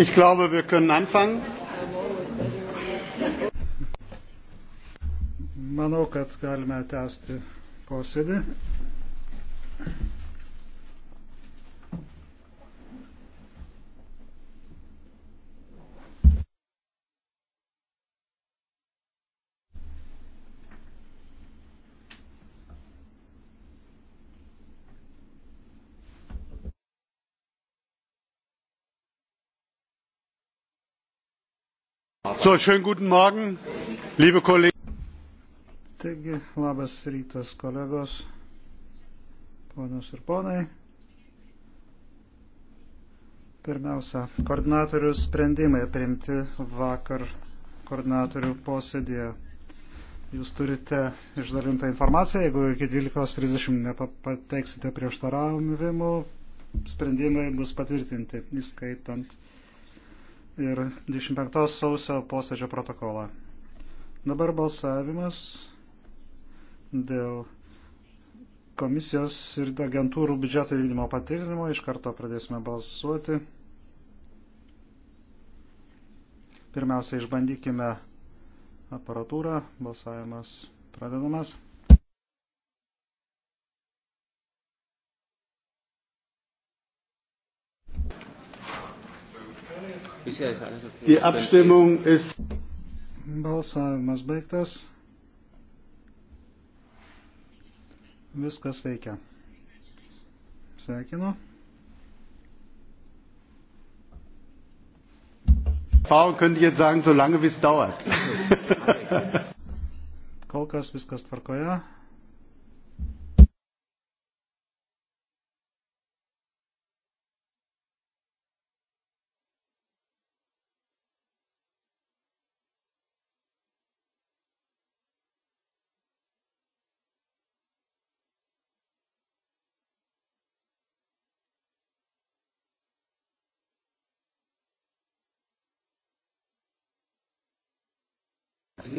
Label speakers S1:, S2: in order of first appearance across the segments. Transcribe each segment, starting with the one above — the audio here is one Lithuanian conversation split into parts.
S1: Ich glaube, wir können anfangen.
S2: Manau, kad galime tęsti posėdį. So, schönen guten Morgen, liebe Kollegen. Taigi, labas rytas, kolegos, ponios ir ponai. Pirmiausia, koordinatorių sprendimai priimti vakar koordinatorių posėdėje. Jūs turite išdalintą informaciją, jeigu iki 12.30 nepateiksite prieštaravimų, sprendimai bus patvirtinti, įskaitant ir 25 sausio posėdžio protokolą. Dabar balsavimas dėl komisijos ir agentūrų biudžeto įvykdymo patvirtinimo. Iš karto pradėsime balsuoti. Pirmiausia, išbandykime aparatūrą. Balsavimas pradedamas. Die Abstimmung ist. Balsavimas baigtas. Viskas veikia. Sveikinu.
S1: Erfahrung könnte ich jetzt sagen, solange wie es dauert.
S2: Kol kas viskas tvarkoje.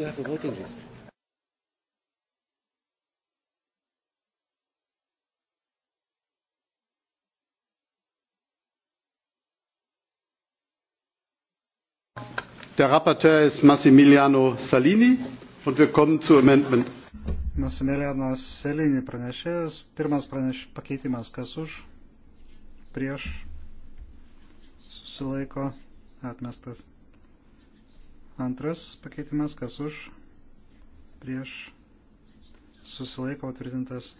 S1: you have a voting list. Der Rapporteur ist Massimiliano Salini und wir kommen zu Amendment.
S2: Massimiliano Salini pranešėjas. Pirmas praneš, pakeitimas kas už, prieš, susilaiko, atmestas. Antras pakeitimas, kas už, prieš, susilaiko tvirtintas.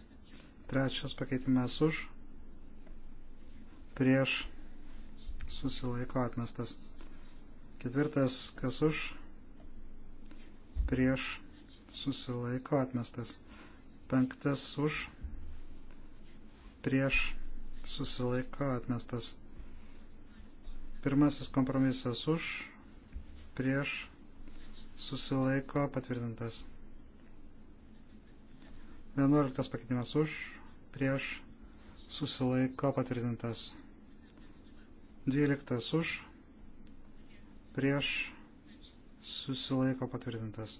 S2: Trečias pakeitimas už, prieš, susilaiko atmestas. Ketvirtas, kas už, prieš, susilaiko atmestas. Penktas už, prieš, susilaiko atmestas. Pirmasis kompromisas už, prieš, susilaiko patvirtintas. 11 pakeitimas už, prieš, susilaiko patvirtintas. 12 už, prieš, susilaiko patvirtintas.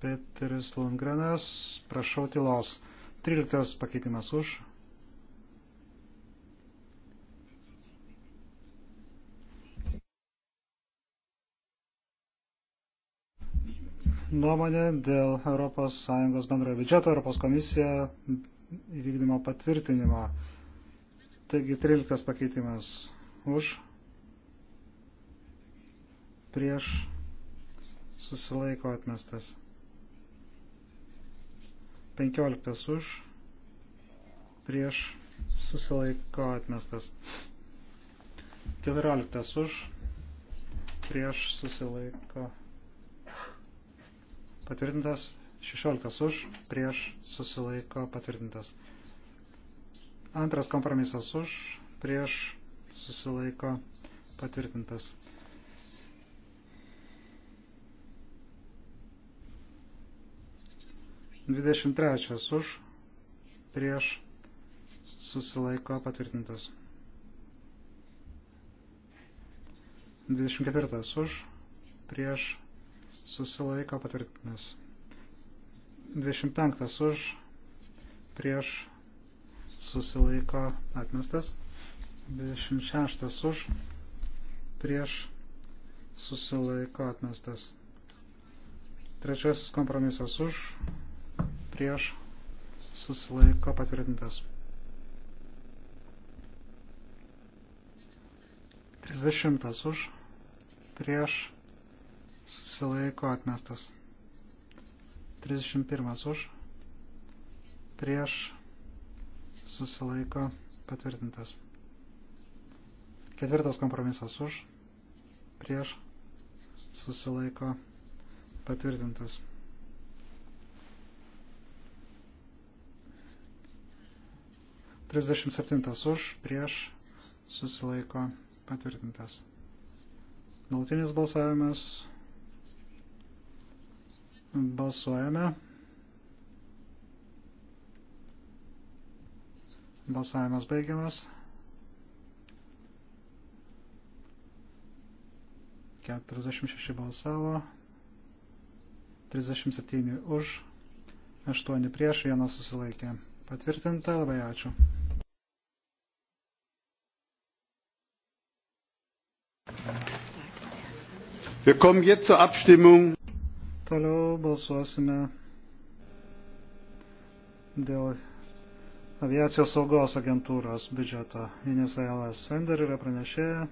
S2: Peteris Lundgrenas, prašau tylos. 13 pakeitimas už, nuomonė dėl ES bendrojo biudžeto, ES komisija įvykdymo patvirtinimo. Taigi 13 pakeitimas už, prieš, susilaiko atmestas. 15 už, prieš, susilaiko atmestas. 14 už, prieš, susilaiko atmestas patvirtintas, 16 už, prieš susilaiko patvirtintas. Antras kompromisas už, prieš susilaiko patvirtintas. Dvidešimt trečias už, prieš susilaiko patvirtintas. 24 už, prieš susilaiko patvirtinęs. 25 už, prieš, susilaiko atmestas. 26 už, prieš, susilaiko atmestas. Trečiasis kompromisas už, prieš, susilaiko patvirtintas. 30 už, prieš, susilaiko atmestas. 31 už, prieš, susilaiko patvirtintas. Ketvirtas kompromisas už, prieš, susilaiko patvirtintas. Trisdešimt septintas už, prieš, susilaiko patvirtintas. Galtinis balsavimas Balsuojame. Balsavimas baigiamas. 46 balsavo, 37 už, 8 prieš, 1 susilaikė. Patvirtinta, labai ačiū.
S1: Wir kommen jetzt zur Abstimmung.
S2: Toliau balsuosime dėl aviacijos saugos agentūros biudžeto. Inės Ailas Sender yra pranešėja.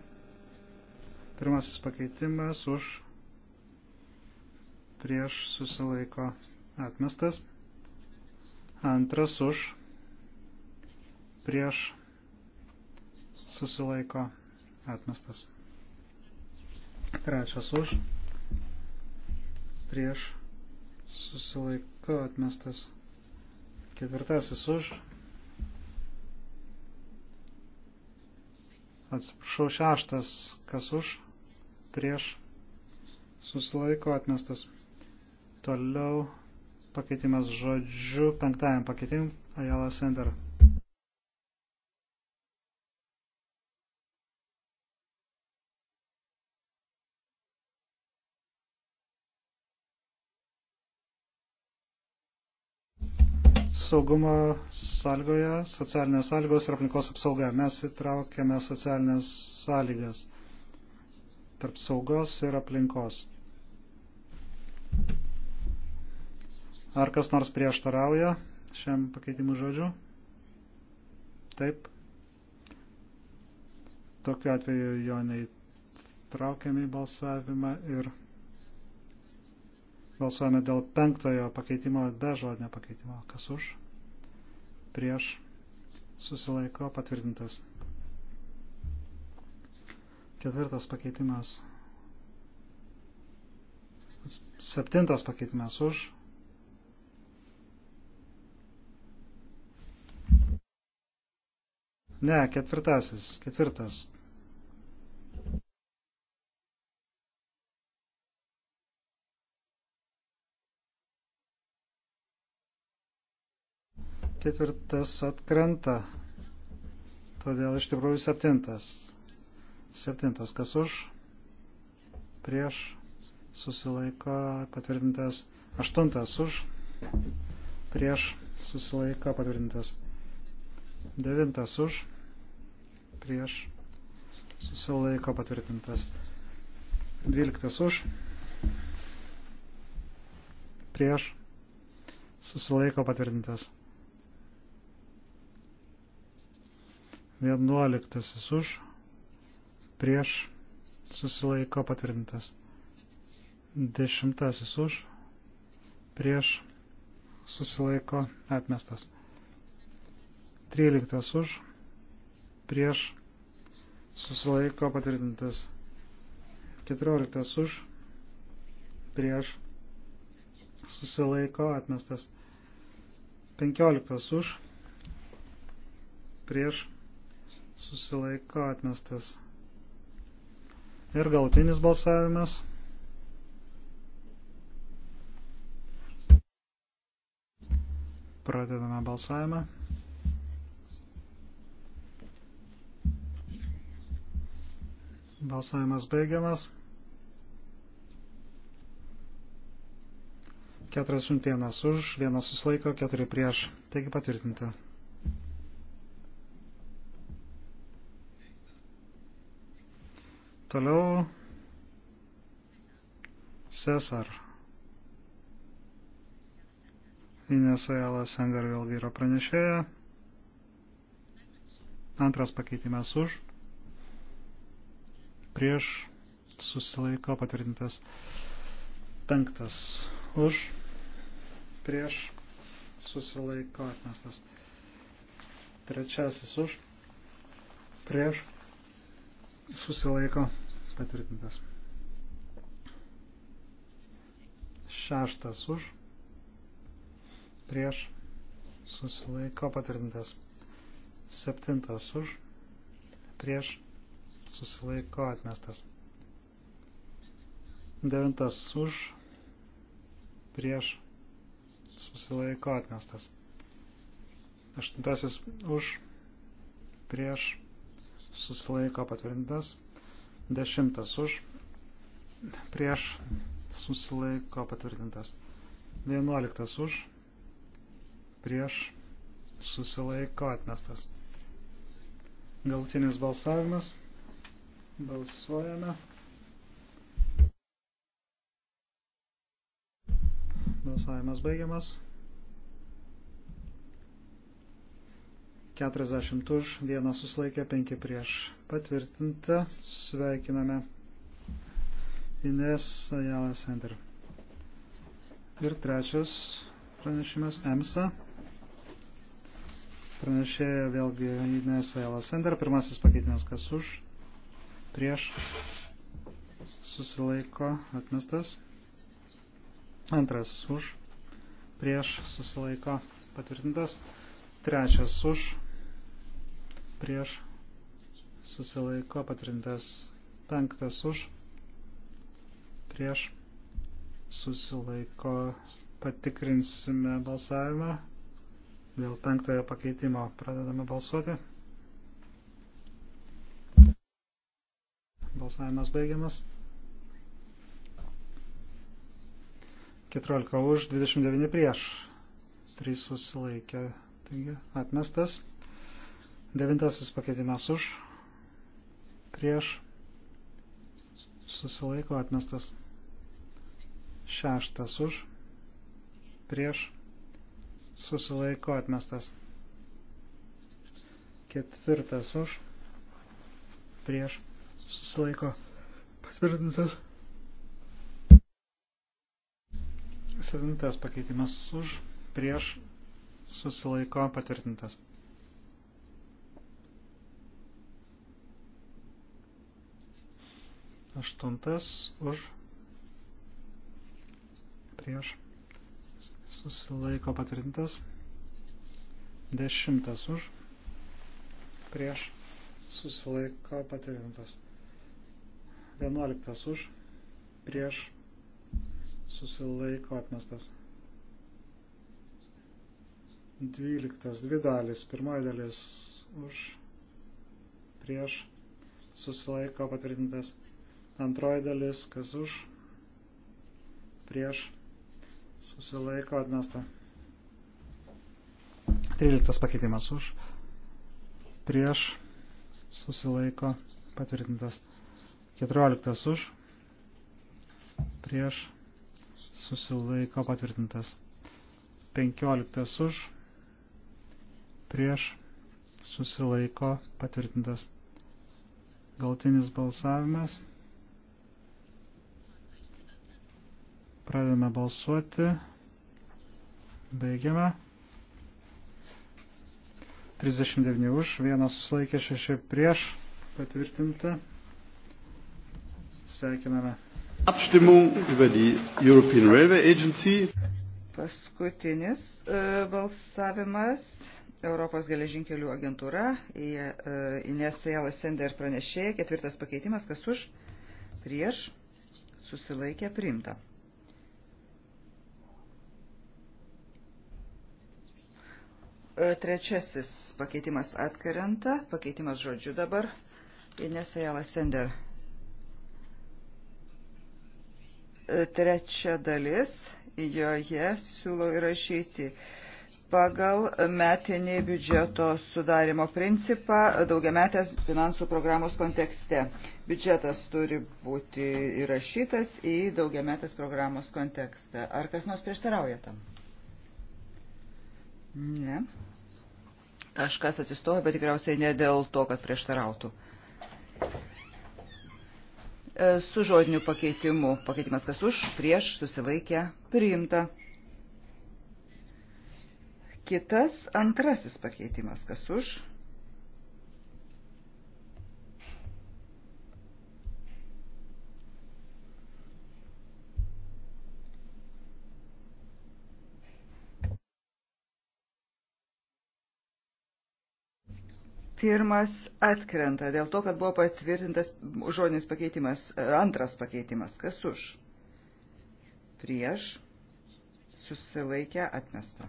S2: Pirmasis pakeitimas už prieš susilaiko atmestas. Antras už prieš susilaiko atmestas. Trečias už prieš susilaiko atmestas. Ketvirtasis už. Atsiprašau, šeštas kas už prieš susilaiko atmestas. Toliau pakeitimas žodžiu penktajam pakeitim Ajala Sender. saugumo sąlygoje socialinės sąlygos ir aplinkos apsauga. Mes įtraukiame socialinės sąlygas tarp saugos ir aplinkos. Ar kas nors prieštarauja šiam pakeitimų žodžiu? Taip. Tokiu atveju jo neįtraukiame į balsavimą ir balsuojame dėl penktojo pakeitimo be žodinio pakeitimo. Kas už? prieš susilaiko patvirtintas. Ketvirtas pakeitimas. Septintas pakeitimas už. Ne, ketvirtasis, ketvirtas Ketvirtas atkrenta. Todėl iš tikrųjų septintas. Septintas kas už? Prieš susilaiko patvirtintas. Aštuntas už? Prieš susilaiko patvirtintas. Devintas už? Prieš susilaiko patvirtintas. Dvyliktas už? Prieš susilaiko patvirtintas. Vienuoliktasis už, prieš, susilaiko patvirtintas. Dešimtasis už, prieš, susilaiko atmestas. Tryliktas už, prieš, susilaiko patvirtintas. Keturioliktas už, prieš, susilaiko atmestas. Penkioliktas už, prieš, susilaiko atmestas. Ir galtinis balsavimas. Pradedame balsavimą. Balsavimas baigiamas. 41 už, 1 susilaiko, 4 prieš. Taigi patvirtinta. Toliau Cesar. Inesa Jala Sender vėlgi yra pranešėja. Antras pakeitimas už. Prieš susilaiko patvirtintas penktas už. Prieš susilaiko atmestas trečiasis už. Prieš susilaiko atmestas patvirtintas. Šeštas už, prieš, susilaiko patvirtintas. Septintas už, prieš, susilaiko atmestas. Devintas už, prieš, susilaiko atmestas. Aštuntasis už, prieš, susilaiko patvirtintas. Dešimtas už. Prieš susilaiko patvirtintas. Vienuoliktas už. Prieš susilaiko atmestas. Galtinis balsavimas. Balsuojame. Balsavimas baigiamas. 40 už, vienas susilaikė, 5 prieš. Patvirtinta, sveikiname Ines Ajala Center. Ir trečias pranešimas EMSA. Pranešėja vėlgi Ines Ajala Center. Pirmasis pakeitimas kas už, prieš, susilaiko, atmestas. Antras už, prieš, susilaiko, patvirtintas. Trečias už, prieš, susilaiko patrintas penktas už, prieš, susilaiko patikrinsime balsavimą dėl penktojo pakeitimo. Pradedame balsuoti. Balsavimas baigiamas. 14 už, 29 prieš. 3 susilaikė. Taigi atmestas. Devintasis pakeitimas už, prieš, susilaiko atmestas. Šeštas už, prieš, susilaiko atmestas. Ketvirtas už, prieš, susilaiko patvirtintas. Septintas pakeitimas už, prieš, susilaiko patvirtintas. Aštuntas už prieš susilaiko patvirtintas. Dešimtas už prieš susilaiko patvirtintas. Vienuoliktas už prieš susilaiko atmestas. Dvyliktas, dvi dalis, pirmoji dalis už prieš susilaiko patvirtintas Antroji dalis, kas už, prieš, susilaiko atmesta. 13 pakeitimas už, prieš, susilaiko patvirtintas. 14 už, prieš, susilaiko patvirtintas. 15 už, prieš, susilaiko patvirtintas. Galtinis balsavimas. Pradedame balsuoti. Baigiame. 39 už, vienas susilaikė, 6 prieš. Patvirtinta. Sveikiname.
S1: Abstimmung über die European Railway Agency.
S3: Paskutinis e, balsavimas. Europos geležinkelių agentūra, e, Inesa Jelasender pranešėja, ketvirtas pakeitimas, kas už, prieš, susilaikė, primta. E, trečiasis pakeitimas atkrenta, pakeitimas žodžiu dabar. Inesa Jala Sender. E, trečia dalis, joje siūlau įrašyti. Pagal metinį biudžeto sudarimo principą daugiametės finansų programos kontekste. Biudžetas turi būti įrašytas į daugiametės programos kontekstą. Ar kas nors prieštarauja tam? Ne kažkas atsistojo, bet tikriausiai ne dėl to, kad prieštarautų. E, su žodiniu pakeitimu. Pakeitimas kas už, prieš, susilaikė, priimta. Kitas antrasis pakeitimas kas už, Pirmas atkrenta dėl to, kad buvo patvirtintas žodinis pakeitimas, e, antras pakeitimas. Kas už? Prieš susilaikę atmesta.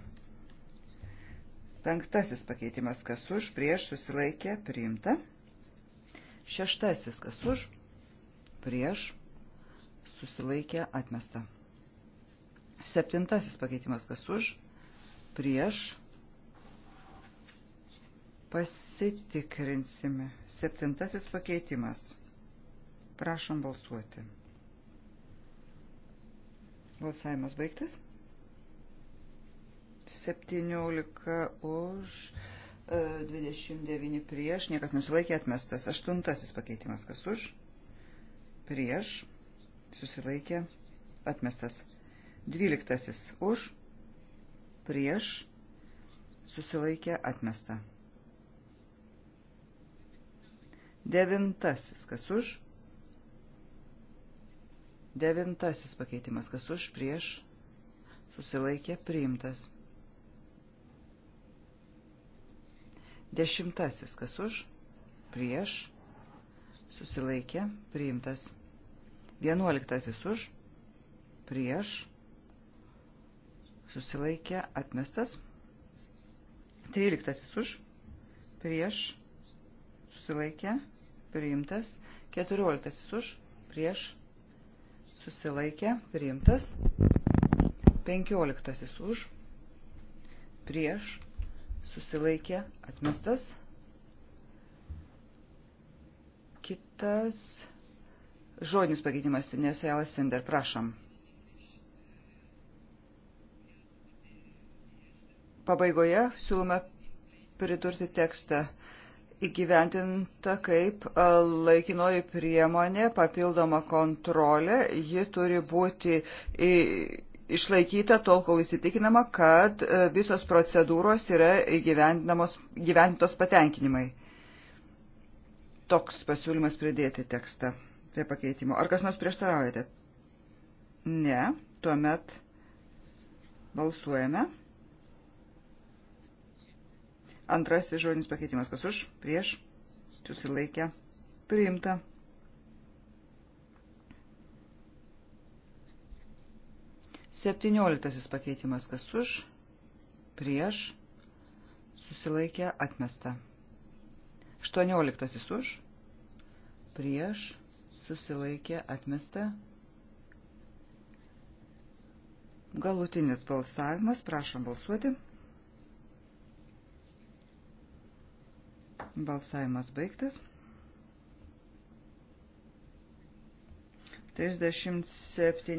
S3: Penktasis pakeitimas, kas už, prieš susilaikę priimta. Šeštasis, kas už, prieš susilaikę atmesta. Septintasis pakeitimas, kas už, prieš Pasitikrinsime. Septintasis pakeitimas. Prašom balsuoti. Balsavimas baigtas. 17 už 29 e, prieš, niekas nesilaikė atmestas. Aštuntasis pakeitimas kas už? Prieš, susilaikė, atmestas. Dvyliktasis už, prieš, susilaikė, atmesta. Devintasis, kas už? Devintasis pakeitimas, kas už, prieš, susilaikė, priimtas. Dešimtasis, kas už, prieš, susilaikė, priimtas. Vienuoliktasis už, prieš, susilaikė, atmestas. Tryliktasis už, prieš, susilaikė, atmestas priimtas, 14 už, prieš, susilaikė, priimtas, 15 už, prieš, susilaikė, atmestas, kitas žodinis pakeitimas, nes Elas Sender, prašom. Pabaigoje siūlome pridurti tekstą įgyventinta kaip e, laikinoji priemonė, papildoma kontrolė, ji turi būti išlaikyta tol, kol įsitikinama, kad e, visos procedūros yra įgyventintos patenkinimai. Toks pasiūlymas pridėti tekstą prie pakeitimo. Ar kas nors prieštaraujate? Ne, tuomet balsuojame. Antrasis žodinis pakeitimas, kas už, prieš, susilaikę, priimta. Septynioliktasis pakeitimas, kas už, prieš, susilaikę, atmesta. Aštuonioliktasis už, prieš, susilaikė, atmesta. Galutinis balsavimas, prašom balsuoti. Balsavimas baigtas. 37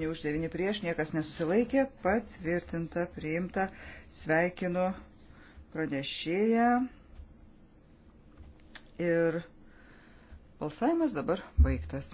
S3: už 9 prieš, niekas nesusilaikė, patvirtinta, priimta, sveikinu pranešėją. Ir balsavimas dabar baigtas.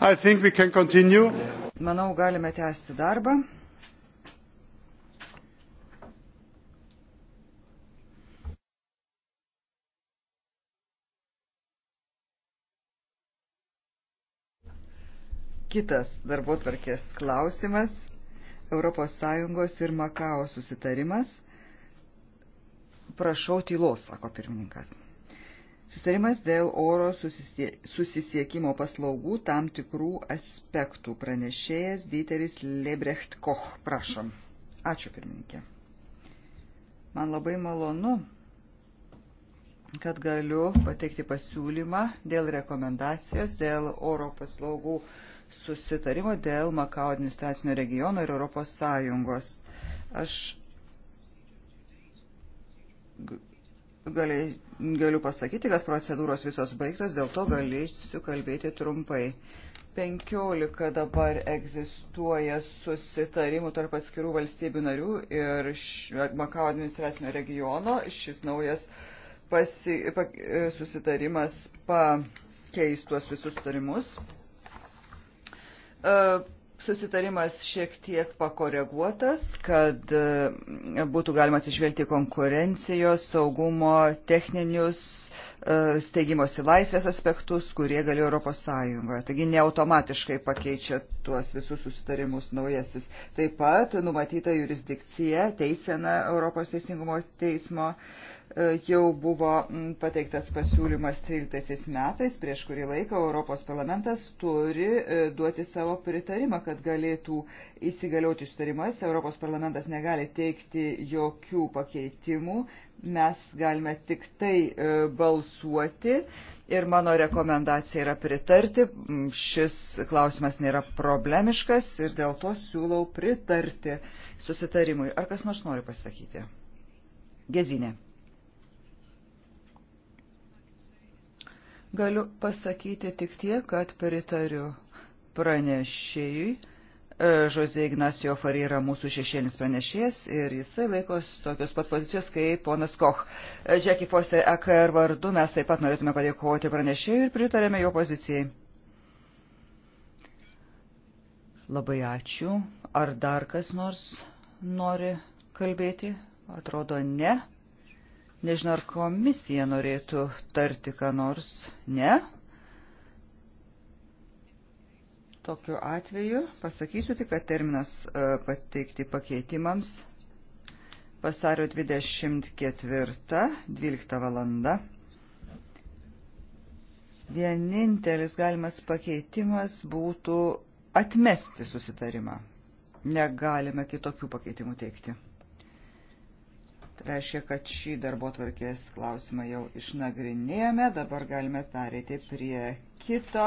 S1: Manau,
S3: galime tęsti darbą. Kitas darbo tvarkės klausimas – ES ir Makao susitarimas. Prašau tylos, sako pirmininkas. Sustarimas dėl oro susisiekimo paslaugų tam tikrų aspektų. Pranešėjas Dieteris Lebrecht Koch. Prašom. Ačiū, pirmininkė. Man labai malonu, kad galiu pateikti pasiūlymą dėl rekomendacijos, dėl oro paslaugų susitarimo dėl Makao administracinio regiono ir Europos Sąjungos. Aš galiai, galiu pasakyti, kad procedūros visos baigtos, dėl to galėsiu kalbėti trumpai. 15 dabar egzistuoja susitarimų tarp atskirų valstybių narių ir Makao administracinio regiono. Šis naujas pasi, pa, susitarimas pakeis tuos visus sutarimus. Uh, Susitarimas šiek tiek pakoreguotas, kad e, būtų galima atsižvelgti konkurencijos, saugumo, techninius e, steigimosi laisvės aspektus, kurie galėjo Europos Sąjungoje. Taigi ne automatiškai pakeičia tuos visus susitarimus naujasis. Taip pat numatyta jurisdikcija, teisena Europos Teisingumo teismo. Uh, E, jau buvo pateiktas pasiūlymas 13 metais, prieš kurį laiką Europos parlamentas turi e, duoti savo pritarimą, kad galėtų įsigalioti sutarimas. Europos parlamentas negali teikti jokių pakeitimų, mes galime tik tai e, balsuoti ir mano rekomendacija yra pritarti. Šis klausimas nėra problemiškas ir dėl to siūlau pritarti susitarimui. Ar kas nors nori pasakyti? Gezinė. Galiu pasakyti tik tie, kad pritariu pranešėjui. E, Žozė Ignacio Fari yra mūsų šešėlis pranešėjas ir jisai laikos tokios pat pozicijos kaip ponas Koch. Jackie e, Foster EKR vardu mes taip pat norėtume padėkoti pranešėjui ir pritarėme jo pozicijai. Labai ačiū. Ar dar kas nors nori kalbėti? Atrodo, ne. Nežinau, ar komisija norėtų tarti, ką nors ne. Tokiu atveju pasakysiu tik, kad terminas e, pateikti pakeitimams vasario 24.12 valanda. Vienintelis galimas pakeitimas būtų atmesti susitarimą. Negalime kitokių pakeitimų teikti reiškia, kad šį darbo tvarkės klausimą jau išnagrinėjome. Dabar galime pereiti prie kito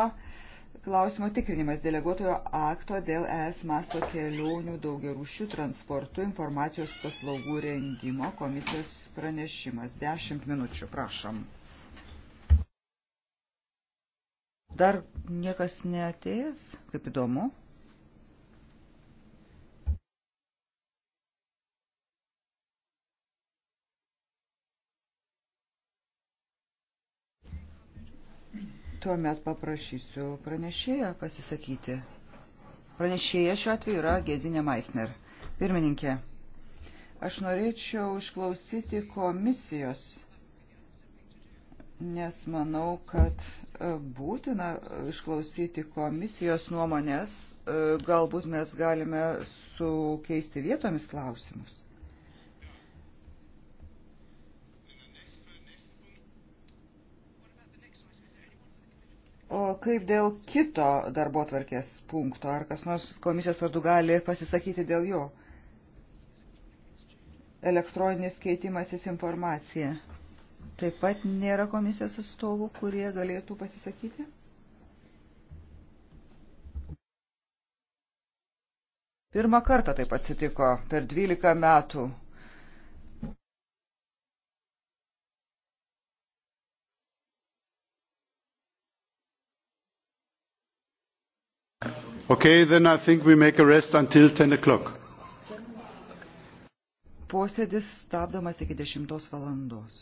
S3: klausimo tikrinimas deleguotojo akto dėl ES masto kelionių daugiarūšių transportų informacijos paslaugų rengimo komisijos pranešimas. Dešimt minučių, prašom. Dar niekas neatėjęs, kaip įdomu. Tuomet paprašysiu pranešėją pasisakyti. Pranešėja šiuo atveju yra Gezinė Maisner. Pirmininkė, aš norėčiau išklausyti komisijos, nes manau, kad e, būtina išklausyti komisijos nuomonės, e, galbūt mes galime sukeisti vietomis klausimus. O kaip dėl kito darbo tvarkės punkto, ar kas nors komisijos vardu gali pasisakyti dėl jo? Elektroninis keitimasis informacija. Taip pat nėra komisijos atstovų, kurie galėtų pasisakyti? Pirmą kartą taip atsitiko per 12 metų
S1: Okay, then I think we make a rest until 10 o'clock.
S3: Posėdis stabdomas iki 10 valandos.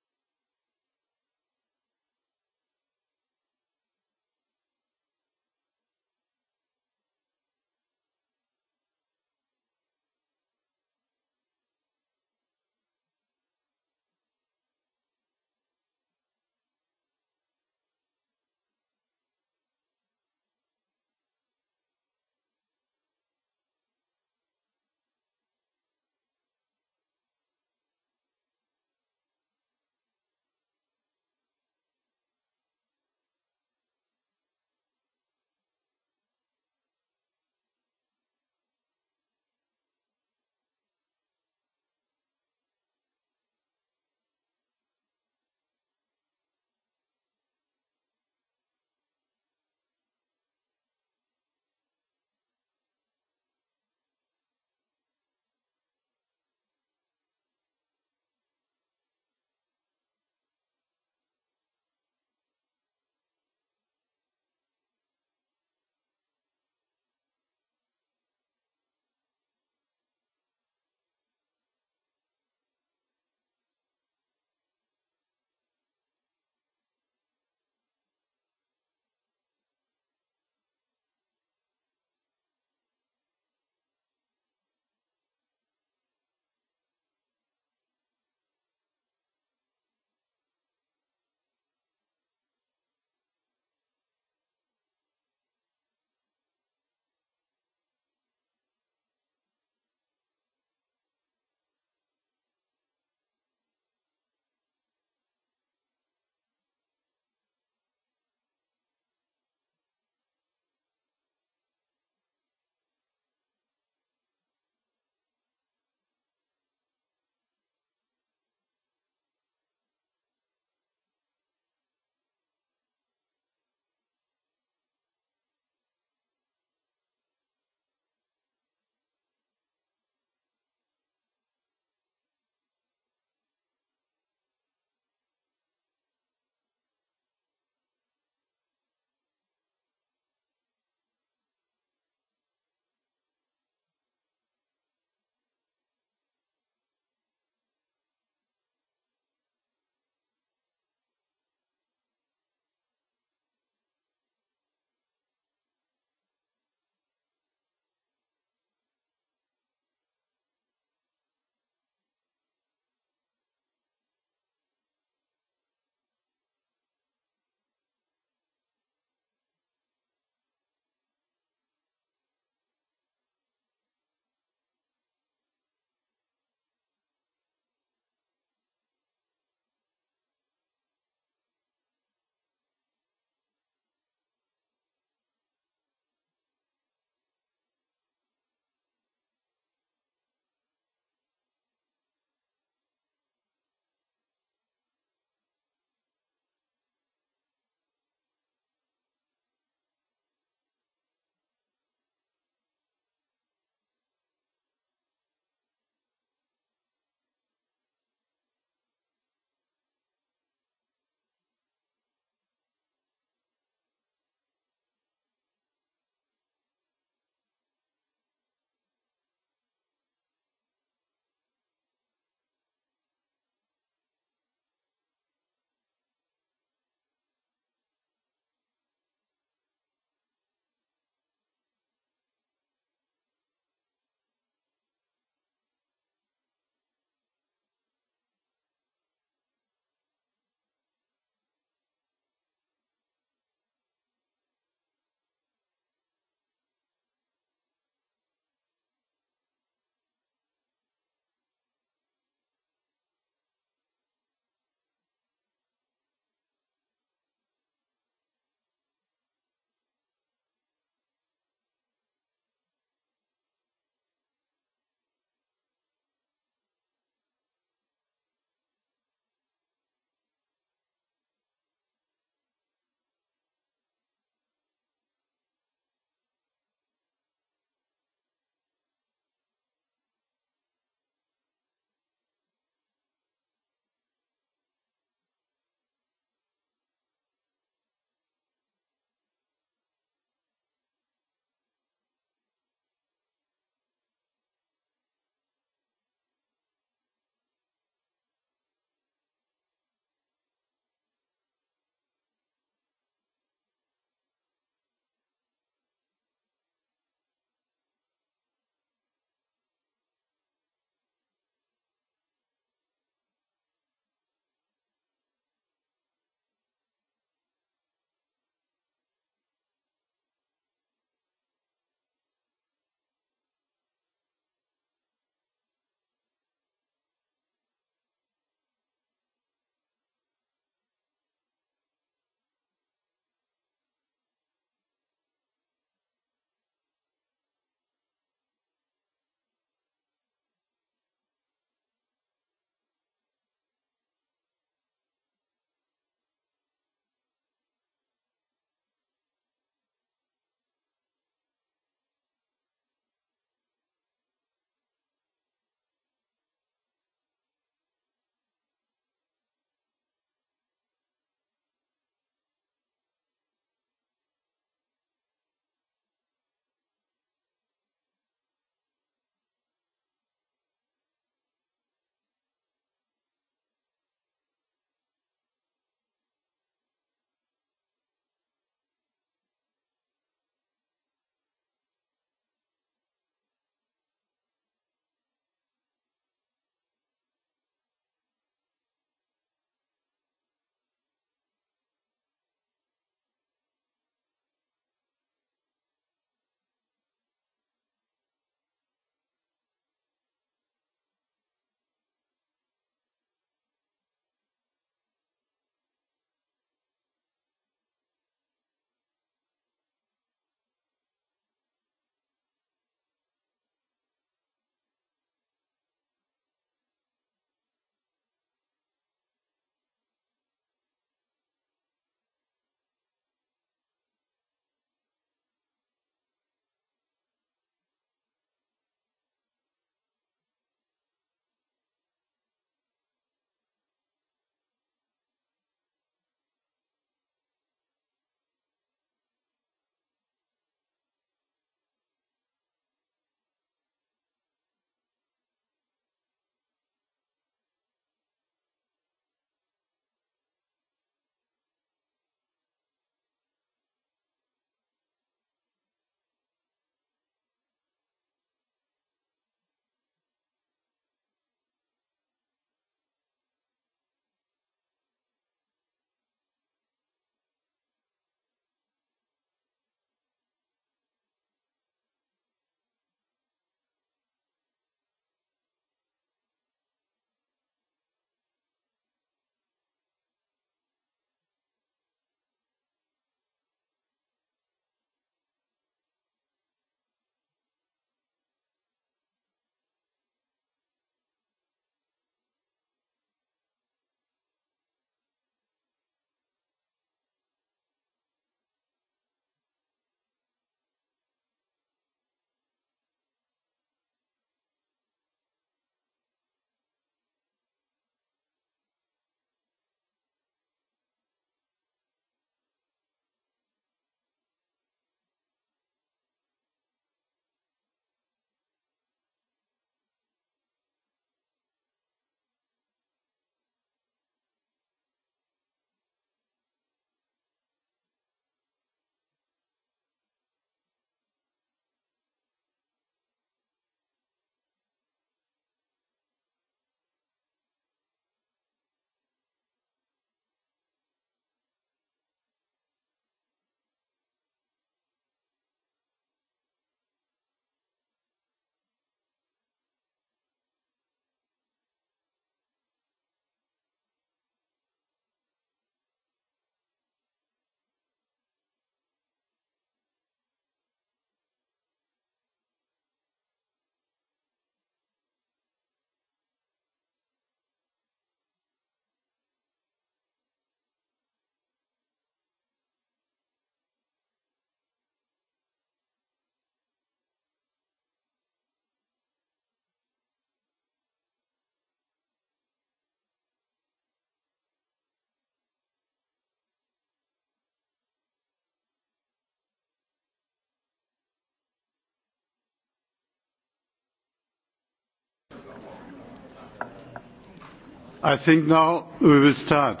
S1: I think now we will start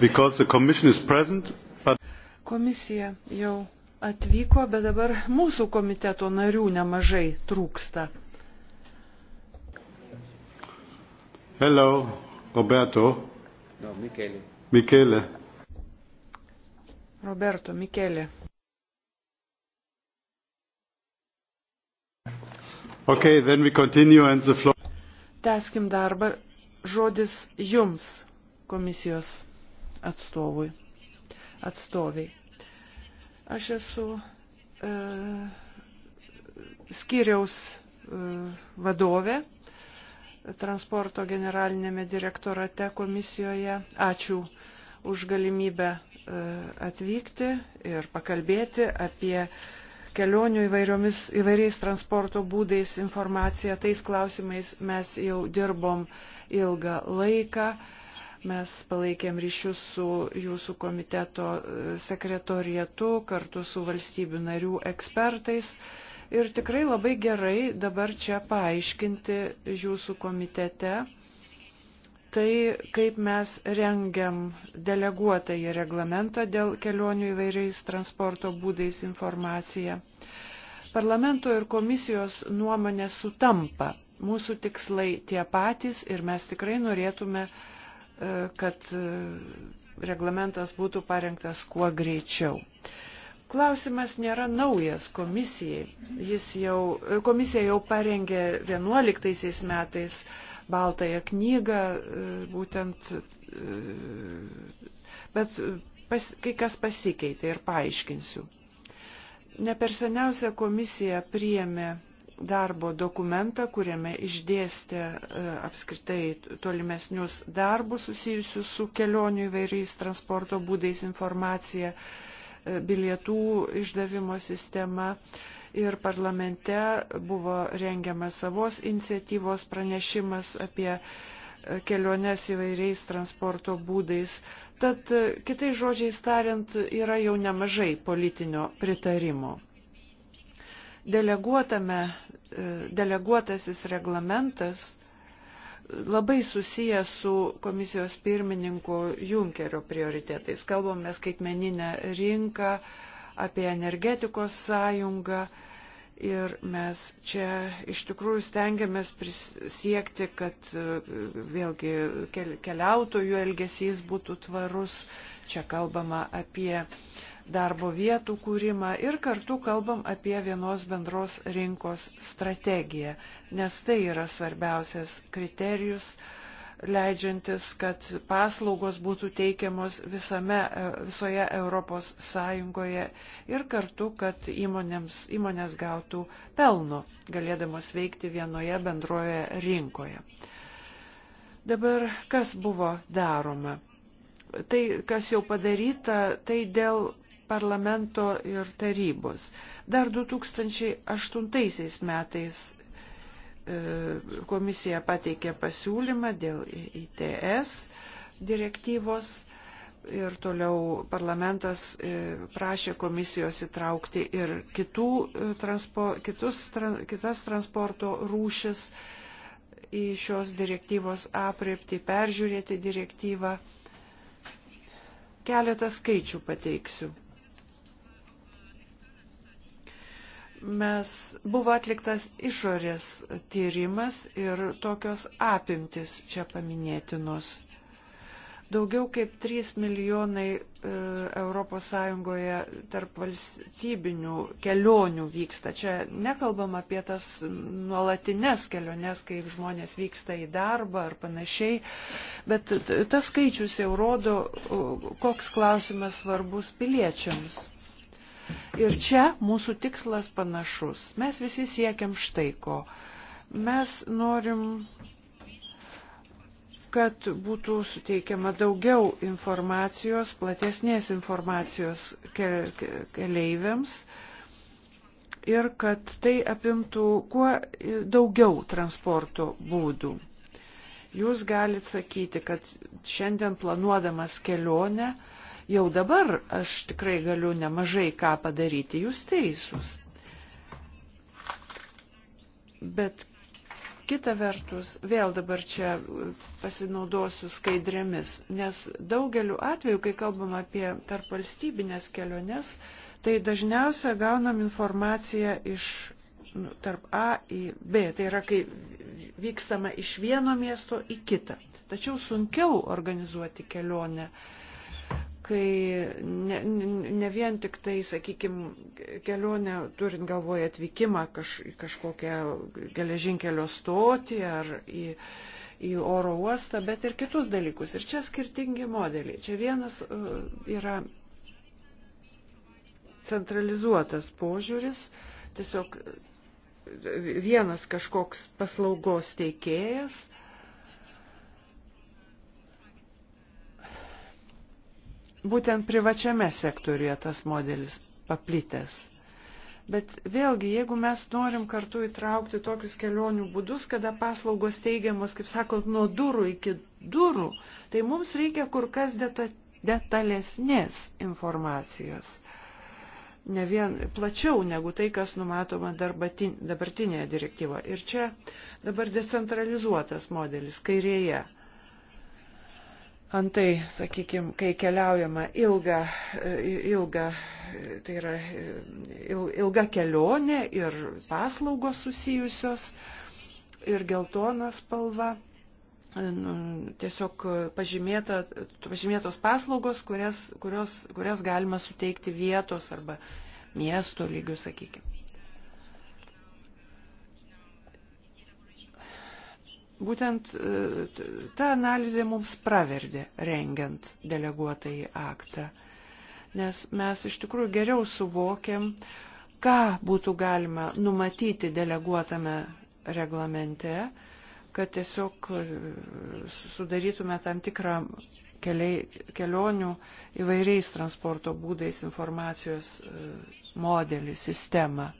S1: because the commission is present. But...
S4: Komisija jau atvyko, bet dabar mūsų komiteto narių nemažai trūksta.
S1: Hello, Roberto. No, Michele. Michele.
S4: Roberto, Michele.
S1: Okay, then we continue and the floor.
S4: Teskim darbą žodis jums, komisijos atstovui, atstoviai. Aš esu e, skyriaus e, vadovė transporto generalinėme direktorate komisijoje. Ačiū už galimybę e, atvykti ir pakalbėti apie e, kelionių įvairiais transporto būdais informaciją. Tais klausimais mes jau dirbom ilgą laiką. Mes palaikėm ryšius su jūsų komiteto e, sekretorietu kartu su valstybių narių ekspertais. Ir tikrai labai gerai dabar čia paaiškinti jūsų komitete tai, kaip mes rengiam deleguotąjį reglamentą dėl kelionių įvairiais transporto būdais informaciją. Parlamento ir komisijos nuomonė sutampa. Mūsų tikslai tie patys ir mes tikrai norėtume, e, kad e, reglamentas būtų parengtas kuo greičiau. Klausimas nėra naujas komisijai. Jis jau, e, komisija jau parengė 11 metais baltąją knygą, e, būtent, e, bet pas, kai kas pasikeitė ir paaiškinsiu. Neperseniausia komisija priėmė darbo dokumentą, kuriame išdėstė e, apskritai tolimesnius darbus susijusius su kelionių įvairiais transporto būdais informacija, bilietų išdavimo sistema ir parlamente buvo rengiamas savos iniciatyvos pranešimas apie e, keliones įvairiais transporto būdais. Tad e, kitais žodžiais tariant, yra jau nemažai politinio pritarimo. Deleguotame, e, deleguotasis reglamentas labai susijęs su komisijos pirmininku Junkerio prioritetais. Kalbame skaitmeninę rinką, apie energetikos sąjungą. Ir mes čia iš tikrųjų stengiamės prisiekti, kad e, vėlgi keliautojų elgesys būtų tvarus. Čia kalbama apie darbo vietų kūrimą ir kartu kalbam apie vienos bendros rinkos strategiją, nes tai yra svarbiausias kriterijus, uh, leidžiantis, kad paslaugos būtų teikiamos visame, e, visoje Europos Sąjungoje ir kartu, kad įmonėms, įmonės gautų pelno, galėdamos veikti vienoje bendroje rinkoje. Dabar kas buvo daroma? Tai, kas jau padaryta, tai dėl parlamento ir tarybos. Dar 2008 metais E, komisija pateikė pasiūlymą dėl ITS direktyvos ir toliau parlamentas e, prašė komisijos įtraukti ir kitų e, transpo, kitus, tran, kitas transporto rūšis į šios direktyvos apriepti, peržiūrėti direktyvą. Keletą skaičių pateiksiu. mes buvo atliktas išorės tyrimas ir tokios apimtis čia paminėtinos. Daugiau kaip 3 milijonai ES tarp valstybinių kelionių vyksta. Čia nekalbam apie tas nuolatines keliones, kai žmonės vyksta į darbą ar panašiai, bet tas skaičius jau rodo, koks klausimas svarbus piliečiams. Ir čia mūsų tikslas panašus. Mes visi siekiam štai ko. Mes norim, kad būtų suteikiama daugiau informacijos, platesnės informacijos keleiviams ir kad tai apimtų kuo daugiau transporto būdų. Jūs galite sakyti, kad šiandien planuodamas kelionę, jau dabar aš tikrai galiu nemažai ką padaryti, jūs teisūs. Bet kita vertus, vėl dabar čia pasinaudosiu skaidrėmis, nes daugeliu atveju, kai kalbam apie tarp valstybinės keliones, tai dažniausia gaunam informaciją iš nu, tarp A į B, tai yra kai vykstama iš vieno miesto į kitą. Tačiau sunkiau organizuoti kelionę uh, kai ne, ne vien tik tai, sakykime, kelionę, turint galvoje atvykimą kaž, į kažkokią geležinkelio stotį ar į, į oro uostą, bet ir kitus dalykus. Ir čia skirtingi modeliai. Čia vienas e, yra centralizuotas požiūris, tiesiog e, vienas kažkoks paslaugos teikėjas būtent privačiame sektoriuje tas modelis paplitęs. Bet vėlgi, jeigu mes norim kartu įtraukti tokius kelionių būdus, kada paslaugos teigiamos, kaip sakot, nuo durų iki durų, tai mums reikia kur kas deta, detalesnės informacijos. Ne vien plačiau negu tai, kas numatoma dabartinėje direktyvoje. Ir čia dabar decentralizuotas modelis kairėje Antai, sakykime, kai keliaujama ilga, e, ilga, tai yra e, ilga kelionė ir paslaugos susijusios ir geltona spalva, e, nu, tiesiog pažymėta, pažymėtos paslaugos, kurias, kurios, kurias galima suteikti vietos arba miesto lygių, sakykime. būtent e, ta analizė mums praverdė rengiant deleguotąjį aktą, nes mes iš tikrųjų geriau suvokėm, ką būtų galima numatyti deleguotame reglamente, kad tiesiog e, sudarytume tam tikrą keliai, kelionių įvairiais transporto būdais informacijos e, modelį, sistemą.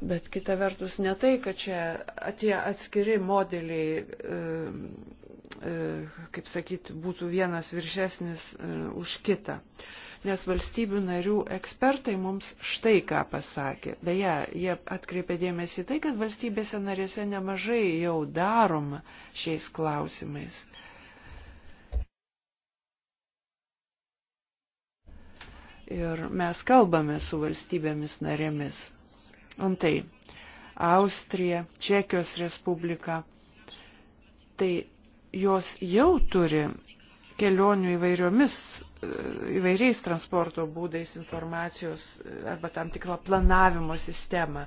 S4: Bet kita vertus ne tai, kad čia tie atskiri modeliai, e, kaip sakyti, būtų vienas viršesnis e, už kitą. Nes valstybių narių ekspertai mums štai ką pasakė. Beje, jie atkreipė dėmesį tai, kad valstybėse narėse nemažai jau daroma šiais klausimais. Ir mes kalbame su valstybėmis narėmis Antai, Austrija, Čekijos Respublika, tai jos jau turi kelionių įvairiomis, e, įvairiais transporto būdais informacijos e, arba tam tikrą planavimo sistemą.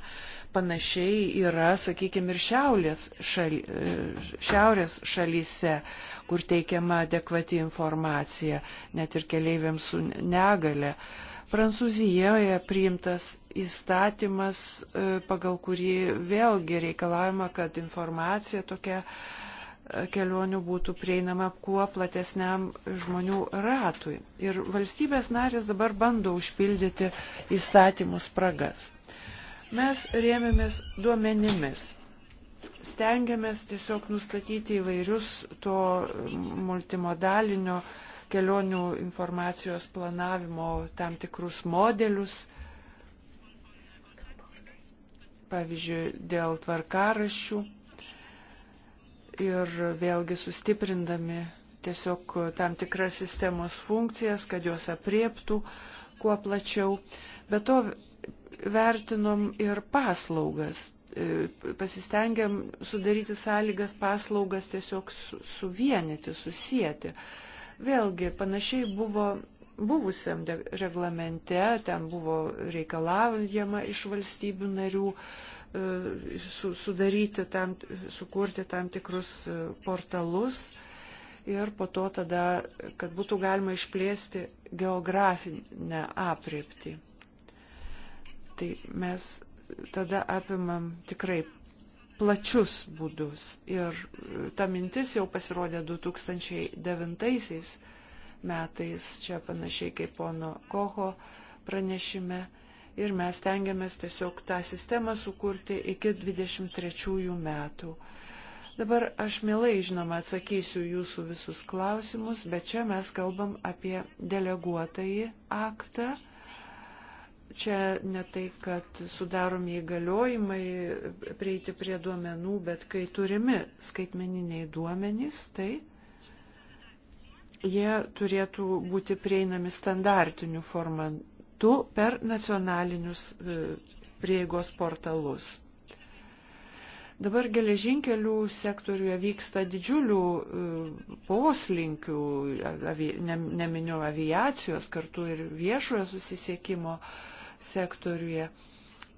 S4: Panašiai yra, sakykime, ir šiaurės, šali, e, šiaurės šalyse, kur teikiama adekvati informacija, net ir keleiviams su negale. Uh, Prancūzijoje priimtas įstatymas, e, pagal kurį vėlgi reikalavima, kad informacija tokia e, kelionių būtų prieinama kuo platesniam žmonių ratui. Ir valstybės narės dabar bando užpildyti įstatymų spragas. Mes rėmėmės duomenimis. Stengiamės tiesiog nustatyti įvairius to multimodalinio uh, kelionių informacijos planavimo tam tikrus modelius, pavyzdžiui, dėl tvarkarašių ir vėlgi sustiprindami tiesiog tam tikras sistemos funkcijas, kad jos apriektų kuo plačiau. Be to vertinom ir paslaugas. E, Pasistengiam sudaryti sąlygas paslaugas tiesiog suvienyti, susijęti. Vėlgi, panašiai buvo buvusiam reglamente, ten buvo reikalaujama iš valstybių narių e, su, sudaryti tam, sukurti tam tikrus e, portalus ir po to tada, kad būtų galima išplėsti geografinę apriepti. Tai mes tada apimam tikrai plačius būdus. Ir e, ta mintis jau pasirodė 2009 metais, čia panašiai kaip pono Koho pranešime. Ir mes tengiamės tiesiog tą sistemą sukurti iki 23 metų. Dabar aš mielai, žinoma, atsakysiu jūsų visus klausimus, bet čia mes kalbam apie deleguotąjį aktą čia ne tai, kad sudaromi įgaliojimai prieiti prie duomenų, bet kai turimi skaitmeniniai duomenys, tai jie turėtų būti prieinami standartiniu formatu per nacionalinius e, prieigos portalus. Dabar geležinkelių sektoriuje vyksta didžiulių e, poslinkių, avi, neminiu aviacijos, kartu ir viešojo susisiekimo uh, sektoriuje.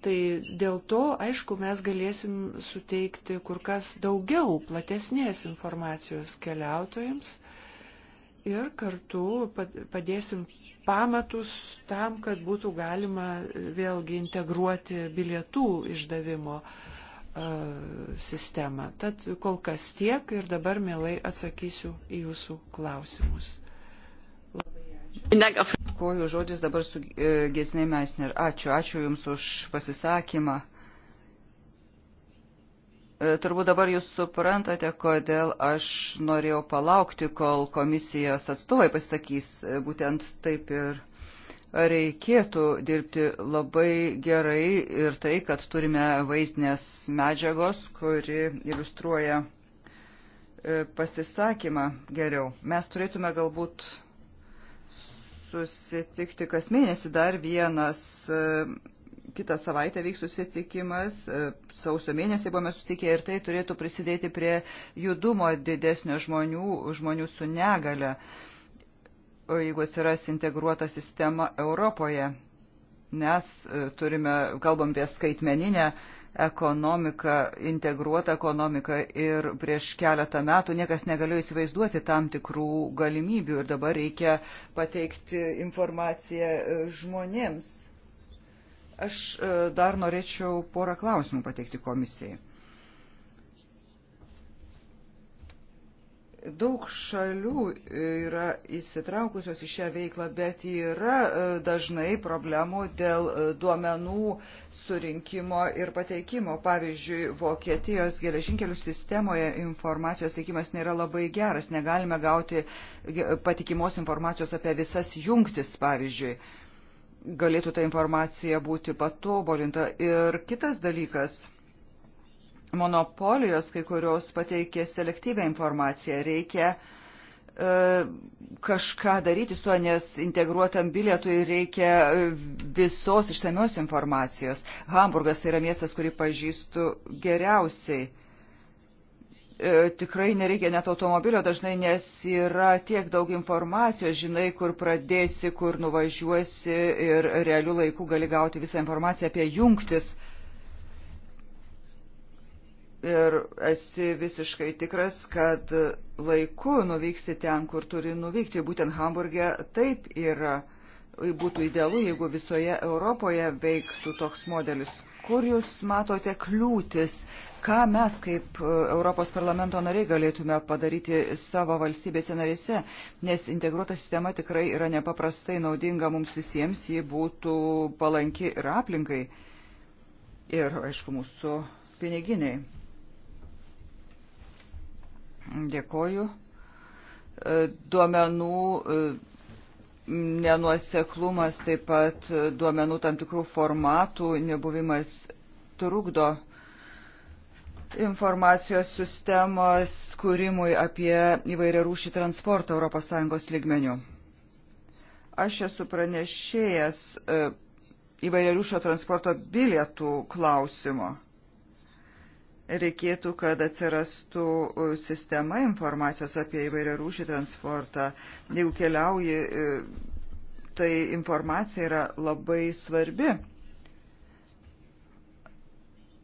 S4: Tai dėl to, aišku, mes galėsim suteikti kur kas daugiau platesnės informacijos keliautojams ir kartu padėsim pamatus tam, kad būtų galima vėlgi integruoti bilietų išdavimo sistemą. Tad kol kas tiek ir dabar mielai atsakysiu į jūsų klausimus.
S3: Kojų žodis dabar su e, Gesnei Meisner. Ačiū, ačiū Jums už pasisakymą. E, turbūt dabar Jūs suprantate, kodėl aš norėjau palaukti, kol komisijos atstovai pasisakys. E, būtent taip ir reikėtų dirbti labai gerai ir tai, kad turime vaizdinės medžiagos, kuri iliustruoja e, pasisakymą geriau. Mes turėtume galbūt susitikti kas mėnesį dar vienas. E, kitą savaitę vyks susitikimas, e, sausio mėnesį buvome susitikę ir tai turėtų prisidėti prie judumo didesnio žmonių, žmonių su negale, jeigu atsiras integruota sistema Europoje. Mes e, turime, kalbam apie skaitmeninę ekonomika, integruota ekonomika ir prieš keletą metų niekas negalėjo įsivaizduoti tam tikrų galimybių ir dabar reikia pateikti informaciją e, žmonėms. Aš e, dar norėčiau porą klausimų pateikti komisijai. Daug šalių e, yra įsitraukusios į šią veiklą, bet yra e, dažnai problemų dėl e, duomenų surinkimo ir pateikimo. Pavyzdžiui, Vokietijos geležinkelių sistemoje informacijos teikimas nėra labai geras. Negalime gauti patikimos informacijos apie visas jungtis, pavyzdžiui. Galėtų ta informacija būti patobulinta. Ir kitas dalykas monopolijos, kai kurios pateikė selektyvę informaciją. Reikia e, kažką daryti su to, nes integruotam bilietui reikia visos išsamios informacijos. Hamburgas tai yra miestas, kurį pažįstu geriausiai. E, tikrai nereikia net automobilio dažnai, nes yra tiek daug informacijos, žinai, kur pradėsi, kur nuvažiuosi ir realių laikų gali gauti visą informaciją apie jungtis. E, ir esi visiškai tikras, kad laiku nuvyksi ten, kur turi nuvykti. Būtent Hamburgė taip yra. Būtų idealu, jeigu visoje Europoje veiktų toks modelis. Kur jūs matote kliūtis, ką mes kaip e, Europos parlamento nariai galėtume padaryti savo valstybėse narėse, nes integruota sistema tikrai yra nepaprastai naudinga mums visiems, ji būtų palanki ir aplinkai, ir aišku, mūsų piniginiai. Dėkoju. E, duomenų e, nenuoseklumas, taip pat e, duomenų tam tikrų formatų nebuvimas trukdo informacijos sistemos kūrimui apie įvairią rūšį transportą ES lygmenių. Aš esu pranešėjęs įvairią rūšio transporto bilietų klausimo reikėtų, kad atsirastų e, sistema informacijos apie įvairią rūšį transportą. Jeigu keliauji, e, tai informacija yra labai svarbi.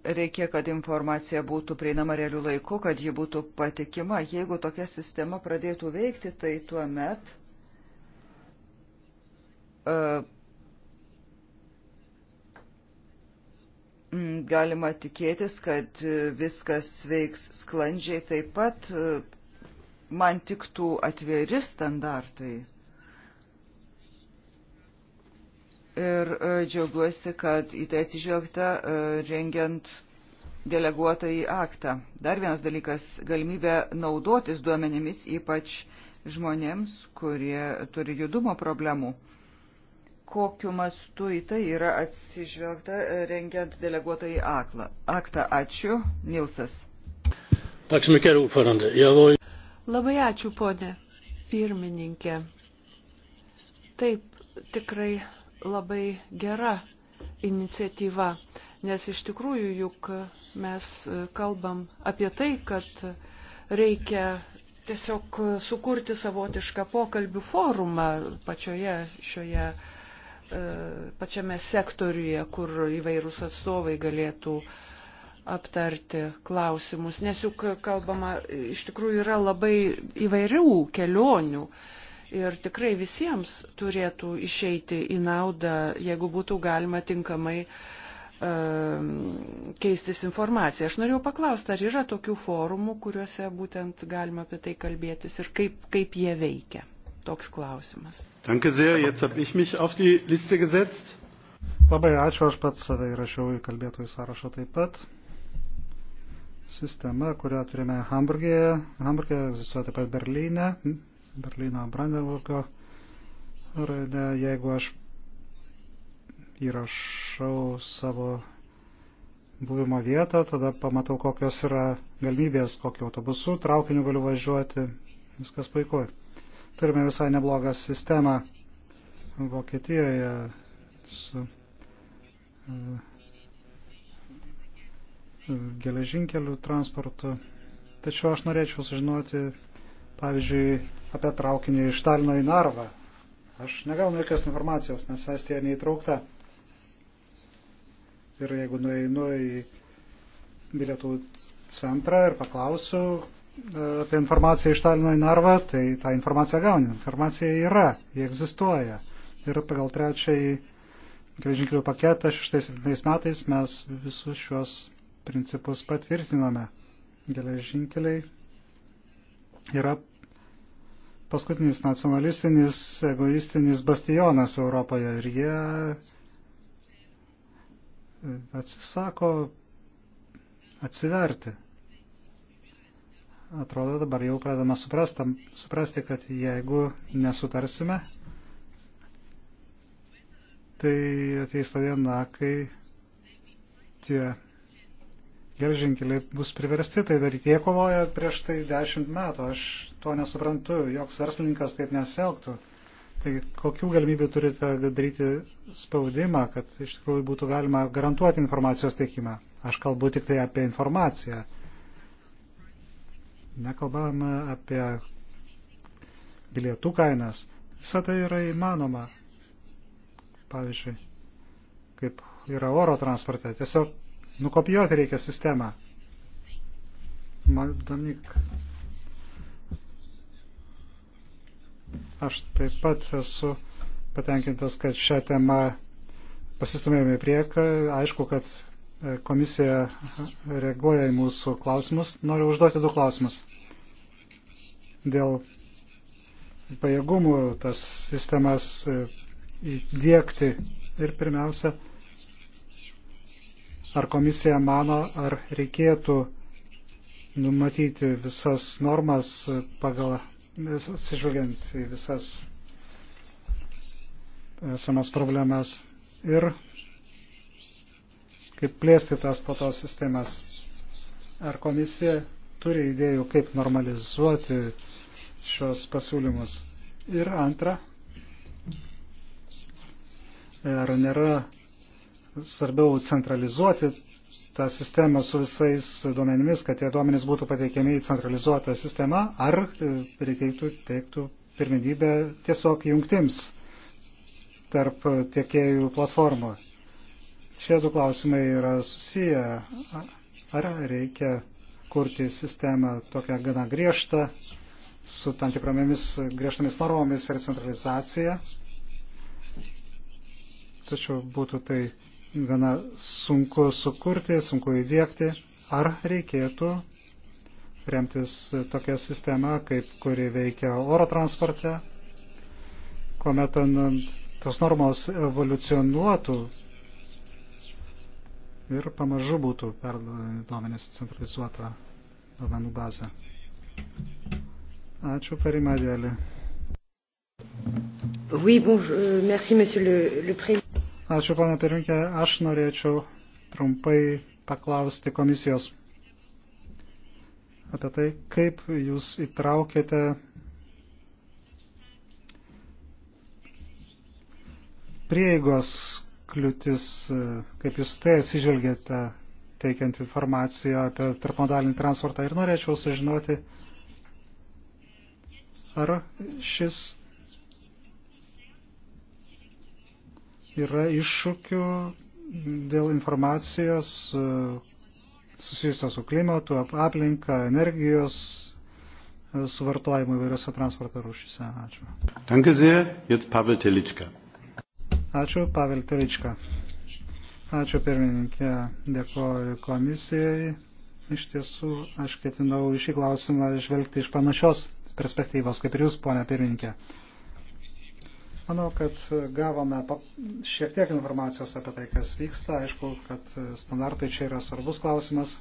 S3: Reikia, kad informacija būtų prieinama realių laikų, kad ji būtų patikima. Jeigu tokia sistema pradėtų veikti, tai tuo met uh, e, Mm, galima tikėtis, kad e, viskas veiks sklandžiai, taip pat e, man tiktų atviri standartai. Ir e, džiaugiuosi, kad į tai atsižvelgta rengiant deleguotą į aktą. Dar vienas dalykas - galimybė naudotis duomenimis, ypač žmonėms, kurie turi judumo problemų kokiu mastu į tai yra atsižvelgta e, rengiant deleguotąjį aktą. Ačiū, Nilsas.
S4: Labai ačiū, ponė pirmininkė. Taip, tikrai labai gera iniciatyva, nes iš tikrųjų juk mes e, kalbam apie tai, kad reikia tiesiog sukurti savotišką pokalbių forumą pačioje šioje E, pačiame sektoriuje, kur įvairūs atstovai galėtų aptarti klausimus, nes juk kalbama, iš tikrųjų yra labai įvairių kelionių ir tikrai visiems turėtų išeiti į naudą, jeigu būtų galima tinkamai uh, keistis informaciją. Aš norėjau paklausti, ar yra tokių forumų, kuriuose būtent galima apie tai kalbėtis ir kaip, kaip jie veikia toks klausimas.
S1: Danke
S2: sehr, jetzt habe ich mich auf die Liste gesetzt. Labai ačiū, aš pats save įrašiau į kalbėtojų sąrašą taip pat. Sistema, kurią turime Hamburgėje, Hamburgė egzistuoja taip pat Berlyne, hm, Berlyno Brandenburgo rajone. Jeigu aš įrašau savo buvimo vietą, tada pamatau, kokios yra galimybės, kokiu autobusu, traukiniu galiu važiuoti, viskas puiku turime visai neblogą sistemą Vokietijoje su e, geležinkelių transportu. Tačiau aš norėčiau sužinoti, pavyzdžiui, apie traukinį iš Talino į Narvą. Aš negaunu jokios informacijos, nes Estija neįtraukta. Ir jeigu nueinu į bilietų centrą ir paklausiu, apie informaciją iš Talino į Narvą, tai tą informaciją gauni. Informacija yra, ji egzistuoja. Ir pagal trečiąjį greižinkelių paketą 6-7 metais mes visus šios principus patvirtiname. Geležinkeliai yra paskutinis nacionalistinis, egoistinis bastionas Europoje ir jie atsisako atsiverti atrodo dabar jau pradama suprastam, suprasti, kad jeigu nesutarsime, tai ateis ta diena, kai tie gelžinkeliai bus priversti tai daryti. Jie kovoja prieš tai dešimt metų, aš to nesuprantu, joks verslininkas taip neselgtų. Tai kokių galimybių turite daryti spaudimą, kad iš tikrųjų būtų galima garantuoti informacijos teikimą? Aš kalbu tik tai apie informaciją nekalbame apie bilietų kainas. Visą tai yra įmanoma. Pavyzdžiui, kaip yra oro transporte. Tiesiog nukopijuoti reikia sistemą. Magdanik. Aš taip pat esu patenkintas, kad šią temą pasistumėjome į prieką. Aišku, kad E, komisija reaguoja į mūsų klausimus. Noriu užduoti du klausimus. Dėl pajėgumų tas sistemas e, įdėkti ir pirmiausia, ar komisija mano, ar reikėtų numatyti visas normas pagal, atsižvelgiant į visas esamas problemas. Ir kaip plėsti tas po to sistemas. Ar komisija turi idėjų, kaip normalizuoti šios pasiūlymus? Ir antra, ar nėra svarbiau centralizuoti tą sistemą su visais duomenimis, kad tie duomenys būtų pateikiami į centralizuotą sistemą, ar reikėtų teiktų pirmenybę tiesiog jungtims tarp tiekėjų platformų. Šie du klausimai yra susiję. Ar reikia kurti sistemą tokią gana griežtą, su tam tikromis griežtomis normomis ir centralizacija. Tačiau būtų tai gana sunku sukurti, sunku įdėkti. Ar reikėtų remtis tokia sistema, kaip kuri veikia oro transporte, kuomet tos normos evoliucionuotų ir pamažu būtų perdodami duomenys centralizuota duomenų bazė. Ačiū parimadėlį. Oui, bonjour, merci, monsieur le, le président. Ačiū, pana pirminkė. Aš norėčiau trumpai paklausti komisijos apie tai, kaip jūs įtraukėte prieigos kliūtis, e, kaip jūs tai atsižvelgėte, teikiant informaciją apie tarpmodalinį transportą. Ir norėčiau sužinoti, ar šis yra iššūkių dėl informacijos e, susijusios su klimatu, aplinka, energijos e, suvartojimu įvairiose transporto rūšyse. Ačiū.
S1: Danke sehr. Jetzt Pavel Telitschka.
S2: Ačiū, Pavel Teličką. Ačiū pirmininkė, dėkoju komisijai. Iš tiesų, aš ketinau šį klausimą žvelgti iš panašios perspektyvos, kaip ir jūs, ponia pirmininkė. Manau, kad gavome šiek tiek informacijos apie tai, kas vyksta. Aišku, kad standartai čia yra svarbus klausimas.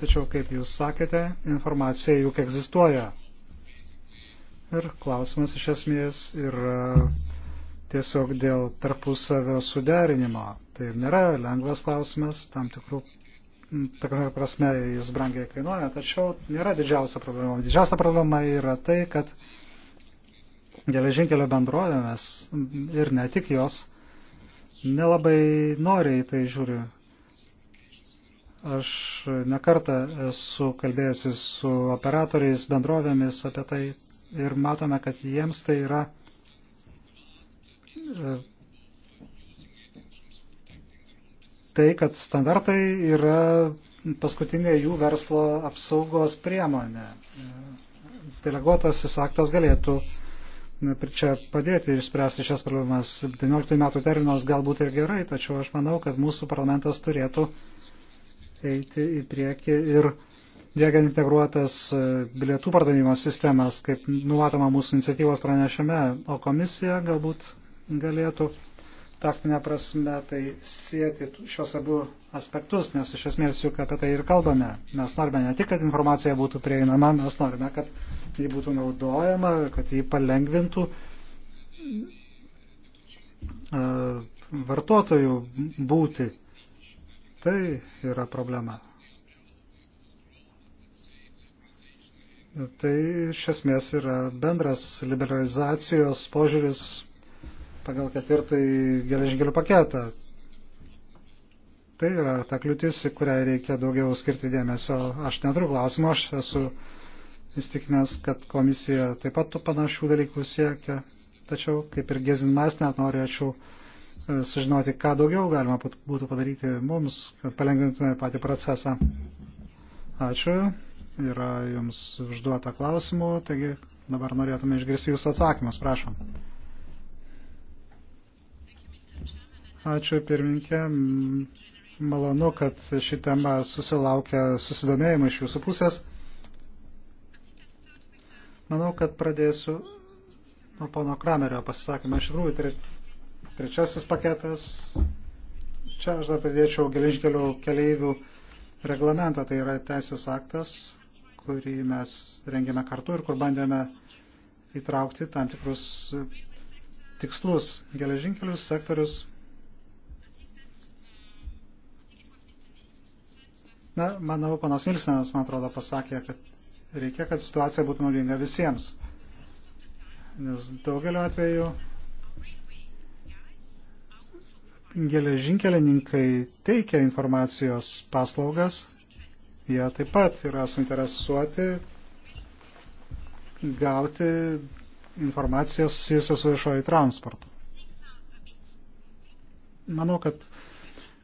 S2: Tačiau, kaip jūs sakėte, informacija juk egzistuoja. Ir klausimas iš esmės yra tiesiog dėl tarpusavio suderinimo. Tai nėra lengvas klausimas, tam tikrų, tokia prasme, jis brangiai kainuoja, tačiau nėra didžiausia problema. Didžiausia problema yra tai, kad geležinkelio bendrovėmis ir ne tik jos nelabai noriai tai žiūri. Aš nekartą esu kalbėjęs su operatoriais, bendrovėmis apie tai ir matome, kad jiems tai yra tai, kad standartai yra paskutinė jų verslo apsaugos priemonė. Deleguotasis aktas galėtų čia padėti išspręsti šias problemas. 19 metų terminas galbūt ir gerai, tačiau aš manau, kad mūsų parlamentas turėtų eiti į priekį ir diegiant integruotas bilietų pardavimo sistemas, kaip numatoma mūsų iniciatyvos pranešime, o komisija galbūt galėtų taktinė prasme tai sėti šios abu aspektus, nes iš esmės juk apie tai ir kalbame. Mes norime ne tik, kad informacija būtų prieinama, mes norime, kad ji būtų naudojama, kad ji palengvintų e, vartotojų būti. Tai yra problema. Tai iš esmės yra bendras liberalizacijos požiūris pagal ketvirtąjį geležinkelių paketą. Tai yra ta kliūtis, į kurią reikia daugiau skirti dėmesio. Aš neturiu klausimo, aš esu įstikinęs, kad komisija taip pat panašių dalykų siekia. Tačiau, kaip ir Gezinmas, net norėčiau e, sužinoti, ką daugiau galima būtų padaryti mums, kad palengvintume patį procesą. Ačiū. Yra jums užduota klausimų, taigi dabar norėtume išgirsti jūsų atsakymus, prašom. Ačiū pirmininkė. Malonu, kad ši tema susilaukia susidomėjimo iš jūsų pusės. Manau, kad pradėsiu nuo pono Kramerio pasisakymą. Iš tikrųjų, tre, trečiasis paketas. Čia aš dar pridėčiau geležinkelių keleivių reglamentą. Tai yra teisės aktas, kurį mes rengėme kartu ir kur bandėme įtraukti tam tikrus tikslus. Geležinkelius sektorius Na, manau, panas Nilsenas, man atrodo, pasakė, kad reikia, kad situacija būtų naudinga visiems. Nes daugeliu atveju geležinkelininkai teikia informacijos paslaugas, jie taip pat yra suinteresuoti gauti informaciją susijusią su viešoju transportu. Manau, kad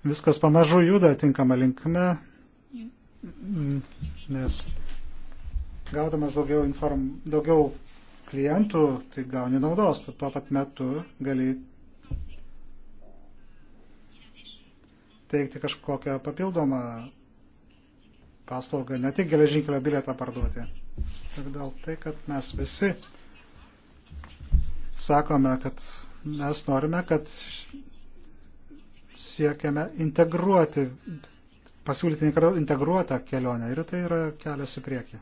S2: viskas pamažu juda tinkama linkme, Mm, nes gaudamas daugiau, inform, daugiau klientų, tai gauni naudos, tuo pat metu gali teikti kažkokią papildomą paslaugą, ne tik geležinkelio bilietą parduoti. Ir dėl tai, kad mes visi sakome, kad mes norime, kad siekiame integruoti pasiūlyti integruotą kelionę ir tai yra kelias į priekį.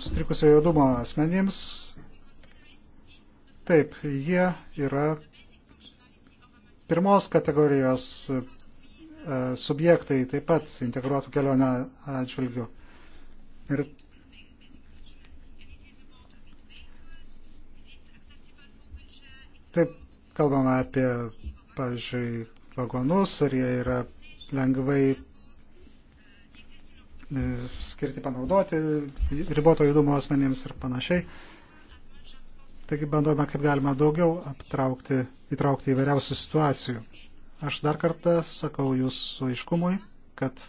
S2: Sutrikusio juodumo asmenims, taip, jie yra pirmos kategorijos e, subjektai taip pat integruotų kelionę atžvilgių. Ir taip kalbame apie, pavyzdžiui, vagonus, ar jie yra lengvai e, skirti panaudoti riboto judumo asmenėms ir panašiai. Taigi bandome, kaip galima daugiau aptraukti, įtraukti įvairiausių situacijų. Aš dar kartą sakau jūsų aiškumui, kad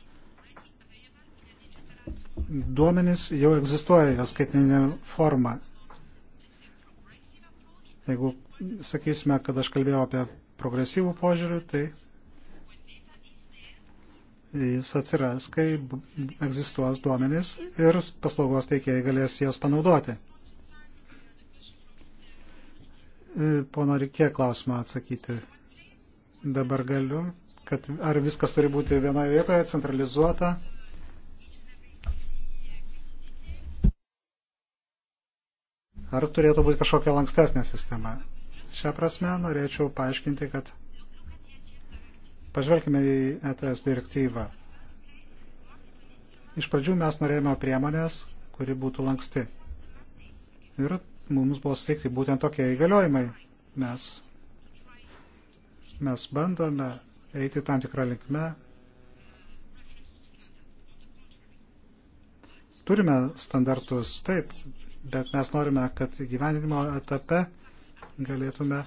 S2: duomenys jau egzistuoja jos skaitmeninė forma. Jeigu sakysime, kad aš kalbėjau apie progresyvų požiūrį, tai jis atsiras, kai egzistuos duomenys ir paslaugos teikėjai galės jos panaudoti. E, pono Rikė klausimą atsakyti. Dabar galiu, kad ar viskas turi būti vienoje vietoje, centralizuota. Ar turėtų būti kažkokia lankstesnė sistema? Šią prasme norėčiau paaiškinti, kad Pažvelkime į ETS direktyvą. Iš pradžių mes norėjome priemonės, kuri būtų lanksti. Ir mums buvo suteikti būtent tokie įgaliojimai. Mes, mes bandome eiti tam tikrą linkme. Turime standartus, taip, bet mes norime, kad gyvenimo etape galėtume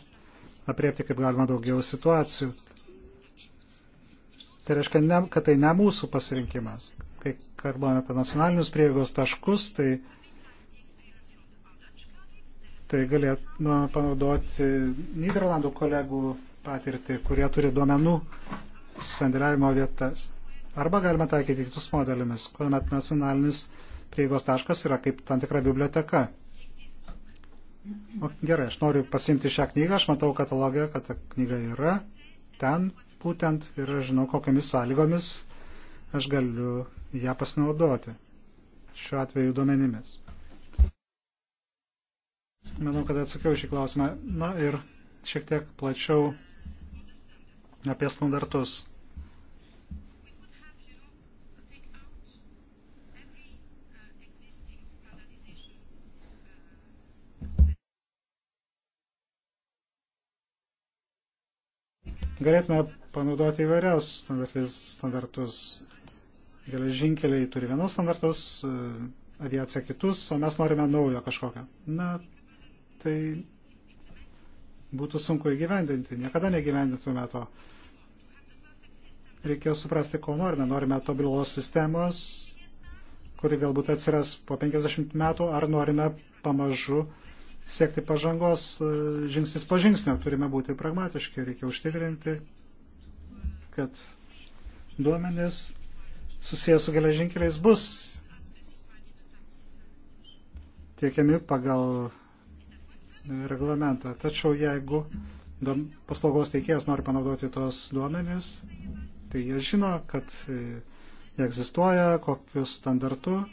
S2: apriepti kaip galima daugiau situacijų. Tai reiškia, ne, kad tai ne mūsų pasirinkimas. Kai kalbame apie nacionalinius prieigos taškus, tai, tai galėtume panaudoti Niderlandų kolegų patirtį, kurie turi duomenų sandėliavimo vietas. Arba galime taikyti kitus modelimis, kuomet nacionalinis prieigos taškas yra kaip tam tikra biblioteka. O, gerai, aš noriu pasimti šią knygą, aš matau katalogę, kad ta knyga yra ten, būtent ir žinau, kokiamis sąlygomis aš galiu ją pasinaudoti šiuo atveju duomenimis. Manau, kad atsakiau šį klausimą. Na ir šiek tiek plačiau apie standartus. Galėtume panaudoti įvairiaus standartus. Geležinkeliai turi vienus standartus, e, aviacija kitus, o mes norime naujo kažkokio. Na, tai būtų sunku įgyvendinti. Niekada negyvendintume to. Reikėjo suprasti, ko norime. Norime tobulos sistemos, kuri galbūt atsiras po 50 metų, ar norime pamažu uh, siekti pažangos e, žingsnis po žingsnio. Turime būti pragmatiški, reikia užtikrinti, kad duomenis susijęs su geležinkeliais bus tiekiami pagal reglamentą. Tačiau jeigu paslaugos teikėjas nori panaudoti tos duomenis, tai jie žino, kad e, jie egzistuoja, kokius standartu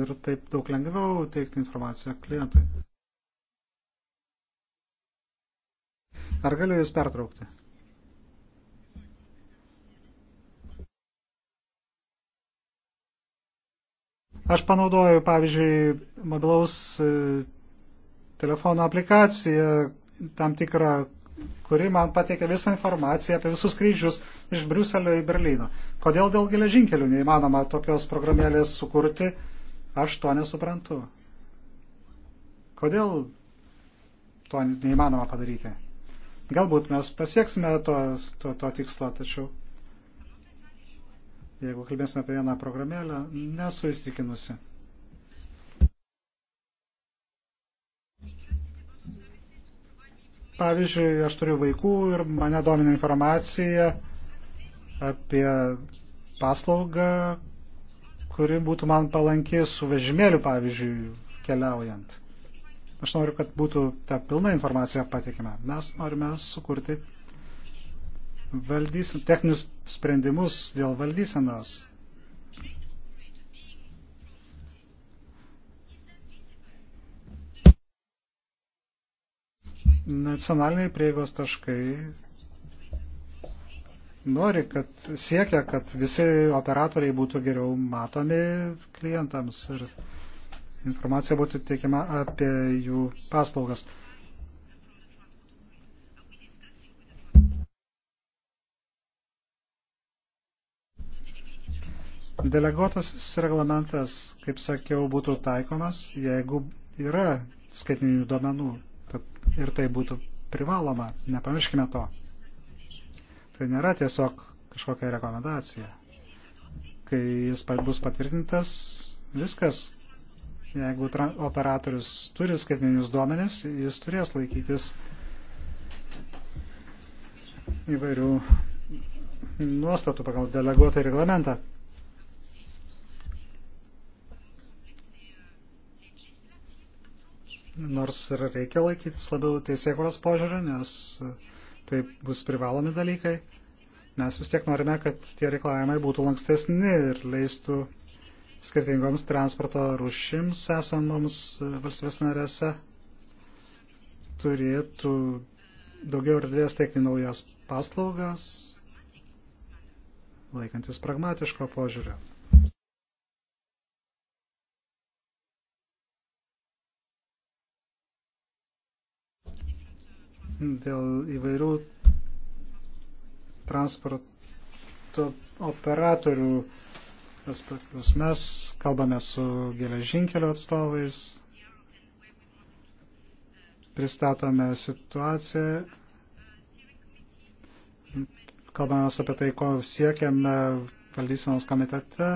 S2: ir taip daug lengviau teikti informaciją klientui. Ar galiu Jūs pertraukti? Aš panaudoju, pavyzdžiui, mobilaus e, telefono aplikaciją, tam tikrą, kuri man pateikia visą informaciją apie visus skrydžius iš Briuselio į Berlyną. Kodėl dėl geležinkelių neįmanoma tokios programėlės sukurti? Aš to nesuprantu. Kodėl to neįmanoma padaryti? Galbūt mes pasieksime to, to, to tikslo, tačiau jeigu kalbėsime apie vieną programėlę, nesu įstikinusi. Pavyzdžiui, aš turiu vaikų ir mane domina informacija apie paslaugą, kuri būtų man palanki su vežimėliu, pavyzdžiui, keliaujant. Aš noriu, kad būtų ta pilna informacija patikima. Mes norime sukurti valdys, techninius sprendimus dėl valdysenos. Nacionaliniai prieigos taškai nori, kad siekia, kad visi operatoriai būtų geriau matomi klientams ir informacija būtų teikiama apie jų paslaugas. Deleguotasis reglamentas, kaip sakiau, būtų taikomas, jeigu yra skaitmeninių duomenų ir tai būtų privaloma. Nepamirškime to. Tai nėra tiesiog kažkokia rekomendacija. Kai jis bus patvirtintas, viskas. Jeigu operatorius turi skaitmeninius duomenis, jis turės laikytis įvairių nuostatų pagal deleguotą reglamentą. Nors ir reikia laikytis labiau teisėkuros požiūrį, nes tai bus privalomi dalykai, mes vis tiek norime, kad tie reikalavimai būtų lankstesni ir leistų skirtingoms transporto rušims esamoms valstybės narėse turėtų daugiau erdvės teikti naujas paslaugas, laikantis pragmatiško požiūrio. dėl įvairių transporto operatorių aspektus. Mes kalbame su geležinkelio atstovais, pristatome situaciją, kalbame apie tai, ko siekiame valdysenos komitete,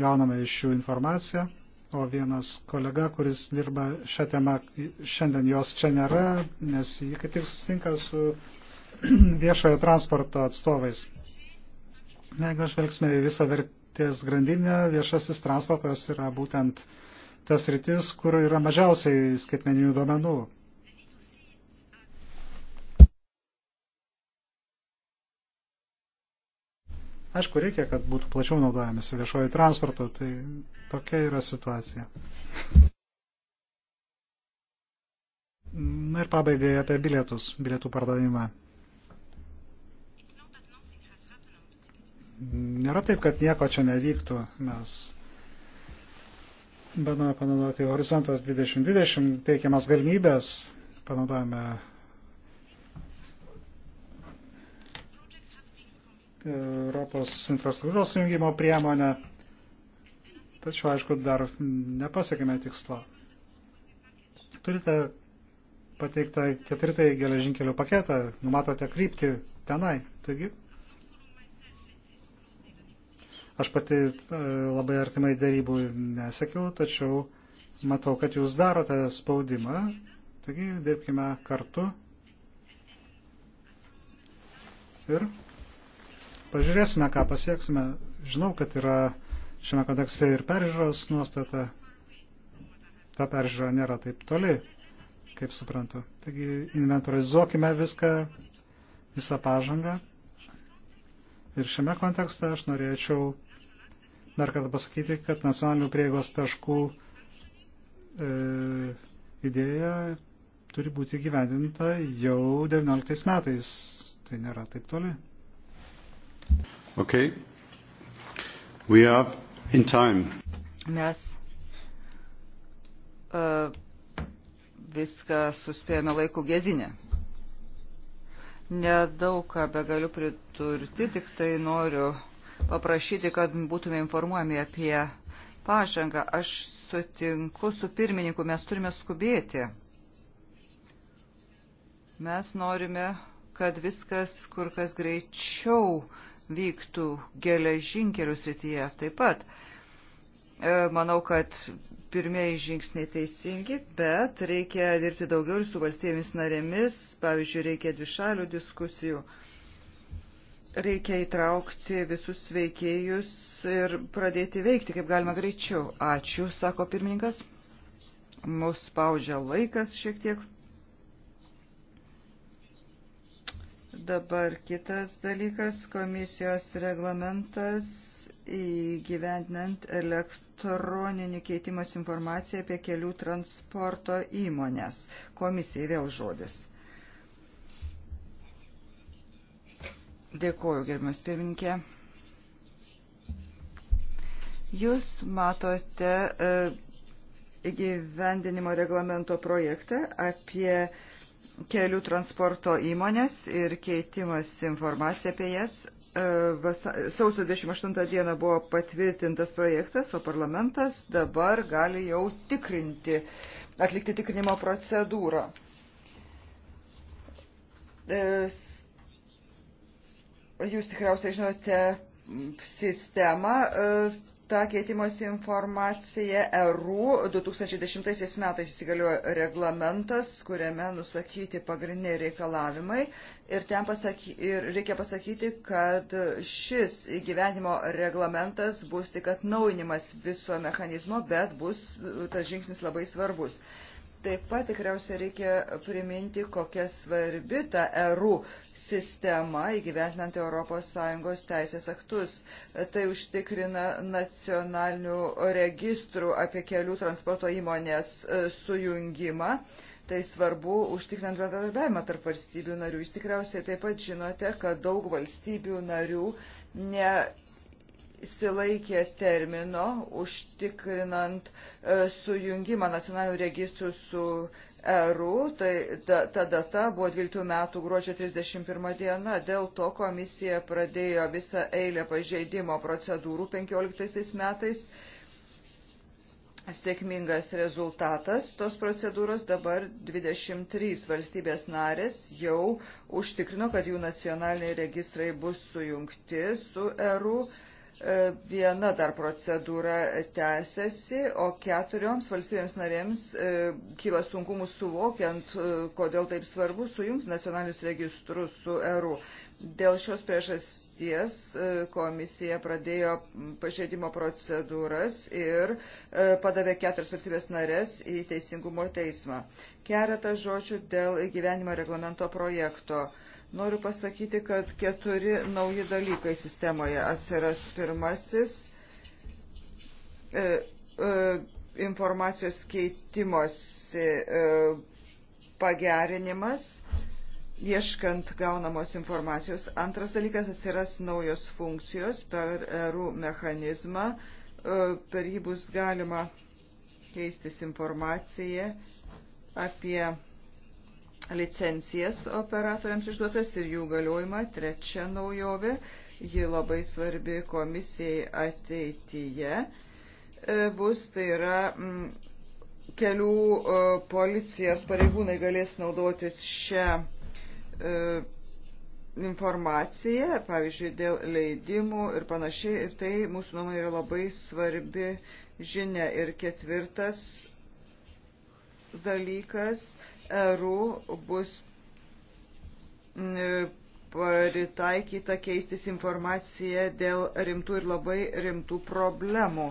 S2: gauname iš jų informaciją o vienas kolega, kuris dirba šią temą, šiandien jos čia nėra, nes jį kaip tik susitinka su viešojo transporto atstovais. Jeigu žvelgsime į visą vertės grandinę, viešasis transportas yra būtent tas rytis, kur yra mažiausiai skaitmeninių duomenų. Aišku, reikia, kad būtų plačiau naudojamis viešojo transporto, tai tokia yra situacija. Na ir pabaigai apie bilietus, bilietų pardavimą. Nėra taip, kad nieko čia nevyktų, mes bandome panaudoti horizontas 2020, teikiamas galimybės, panaudojame Europos infrastruktūros jungimo priemonę, tačiau aišku, dar nepasiekime tikslo. Turite pateiktą ketvirtąjį geležinkelių paketą, numatote kryptį tenai. Taigi, aš pati e, labai artimai darybų nesekiau, tačiau matau, kad jūs darote spaudimą. Taigi, dirbkime kartu. Ir Pažiūrėsime, ką pasieksime. Žinau, kad yra šiame kodekse ir peržiūros nuostata. Ta peržiūra nėra taip toli, kaip suprantu. Taigi inventorizuokime viską, visą pažangą. Ir šiame kontekste aš norėčiau dar kartą pasakyti, kad nacionalinių prieigos taškų e, idėja turi būti gyvendinta jau 19 metais. Tai nėra taip toli.
S1: Okay. We are in time.
S2: Mes
S3: uh, viską suspėjome laikų gezinę. Nedaug ką be galiu priturti, tik tai noriu paprašyti, kad būtume informuojami apie pažangą. Aš sutinku su pirmininku, mes turime skubėti. Mes norime, kad viskas kur kas greičiau uh, vyktų geležinkelių srityje taip pat. E, manau, kad pirmieji žingsniai teisingi, bet reikia dirbti daugiau ir su valstybėmis narėmis, pavyzdžiui, reikia dvišalių diskusijų reikia įtraukti visus veikėjus ir pradėti veikti kaip galima greičiau. Ačiū, sako pirmininkas. Mūsų spaudžia laikas šiek tiek. Dabar kitas dalykas - komisijos reglamentas įgyvendinant elektroninį keitimas informaciją apie kelių transporto įmonės. Komisijai vėl žodis. Dėkuoju, gerbiamas pirmininkė. Jūs matote e, įgyvendinimo reglamento projektą apie kelių transporto įmonės ir keitimas informacija apie jas. E, sausio 28 dieną buvo patvirtintas projektas, o parlamentas dabar gali jau tikrinti, atlikti tikrinimo procedūrą. E, jūs tikriausiai žinote sistemą e, ta keitimosi informacija ERU 2010 metais įsigaliojo reglamentas, kuriame nusakyti pagrindiniai reikalavimai ir, ten pasaky, ir reikia pasakyti, kad šis gyvenimo reglamentas bus tik atnaujinimas viso mechanizmo, bet bus tas žingsnis labai svarbus. Taip pat tikriausiai reikia priminti, kokia svarbi ta erų sistema įgyventinant ES teisės aktus. Tai užtikrina nacionalinių registrų apie kelių transporto įmonės e, sujungimą. Tai svarbu užtikrinant bendradarbiavimą tarp valstybių narių. Jūs tikriausiai taip pat žinote, kad daug valstybių narių ne išsilaikė termino, užtikrinant e, sujungimą nacionalinių registrų su ERU. Tai ta, ta data buvo 12 metų gruodžio 31 diena. Dėl to komisija pradėjo visą eilę pažeidimo procedūrų 15 metais. Sėkmingas rezultatas tos procedūros dabar 23 valstybės narės jau užtikrino, kad jų nacionaliniai registrai bus sujungti su ERU. E, viena dar procedūra tęsiasi, o keturioms valstybėms narėms e, kyla sunkumų suvokiant, e, kodėl taip svarbu sujungti nacionalinius registrus su ERU. Dėl šios priežasties komisija pradėjo pažeidimo procedūras ir padavė keturias valstybės narės į Teisingumo teismą. Keletą žodžių dėl gyvenimo reglamento projekto. Noriu pasakyti, kad keturi nauji dalykai sistemoje atsiras. Pirmasis e, e, informacijos keitimosi e, pagerinimas, ieškant gaunamos informacijos. Antras dalykas atsiras naujos funkcijos per erų mechanizmą. E, per jį bus galima keistis informaciją apie licencijas operatoriams išduotas ir jų galiojimą. Trečia naujovė, ji labai svarbi komisijai ateityje e, bus, tai yra mm, kelių e, policijos pareigūnai galės naudoti šią e, informaciją, pavyzdžiui, dėl leidimų ir panašiai. Ir tai mūsų nuomonė yra labai svarbi žinia. Ir ketvirtas dalykas ERU bus e, pritaikyta keistis informacija dėl rimtų ir labai rimtų problemų.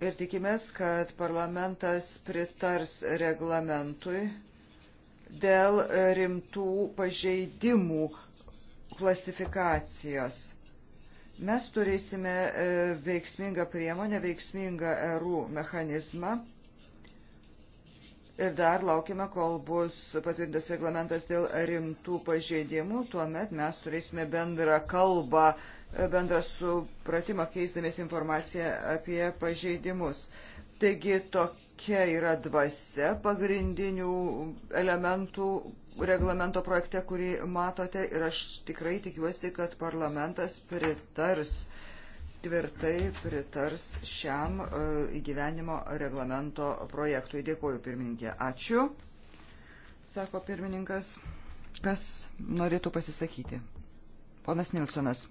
S3: Ir tikimės, kad parlamentas pritars reglamentui dėl rimtų pažeidimų klasifikacijos. Mes turėsime e, veiksmingą priemonę, veiksmingą erų mechanizmą Ir dar laukime, kol bus patvirtintas reglamentas dėl rimtų pažeidimų, tuomet mes turėsime bendrą kalbą, bendrą supratimą keisdamės informaciją apie pažeidimus. Taigi tokia yra dvasia pagrindinių elementų reglamento projekte, kurį matote ir aš tikrai tikiuosi, kad parlamentas pritars tvirtai pritars šiam e, įgyvenimo reglamento projektui. Dėkuoju, pirmininkė. Ačiū, sako pirmininkas. Kas norėtų pasisakyti? Ponas Nilsonas.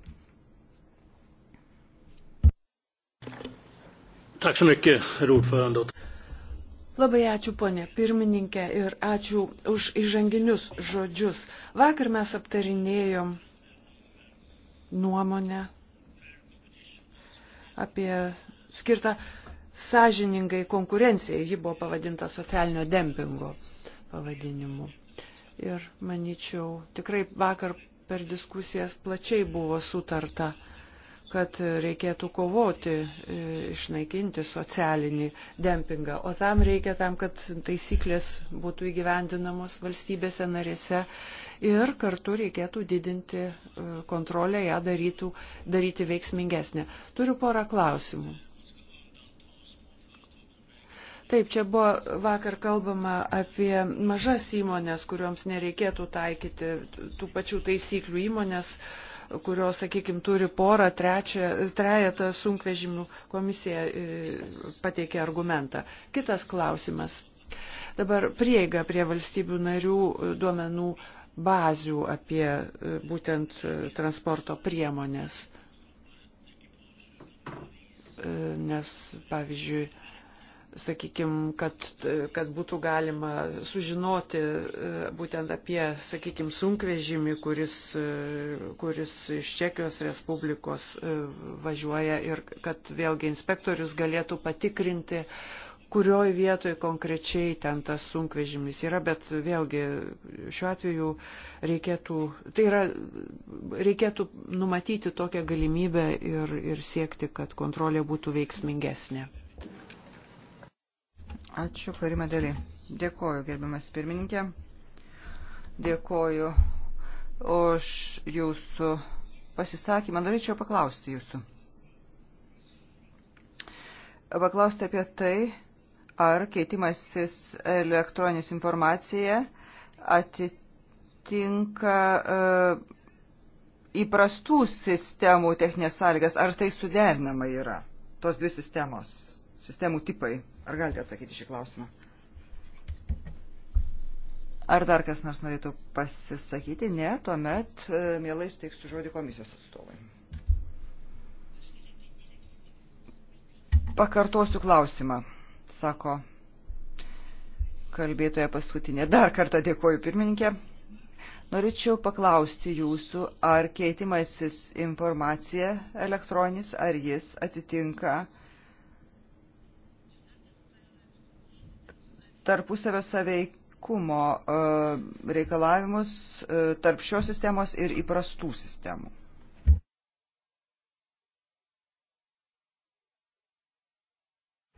S4: Labai ačiū, ponė pirmininkė, ir ačiū už įžanginius žodžius. Vakar mes aptarinėjom nuomonę apie skirtą sąžiningai konkurencijai. Ji buvo pavadinta socialinio dempingo pavadinimu. Ir manyčiau, tikrai vakar per diskusijas plačiai buvo sutarta kad reikėtų kovoti, e, išnaikinti socialinį dempingą. O tam reikia tam, kad taisyklės būtų įgyvendinamos valstybėse narėse ir kartu reikėtų didinti e, kontrolę, ją darytų, daryti veiksmingesnę. Turiu porą klausimų. Taip, čia buvo vakar kalbama apie mažas įmonės, kuriuoms nereikėtų taikyti tų pačių taisyklių įmonės. Uh, kurios, sakykime, turi porą, trečią, trejetą sunkvežimių, komisija e, pateikė argumentą. Kitas klausimas. Dabar prieiga prie valstybių narių e, duomenų bazių apie e, būtent transporto priemonės. Nes, pavyzdžiui, sakykime, kad, kad būtų galima sužinoti e, būtent apie, sakykime, sunkvežimį, kuris, e, kuris iš Čekijos Respublikos e, važiuoja ir kad vėlgi inspektorius galėtų patikrinti, kurioj vietoj konkrečiai ten tas sunkvežimis yra, bet vėlgi šiuo atveju reikėtų, tai yra, reikėtų numatyti tokią galimybę ir, ir siekti, kad kontrolė būtų veiksmingesnė.
S3: Ačiū, Karima Dėlį. Dėkoju, gerbiamas pirmininkė. Dėkoju už jūsų pasisakymą. Norėčiau paklausti jūsų. Paklausti apie tai, ar keitimasis elektroninės informacija atitinka uh, įprastų sistemų techninės sąlygas, ar tai suderinama yra tos dvi sistemos, sistemų tipai. Ar galite atsakyti šį klausimą? Ar dar kas nors norėtų pasisakyti? Ne, tuomet e, mielai suteiksiu žodį komisijos atstovai. Pakartosiu klausimą, sako kalbėtoja paskutinė. Dar kartą dėkoju pirmininkė. Norėčiau paklausti jūsų, ar keitimasis informacija elektroninis, ar jis atitinka uh, tarpusavio saveikumo e, reikalavimus e, tarp šios sistemos ir įprastų sistemų.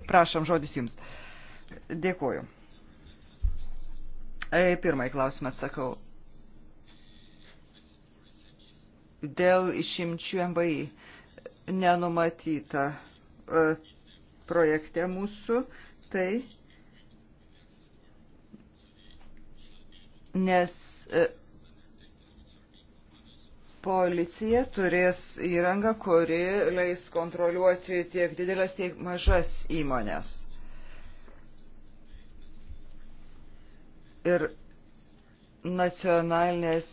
S3: Prašom, žodis jums. Dėkuoju. E, pirmąjį klausimą atsakau. Dėl išimčių MVI nenumatyta projekte mūsų, tai nes e, policija turės įrangą, kuri leis kontroliuoti tiek didelės, tiek mažas įmonės. Ir nacionalinės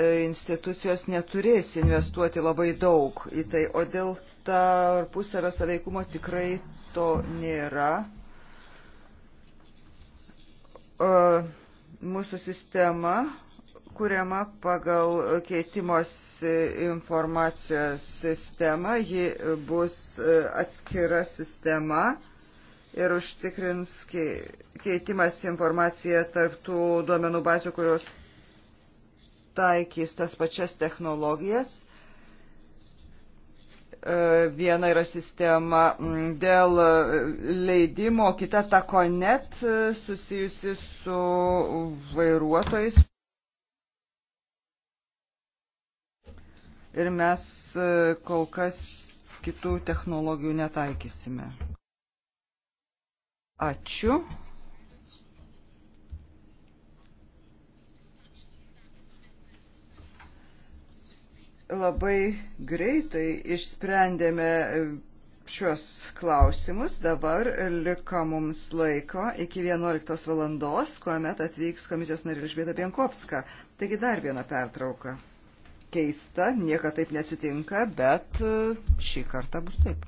S3: e, institucijos neturės investuoti labai daug į tai, o dėl tarpusavio saveikumo tikrai to nėra. Uh, Mūsų sistema kuriama pagal keitimos informacijos sistemą, ji bus e, atskira sistema ir užtikrins keitimas informaciją tarptų duomenų bazių, kurios taikys tas pačias technologijas E, viena yra sistema dėl e, leidimo, kita ta konet e, susijusi su vairuotojais. Ir mes kol kas kitų technologijų netaikysime. Ačiū. labai greitai išsprendėme šios klausimus. Dabar liko mums laiko iki 11 valandos, kuomet atvyks komisijos narė Elžbieta Bienkovska. Taigi dar viena pertrauka. Keista, niekada taip nesitinka, bet e, šį kartą bus taip.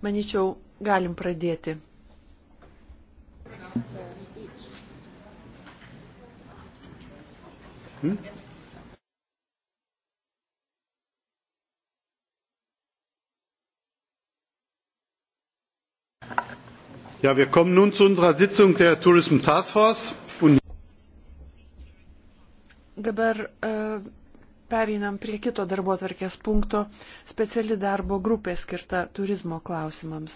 S1: Maničiau,
S4: galim pradėti.
S2: Hmm?
S1: Ja, wir kommen nun zu unserer Sitzung der Tourism Task Force. Und
S4: Dabar uh, Pereinam prie kito darbo atvarkės punkto - speciali darbo grupė skirta turizmo klausimams.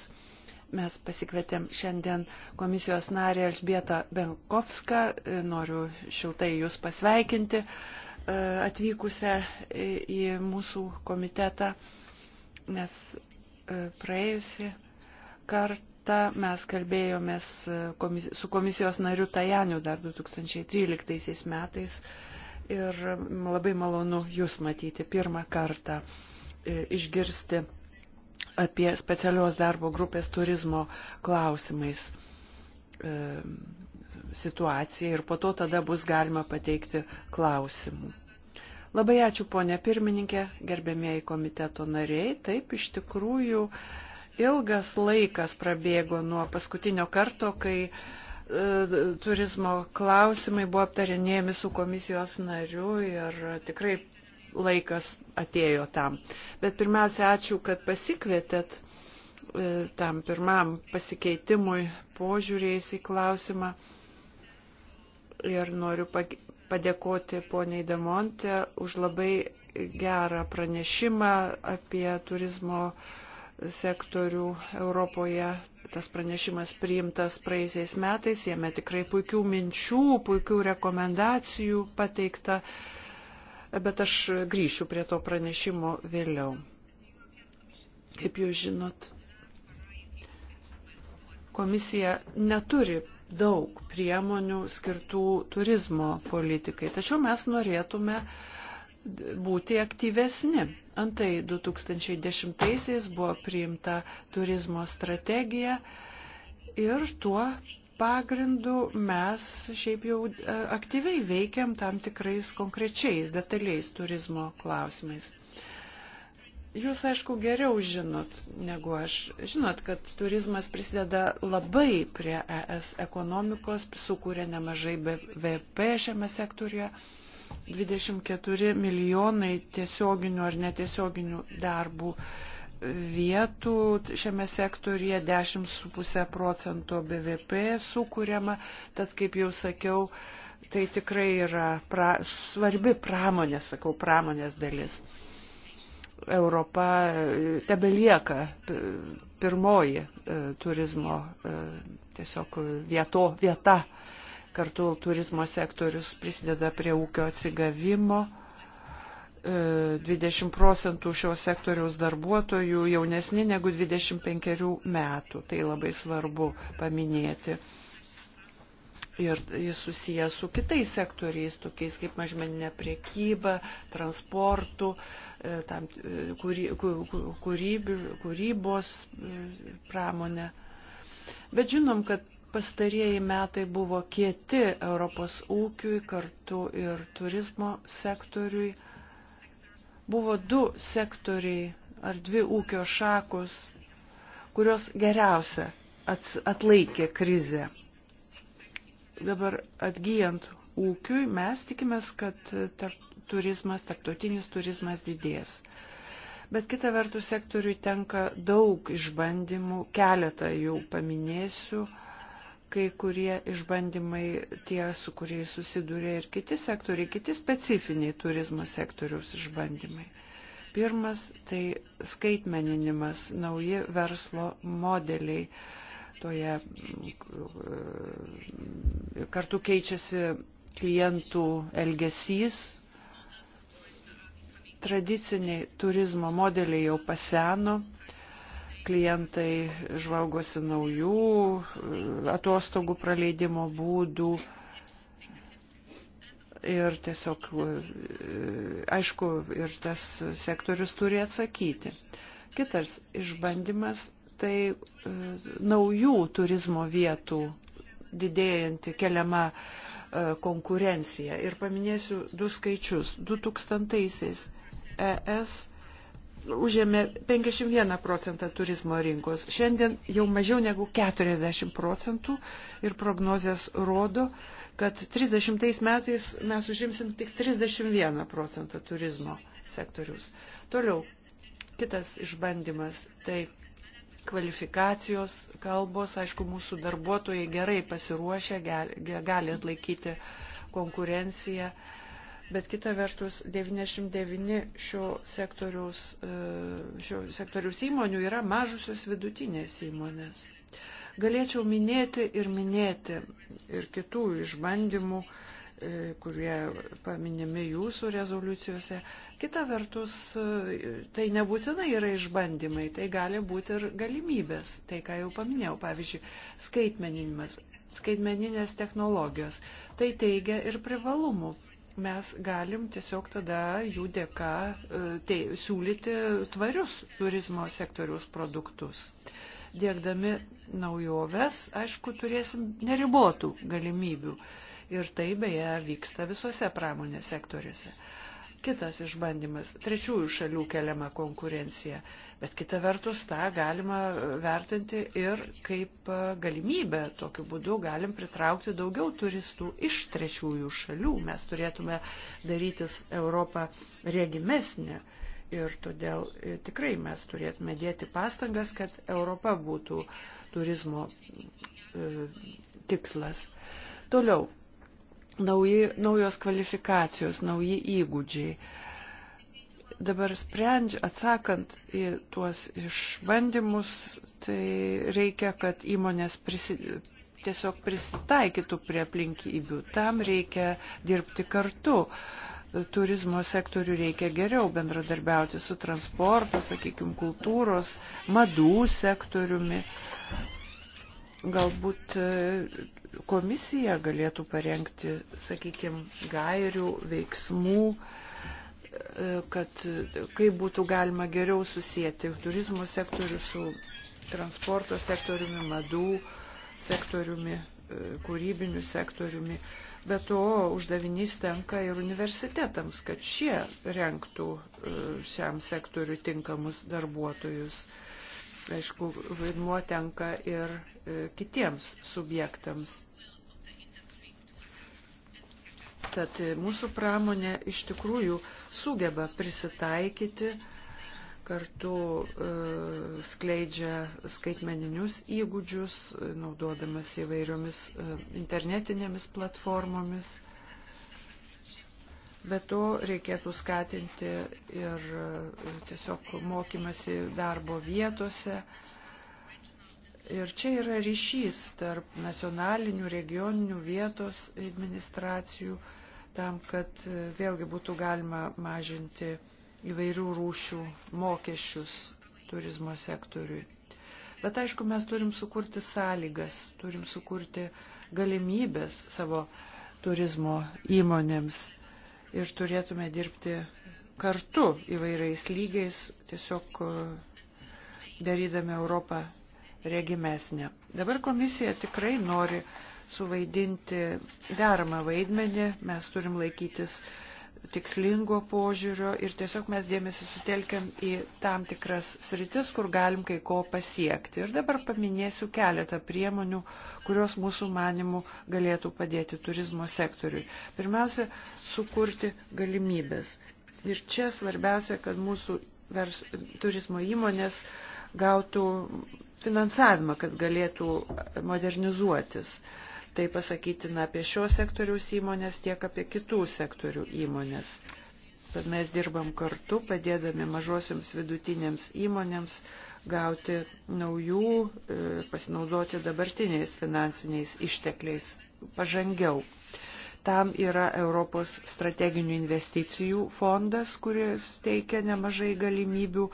S4: Mes pasikvietėm šiandien komisijos narį Elžbietą Benkovską. Noriu šiltai Jūs pasveikinti e, atvykusią į mūsų komitetą, nes e, praėjusi kartą mes kalbėjomės e, su komisijos nariu Tajaniu dar 2013 metais ir labai malonu Jūs matyti pirmą kartą, e, išgirsti apie specialios darbo grupės turizmo klausimais e, situaciją ir po to tada bus galima pateikti klausimų. Labai ačiū ponė pirmininkė, gerbėmėjai komiteto nariai. Taip, iš tikrųjų, ilgas laikas prabėgo nuo paskutinio karto, kai uh, E, turizmo klausimai buvo aptarinėjami su komisijos nariu ir tikrai laikas atėjo tam. Bet pirmiausia, ačiū, kad pasikvietėt e, tam pirmam pasikeitimui požiūrėjais į klausimą. Ir noriu padėkoti poniai Damonte už labai gerą pranešimą apie turizmo uh, sektorių Europoje. Tas pranešimas priimtas praeisiais metais, jame tikrai puikių minčių, puikių rekomendacijų pateikta, bet aš grįšiu prie to pranešimo vėliau. Kaip jūs žinot, komisija neturi daug priemonių skirtų turizmo politikai, tačiau mes norėtume uh, būti aktyvesni. Antai 2010-aisiais buvo priimta turizmo strategija ir tuo pagrindu mes šiaip jau e, aktyviai veikiam tam tikrais konkrečiais, detaliais turizmo klausimais. Jūs, aišku, geriau žinot negu aš. Žinot, kad turizmas prisideda labai prie ES ekonomikos, sukuria nemažai BVP šiame sektoriuje. 24 milijonai tiesioginių ar netiesioginių darbų vietų šiame sektorije 10,5 procento BVP sukūriama, tad kaip jau sakiau, tai tikrai yra pra, svarbi pramonės, sakau, pramonės dalis. Europa e, tebelieka pirmoji e, turizmo e, tiesiog vieto, vieta Kartu turizmo sektorius prisideda prie ūkio atsigavimo. 20 e, procentų šio sektoriaus darbuotojų jaunesni negu 25 metų. Tai labai svarbu paminėti. Ir jis susijęs su kitais sektoriais, tokiais kaip mažmeninė priekyba, transportų, e, tam, e, kūry, kūryb, kūrybos pramonė. Bet žinom, kad Pastarieji metai buvo kieti Europos ūkiui, kartu ir turizmo sektoriui. Buvo du sektoriai ar dvi ūkio šakos, kurios geriausia atlaikė krizę. Dabar atgyjant ūkiui mes tikimės, kad tarp turizmas, tarptautinis turizmas didės bet kita vertus sektoriui tenka daug išbandymų, keletą jų paminėsiu kai kurie išbandymai tie, su kuriais susidūrė ir kiti sektoriai, kiti specifiniai turizmo sektoriaus išbandymai. Pirmas tai skaitmeninimas, nauji verslo modeliai. Toje e, kartu keičiasi klientų elgesys. Tradiciniai turizmo modeliai jau paseno, klientai žvalgosi naujų e, atostogų praleidimo būdų. Ir tiesiog, e, aišku, ir tas sektorius turi atsakyti. Kitas išbandymas tai e, naujų turizmo vietų didėjanti keliama konkurencija. Ir paminėsiu du skaičius. 2000-aisiais ES užėmė 51 procentą turizmo rinkos. Šiandien jau mažiau negu 40 procentų ir prognozijas rodo, kad 30 metais mes užimsim tik 31 procentą turizmo sektorius. Toliau, kitas išbandymas - tai kvalifikacijos kalbos. Aišku, mūsų darbuotojai gerai pasiruošę, gali atlaikyti konkurenciją bet kita vertus 99 šio sektoriaus, e, šio sektoriaus įmonių yra mažusios vidutinės įmonės. Galėčiau minėti ir minėti ir kitų išbandymų, e, kurie paminimi jūsų rezoliucijose. Kita vertus, e, tai nebūtinai yra išbandymai, tai gali būti ir galimybės. Tai, ką jau paminėjau, pavyzdžiui, skaitmeninimas, skaitmeninės technologijos. Tai teigia ir privalumų mes galim tiesiog tada jų dėka tai, siūlyti tvarius turizmo sektoriaus produktus. Dėkdami naujoves, aišku, turėsim neribotų galimybių. Ir tai beje vyksta visose pramonės sektoriuose kitas išbandymas - trečiųjų šalių keliama konkurencija. Bet kita vertus, tą galima vertinti ir kaip e, galimybę. Tokiu būdu galim pritraukti daugiau turistų iš trečiųjų šalių. Mes turėtume darytis Europą regimesnę. Ir todėl e, tikrai mes turėtume dėti pastangas, kad Europa būtų turizmo e, tikslas. Toliau, nauji, naujos kvalifikacijos, nauji įgūdžiai. Dabar sprendž, atsakant į tuos išbandymus, tai reikia, kad įmonės prisi, tiesiog prisitaikytų prie aplinkybių. Tam reikia dirbti kartu. Turizmo sektoriu reikia geriau bendradarbiauti su transporto, sakykime, kultūros, madų sektoriumi galbūt e, komisija galėtų parengti, sakykime, gairių, veiksmų, e, kad e, kaip būtų galima geriau susijęti turizmo sektorių su transporto sektoriumi, madų sektoriumi, kūrybiniu sektoriumi. Bet to uždavinys tenka ir universitetams, kad šie renktų šiam sektoriu tinkamus darbuotojus. Uh, aišku, vaidmuo tenka ir e, kitiems subjektams. Tad e, mūsų pramonė iš tikrųjų sugeba prisitaikyti, kartu e, skleidžia skaitmeninius įgūdžius, naudodamas įvairiomis internetinėmis platformomis. Bet to reikėtų skatinti ir e, tiesiog mokymasi darbo vietose. Ir čia yra ryšys tarp nacionalinių, regioninių vietos administracijų, tam, kad e, vėlgi būtų galima mažinti įvairių rūšių mokesčius turizmo sektoriui. Bet aišku, mes turim sukurti sąlygas, turim sukurti galimybės savo turizmo įmonėms ir turėtume dirbti kartu įvairiais lygiais, tiesiog e, darydami Europą regimesnė. Dabar komisija tikrai nori suvaidinti deramą vaidmenį, mes turim laikytis uh, tikslingo požiūrio ir tiesiog mes dėmesį sutelkiam į tam tikras sritis, kur galim kai ko pasiekti. Ir dabar paminėsiu keletą priemonių, kurios mūsų manimų galėtų padėti turizmo sektoriui. Pirmiausia, sukurti galimybės. Ir čia svarbiausia, kad mūsų vers, turizmo įmonės gautų finansavimą, kad galėtų modernizuotis. Uh, Tai pasakytina apie šio sektoriaus įmonės, tiek apie kitų sektorių įmonės. Tad mes dirbam kartu, padėdami mažosiams vidutinėms įmonėms gauti naujų ir e, pasinaudoti dabartiniais finansiniais ištekliais pažangiau. Tam yra Europos strateginių investicijų fondas, kuris teikia nemažai galimybių.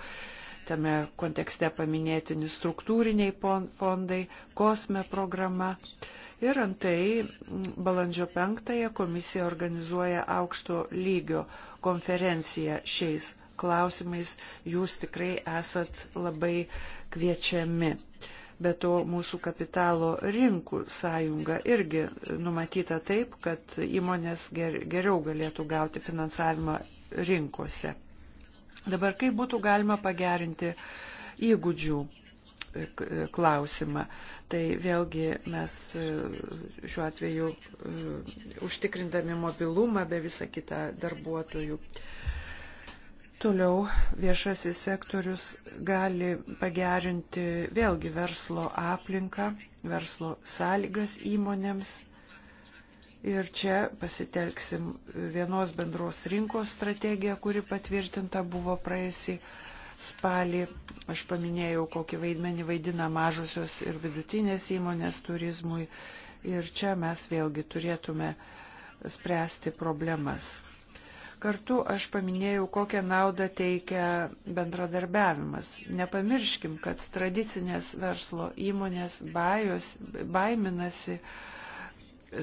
S4: Tame kontekste paminėtini struktūriniai fondai, kosme programa. Ir antai balandžio 5-ąją komisija organizuoja aukšto lygio konferenciją šiais klausimais. Jūs tikrai esat labai kviečiami. Be to, mūsų kapitalo rinkų sąjunga irgi numatyta taip, kad įmonės geriau galėtų gauti finansavimą rinkose. Dabar kaip būtų galima pagerinti įgūdžių klausimą. Tai vėlgi mes e, šiuo atveju e, užtikrindami mobilumą be visą kitą darbuotojų. Toliau viešasis sektorius gali pagerinti vėlgi verslo aplinką, verslo sąlygas įmonėms. Ir čia pasitelksim vienos bendros rinkos strategiją, kuri patvirtinta buvo praėjusį spalį aš paminėjau, kokį vaidmenį vaidina mažosios ir vidutinės įmonės turizmui. Ir čia mes vėlgi turėtume spręsti problemas. Kartu aš paminėjau, kokią naudą teikia bendradarbiavimas. Nepamirškim, kad tradicinės verslo įmonės bajos, baiminasi,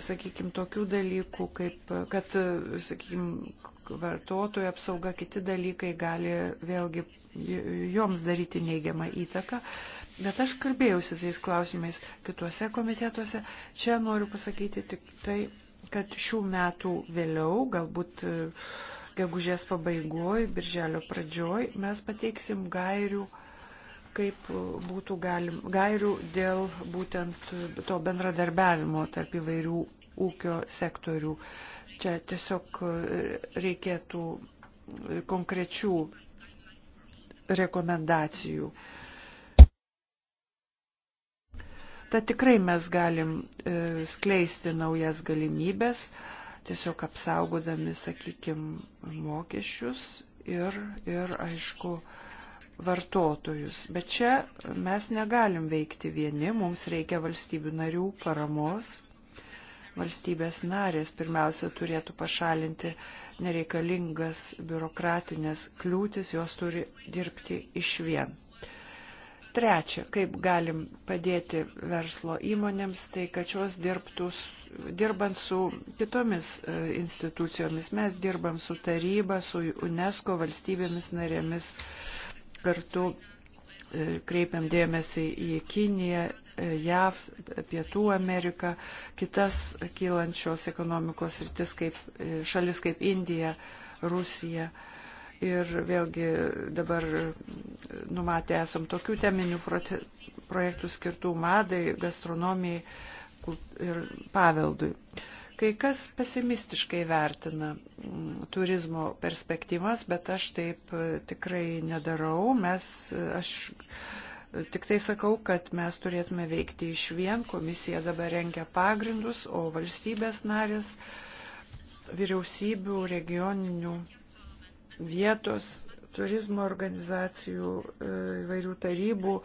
S4: sakykime, tokių dalykų, kaip, kad, sakykime, vartotojų apsauga, kiti dalykai gali vėlgi joms daryti neigiamą įtaką. Bet aš kalbėjausi tais klausimais kituose komitetuose. Čia noriu pasakyti tik tai, kad šių metų vėliau, galbūt e, gegužės pabaigoj, birželio pradžioj, mes pateiksim gairių kaip būtų galim, gairių dėl būtent to bendradarbiavimo tarp įvairių ūkio sektorių. Uh, Čia tiesiog e, reikėtų e, konkrečių rekomendacijų. Tad tikrai mes galim e, skleisti naujas galimybės, tiesiog apsaugodami, sakykime, mokesčius ir, ir aišku, vartotojus. Bet čia mes negalim veikti vieni, mums reikia valstybių narių paramos valstybės narės pirmiausia turėtų pašalinti nereikalingas biurokratinės kliūtis, jos turi dirbti iš vien. Trečia, kaip galim padėti verslo įmonėms, tai kad šios dirbtų, dirbant su kitomis e, institucijomis, mes dirbam su taryba, su UNESCO valstybėmis narėmis, kartu e, kreipiam dėmesį į Kiniją JAV, Pietų Ameriką, kitas kylančios ekonomikos rytis, kaip, e, šalis kaip Indija, Rusija. Ir vėlgi dabar e, numatę esam tokių teminių projektų skirtų madai, gastronomijai ir paveldui. Kai kas pesimistiškai vertina mm, turizmo perspektyvas, bet aš taip e, tikrai nedarau. Mes, aš Tik tai sakau, kad mes turėtume veikti iš vien, komisija dabar rengia pagrindus, o valstybės narės, vyriausybių, regioninių, vietos, turizmo organizacijų, e, įvairių tarybų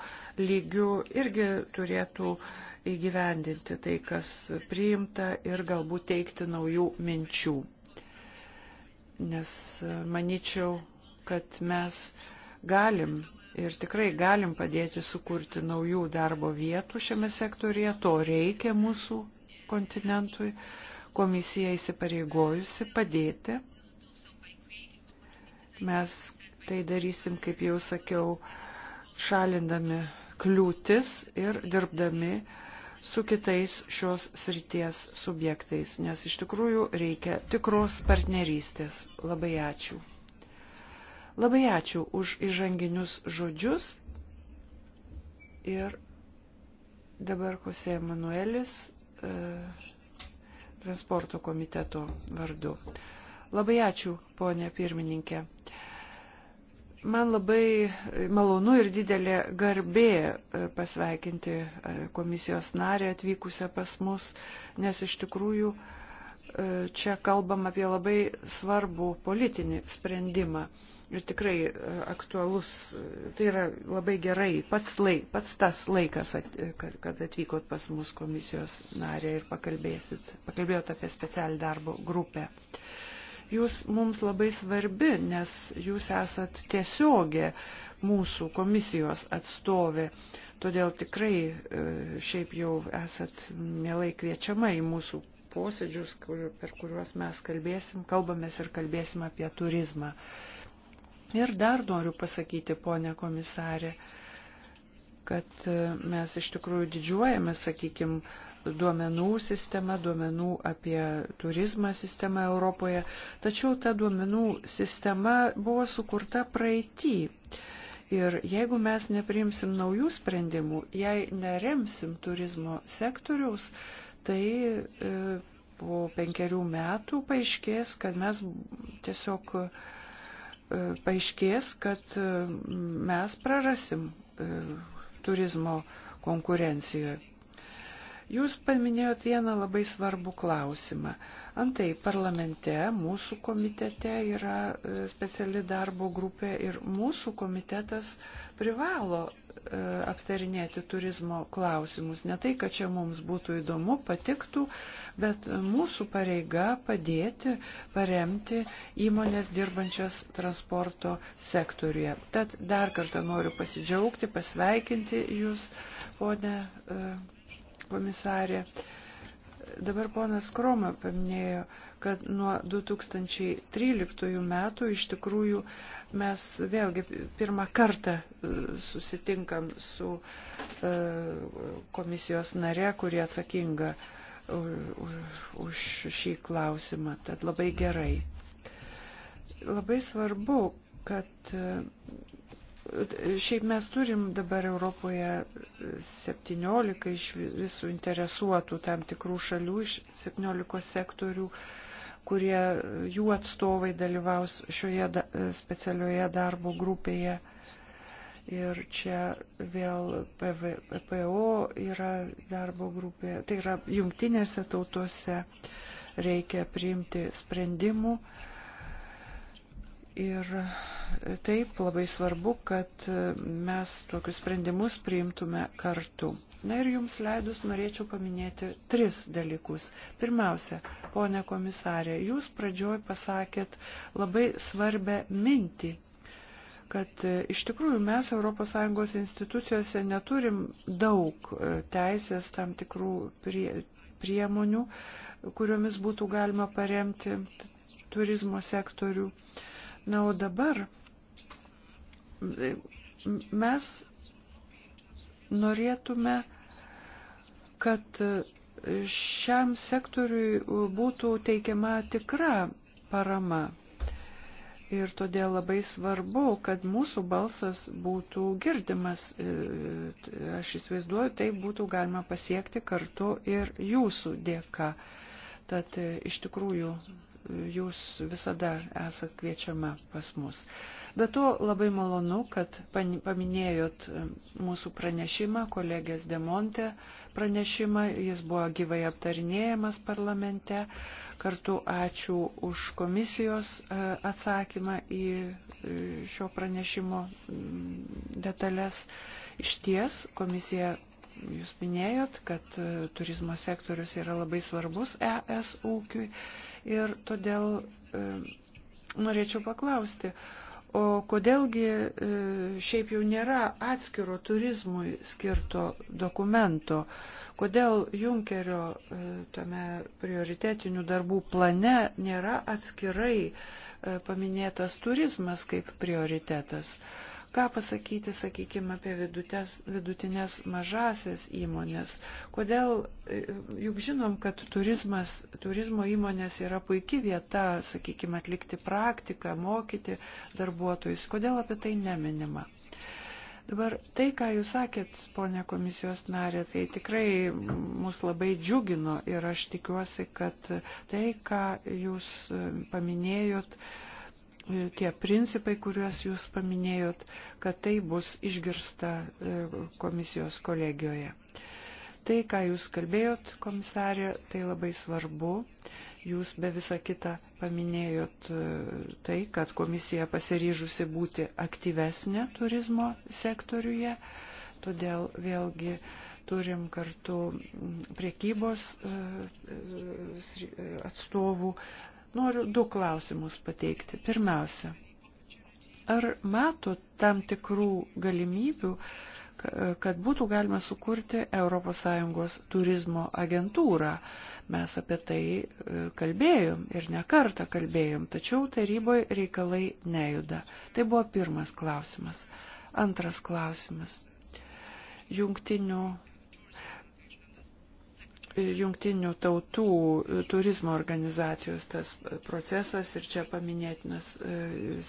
S4: lygių irgi turėtų įgyvendinti tai, kas priimta ir galbūt teikti naujų minčių. Nes e, manyčiau, kad mes galim ir tikrai galim padėti sukurti naujų darbo vietų šiame sektorėje, to reikia mūsų kontinentui, komisija įsipareigojusi padėti. Mes tai darysim, kaip jau sakiau, šalindami kliūtis ir dirbdami su kitais šios srities subjektais, nes iš tikrųjų reikia tikros partnerystės. Labai ačiū. Labai ačiū už įžanginius žodžius. Ir dabar Kose Emanuelis e, transporto komiteto vardu. Labai ačiū, ponė pirmininkė. Man labai malonu ir didelė garbė e, pasveikinti e, komisijos narį atvykusią pas mus, nes iš tikrųjų e, čia kalbam apie labai svarbų politinį sprendimą ir tikrai e, aktualus, e, tai yra labai gerai, pats, laik, pats tas laikas, e, kad atvykot pas mus komisijos narė ir pakalbėsit, pakalbėjot apie specialią darbo grupę. Jūs mums labai svarbi, nes jūs esat tiesiogė mūsų komisijos atstovė, todėl tikrai šiaip jau esat mielai kviečiama į mūsų posėdžius, kur, per kuriuos mes kalbėsim, kalbamės ir kalbėsim apie turizmą. Uh, Ir dar noriu pasakyti, ponė komisarė, kad e, mes iš tikrųjų didžiuojame, sakykime, duomenų sistema, duomenų apie turizmą sistema Europoje, tačiau ta duomenų sistema buvo sukurta praeitį. Ir jeigu mes neprimsim naujų sprendimų, jei neremsim turizmo sektoriaus, tai e, po penkerių metų paaiškės, kad mes tiesiog e, paaiškės, kad e, mes prarasim e, turizmo konkurencijoje. Jūs paminėjot vieną labai svarbų klausimą. Antai parlamente, mūsų komitete yra e, speciali darbo grupė ir mūsų komitetas privalo e, aptarinėti turizmo klausimus. Ne tai, kad čia mums būtų įdomu, patiktų, bet mūsų pareiga padėti, paremti įmonės dirbančias transporto sektoriuje. Tad dar kartą noriu pasidžiaugti, pasveikinti Jūs, ponė e, komisarė. Dabar ponas Kroma paminėjo kad nuo 2013 metų iš tikrųjų mes vėlgi pirmą kartą e, susitinkam su e, komisijos nare, kuri atsakinga e, už šį klausimą. Tad labai gerai. Labai svarbu, kad šiaip mes turim dabar Europoje 17 iš visų interesuotų tam tikrų šalių, iš 17 sektorių kurie jų atstovai dalyvaus šioje da, e, specialioje darbo grupėje. Ir čia vėl PVPO yra darbo grupė, tai yra jungtinėse tautose reikia priimti sprendimų, uh, Ir taip labai svarbu, kad mes tokius sprendimus priimtume kartu. Na ir jums leidus norėčiau paminėti tris dalykus. Pirmiausia, ponė komisarė, jūs pradžioj pasakėt labai svarbę mintį kad e, iš tikrųjų mes ES institucijose neturim daug e, teisės tam tikrų prie, priemonių, kuriomis būtų galima paremti turizmo sektorių. Uh, Na, o dabar e, mes norėtume, kad e, šiam sektoriui e, būtų teikiama tikra parama. Ir todėl labai svarbu, kad mūsų balsas būtų girdimas. Aš įsivaizduoju, tai būtų galima pasiekti kartu ir jūsų dėka. Tad iš tikrųjų jūs visada esat kviečiama pas mus. Bet to labai malonu, kad paminėjot e, mūsų pranešimą, kolegės Demonte pranešimą, jis buvo gyvai aptarinėjamas parlamente. Kartu ačiū už komisijos e, atsakymą į e, šio pranešimo detalės. Iš ties komisija jūs minėjot, kad turizmo sektorius yra labai svarbus ES ūkiui Ir todėl e, norėčiau paklausti, o kodėlgi e, šiaip jau nėra atskiro turizmui skirto dokumento, kodėl Junkerio e, tame prioritetinių darbų plane nėra atskirai e, paminėtas turizmas kaip prioritetas. E, Ką pasakyti, sakykime, apie vidutės, vidutinės mažasias įmonės? Kodėl, e, juk žinom, kad turizmas, turizmo įmonės yra puikia vieta, sakykime, atlikti praktiką, mokyti darbuotojus. Kodėl apie tai neminima? Dabar tai, ką jūs sakėt, ponė komisijos narė, tai tikrai mus labai džiugino ir aš tikiuosi, kad tai, ką jūs paminėjot, tie principai, kuriuos jūs paminėjot, kad tai bus išgirsta e, komisijos kolegijoje. Tai, ką jūs kalbėjot, komisarė, tai labai svarbu. Jūs be visą kitą paminėjot e, tai, kad komisija pasiryžusi būti aktyvesnė turizmo sektoriuje. Todėl vėlgi turim kartu priekybos e, atstovų Noriu du klausimus pateikti. Pirmiausia, ar mato tam tikrų galimybių, kad būtų galima sukurti ES turizmo agentūrą. Mes apie tai e, kalbėjom ir nekartą kalbėjom, tačiau taryboje reikalai nejuda. Tai buvo pirmas klausimas. Antras klausimas. Jungtinių jungtinių tautų e, turizmo organizacijos tas e, procesas ir čia paminėtinas e,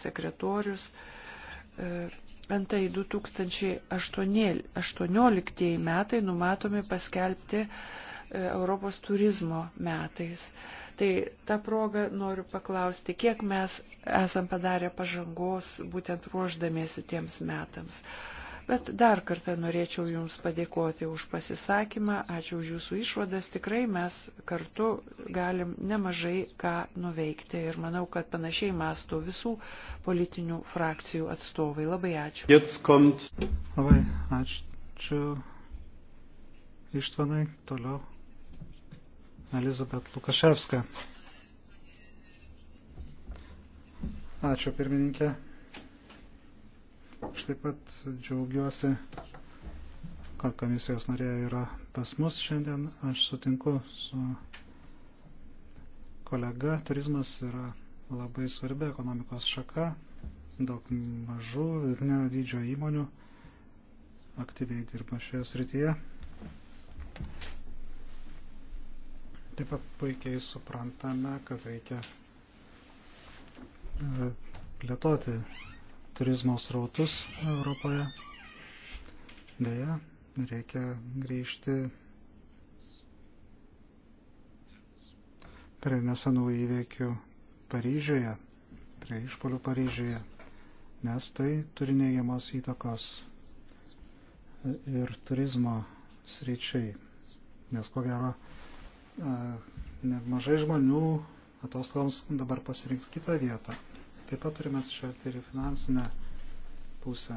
S4: sekretorius. Antai 2018 metai numatomi paskelbti Europos turizmo metais. Tai tą progą noriu paklausti, kiek mes esam padarę pažangos būtent ruoždamiesi tiems metams. Uh, Bet dar kartą norėčiau Jums padėkoti už pasisakymą, ačiū už Jūsų išvadas. Tikrai mes kartu galim nemažai ką nuveikti ir manau, kad panašiai mastų visų politinių frakcijų atstovai. Labai
S1: ačiū.
S2: Labai ačiū. Ištvanai, toliau. Elizabet Lukaševska. Ačiū pirmininkė. Aš taip pat džiaugiuosi, kad komisijos narė yra pas mus šiandien. Aš sutinku su kolega. Turizmas yra labai svarbi ekonomikos šaka. Daug mažų ir nedydžio įmonių aktyviai dirba šioje srityje. Taip pat puikiai suprantame, kad reikia e, plėtoti turizmo srautus Europoje. Deja, reikia grįžti prie nesenų įveikių Paryžiuje, prie išpolių Paryžiuje, nes tai turi neigiamos įtakos ir turizmo sričiai. Nes ko gero, e, nemažai žmonių atostogoms dabar pasirinks kitą vietą. Taip pat turime atsižvelgti ir finansinę pusę.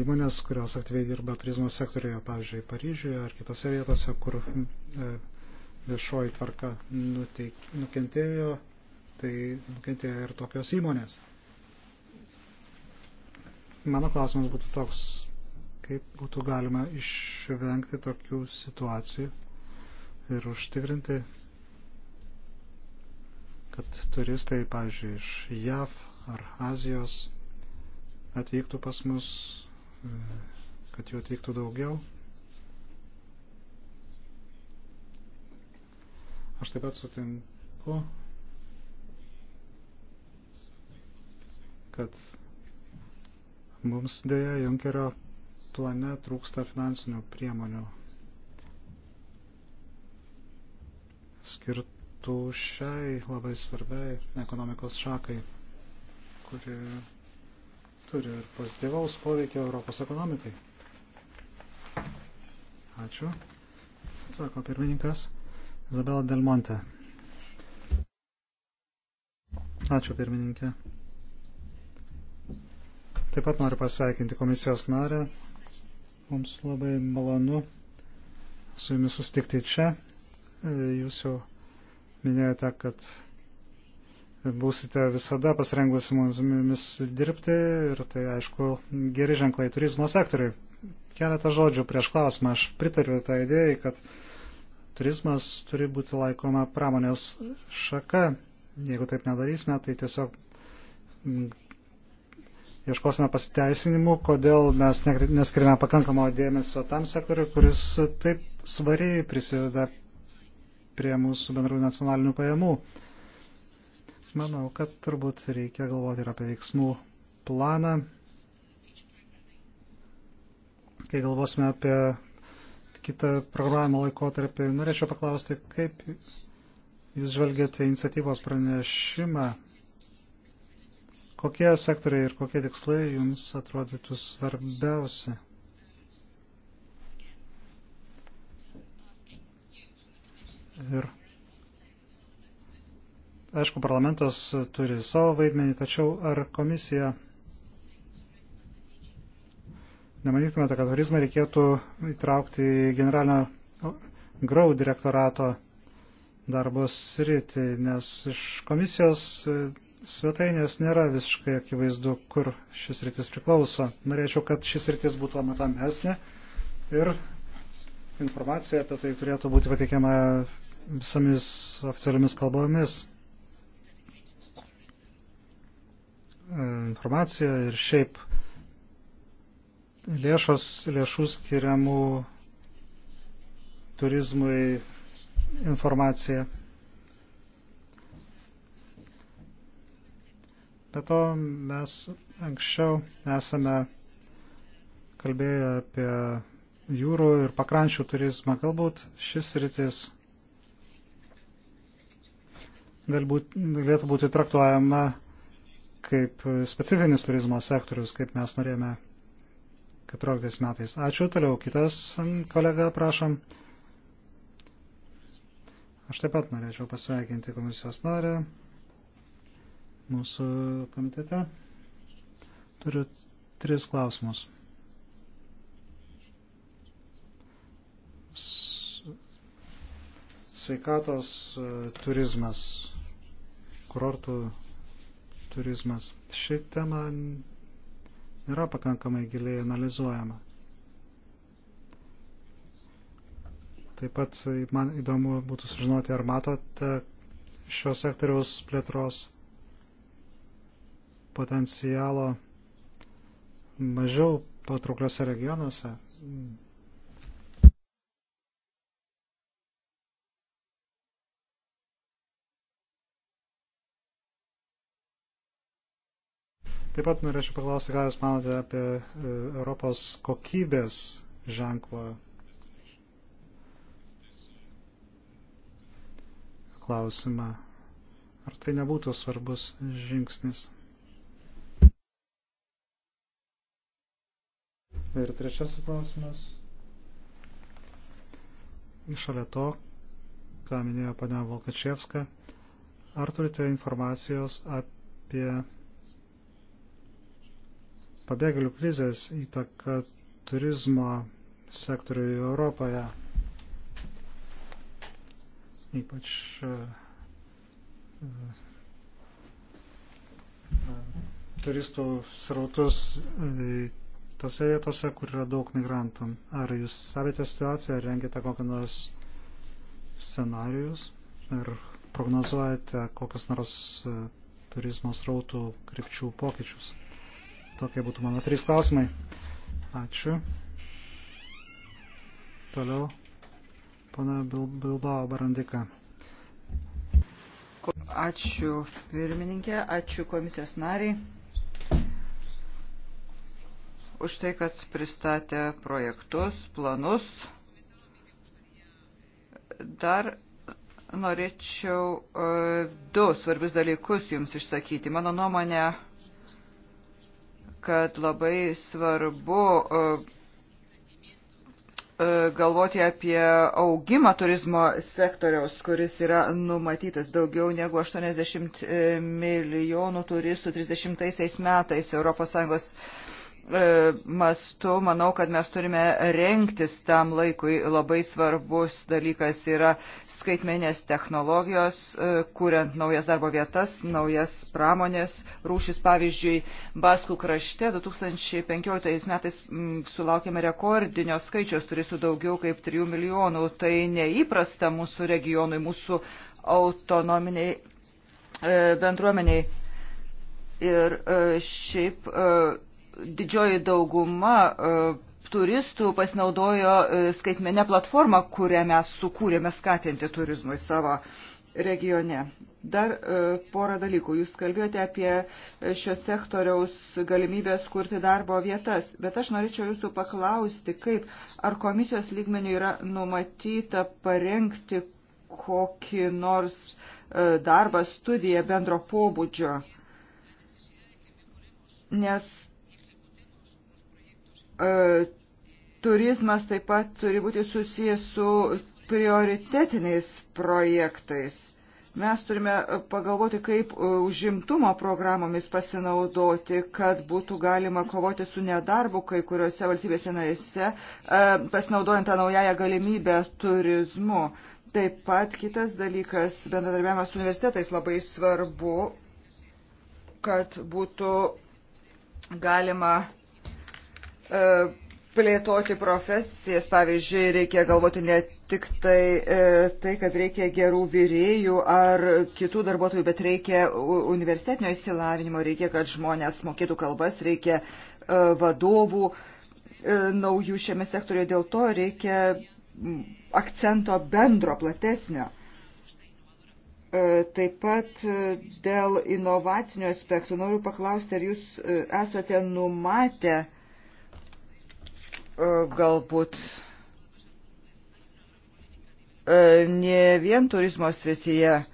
S2: Įmonės, kurios aktyviai dirba turizmo sektorijoje, pavyzdžiui, Paryžiuje ar kitose vietose, kur e, viešoji tvarka nuteik, nukentėjo, tai nukentėjo ir tokios įmonės. Mano klausimas būtų toks, kaip būtų galima išvengti tokių situacijų ir užtikrinti kad turistai, pavyzdžiui, iš JAV ar Azijos atvyktų pas mus, kad jų atvyktų daugiau. Aš taip pat sutinku, kad mums dėja Junkerio plane trūksta finansinių priemonių skirt, skirtų šiai labai svarbiai ekonomikos šakai, kuri turi ir pozityvaus poveikio Europos ekonomikai. Ačiū. Sako pirmininkas Izabela Delmonte. Ačiū pirmininkė. Taip pat noriu pasveikinti komisijos narę. Mums labai malonu su jumis sustikti čia. Jūs jau minėjote, kad būsite visada pasirengusi mumis dirbti ir tai, aišku, geri ženklai turizmo sektoriui. Keletą žodžių prieš klausimą. Aš pritariu tą tai idėją, kad turizmas turi būti laikoma pramonės šaka. Jeigu taip nedarysime, tai tiesiog mm, ieškosime pasiteisinimų, kodėl mes neskirime pakankamo dėmesio tam sektoriu, kuris taip svariai prisideda prie mūsų bendrų nacionalinių pajamų. Manau, kad turbūt reikia galvoti ir apie veiksmų planą. Kai galvosime apie kitą programavimo laikotarpį, norėčiau paklausti, kaip jūs žvelgiate iniciatyvos pranešimą kokie sektoriai ir kokie tikslai jums atrodytų svarbiausi? Ir aišku, parlamentas turi savo vaidmenį, tačiau ar komisija nemanytumėte, kad turizmą reikėtų įtraukti į generalinio grau direktorato darbos sritį, nes iš komisijos svetainės nėra visiškai akivaizdu, kur šis rytis priklauso. Norėčiau, kad šis rytis būtų matomesnė ir informacija apie tai turėtų būti pateikiama visomis oficialiomis kalbomis e, informacija ir šiaip lėšos, lėšų skiriamų turizmui informacija. Be to mes anksčiau esame kalbėję apie jūrų ir pakrančių turizmą. Galbūt šis rytis galbūt galėtų būti traktuojama kaip specifinis turizmo sektorius, kaip mes norėjome 14 metais. Ačiū, toliau kitas kolega, prašom. Aš taip pat norėčiau pasveikinti komisijos narę mūsų komitete. Turiu tris klausimus. Sveikatos e, turizmas kurortų turizmas. Ši tema nėra pakankamai giliai analizuojama. Taip pat man įdomu būtų sužinoti, ar matote šio sektoriaus plėtros potencialo mažiau patraukliuose regionuose, Taip pat norėčiau paklausti, ką Jūs manote apie e, Europos kokybės ženklo klausimą. Ar tai nebūtų svarbus žingsnis? Ir trečiasis klausimas. Šalia to, ką minėjo pane Volkačievska, ar turite informacijos apie pabėgėlių krizės įtaka turizmo sektoriui Europoje. Ypač e, e, turistų srautus e, tose vietose, kur yra daug migrantų. Ar jūs savite situaciją, ar rengite kokią nors scenarius, ar prognozuojate kokias nors turizmo srautų krypčių pokyčius? Tokie būtų mano trys klausimai. Ačiū. Toliau. Pana Bilbao Barandika.
S3: Ačiū pirmininkė, ačiū komisijos nariai už tai, kad pristatė projektus, planus. Dar norėčiau uh, du svarbius dalykus jums išsakyti. Mano nuomonė, kad labai svarbu e, e, galvoti apie augimą turizmo sektoriaus, kuris yra numatytas daugiau negu 80 e, milijonų turistų 30 metais ES E, mastu, manau, kad mes turime renktis tam laikui. Labai svarbus dalykas yra skaitmenės technologijos, e, kuriant naujas darbo vietas, naujas pramonės rūšis. Pavyzdžiui, Baskų krašte 2015 metais sulaukėme rekordinio skaičiaus turistų daugiau kaip 3 milijonų. Tai neįprasta mūsų regionui, mūsų autonominiai e, bendruomeniai. Ir šiaip didžioji dauguma e, turistų pasinaudojo e, skaitmenę platformą, kurią mes sukūrėme skatinti turizmui savo regione. Dar e, porą dalykų. Jūs kalbėjote apie šio sektoriaus galimybės kurti darbo vietas, bet aš norėčiau jūsų paklausti, kaip ar komisijos lygmenių yra numatyta parengti kokį nors darbą, studiją bendro pobūdžio. Nes E, turizmas taip pat turi būti susijęs su prioritetiniais projektais. Mes turime e, pagalvoti, kaip e, užimtumo programomis pasinaudoti, kad būtų galima kovoti su nedarbu kai kuriuose valstybėse narėse, pasinaudojant tą naująją galimybę turizmu. Taip pat kitas dalykas, bendradarbiavimas su universitetais labai svarbu, kad būtų galima E, plėtoti profesijas, pavyzdžiui, reikia galvoti ne tik tai, e, tai kad reikia gerų vyrėjų ar kitų darbuotojų, bet reikia universitetinio įsilavinimo, reikia, kad žmonės mokėtų kalbas, reikia e, vadovų naujų šiame sektorioje, dėl to reikia akcento bendro, platesnio. Taip pat dėl inovacinių aspektų noriu paklausti, ar jūs esate numatę E, galbūt e, ne vien turizmo srityje. E,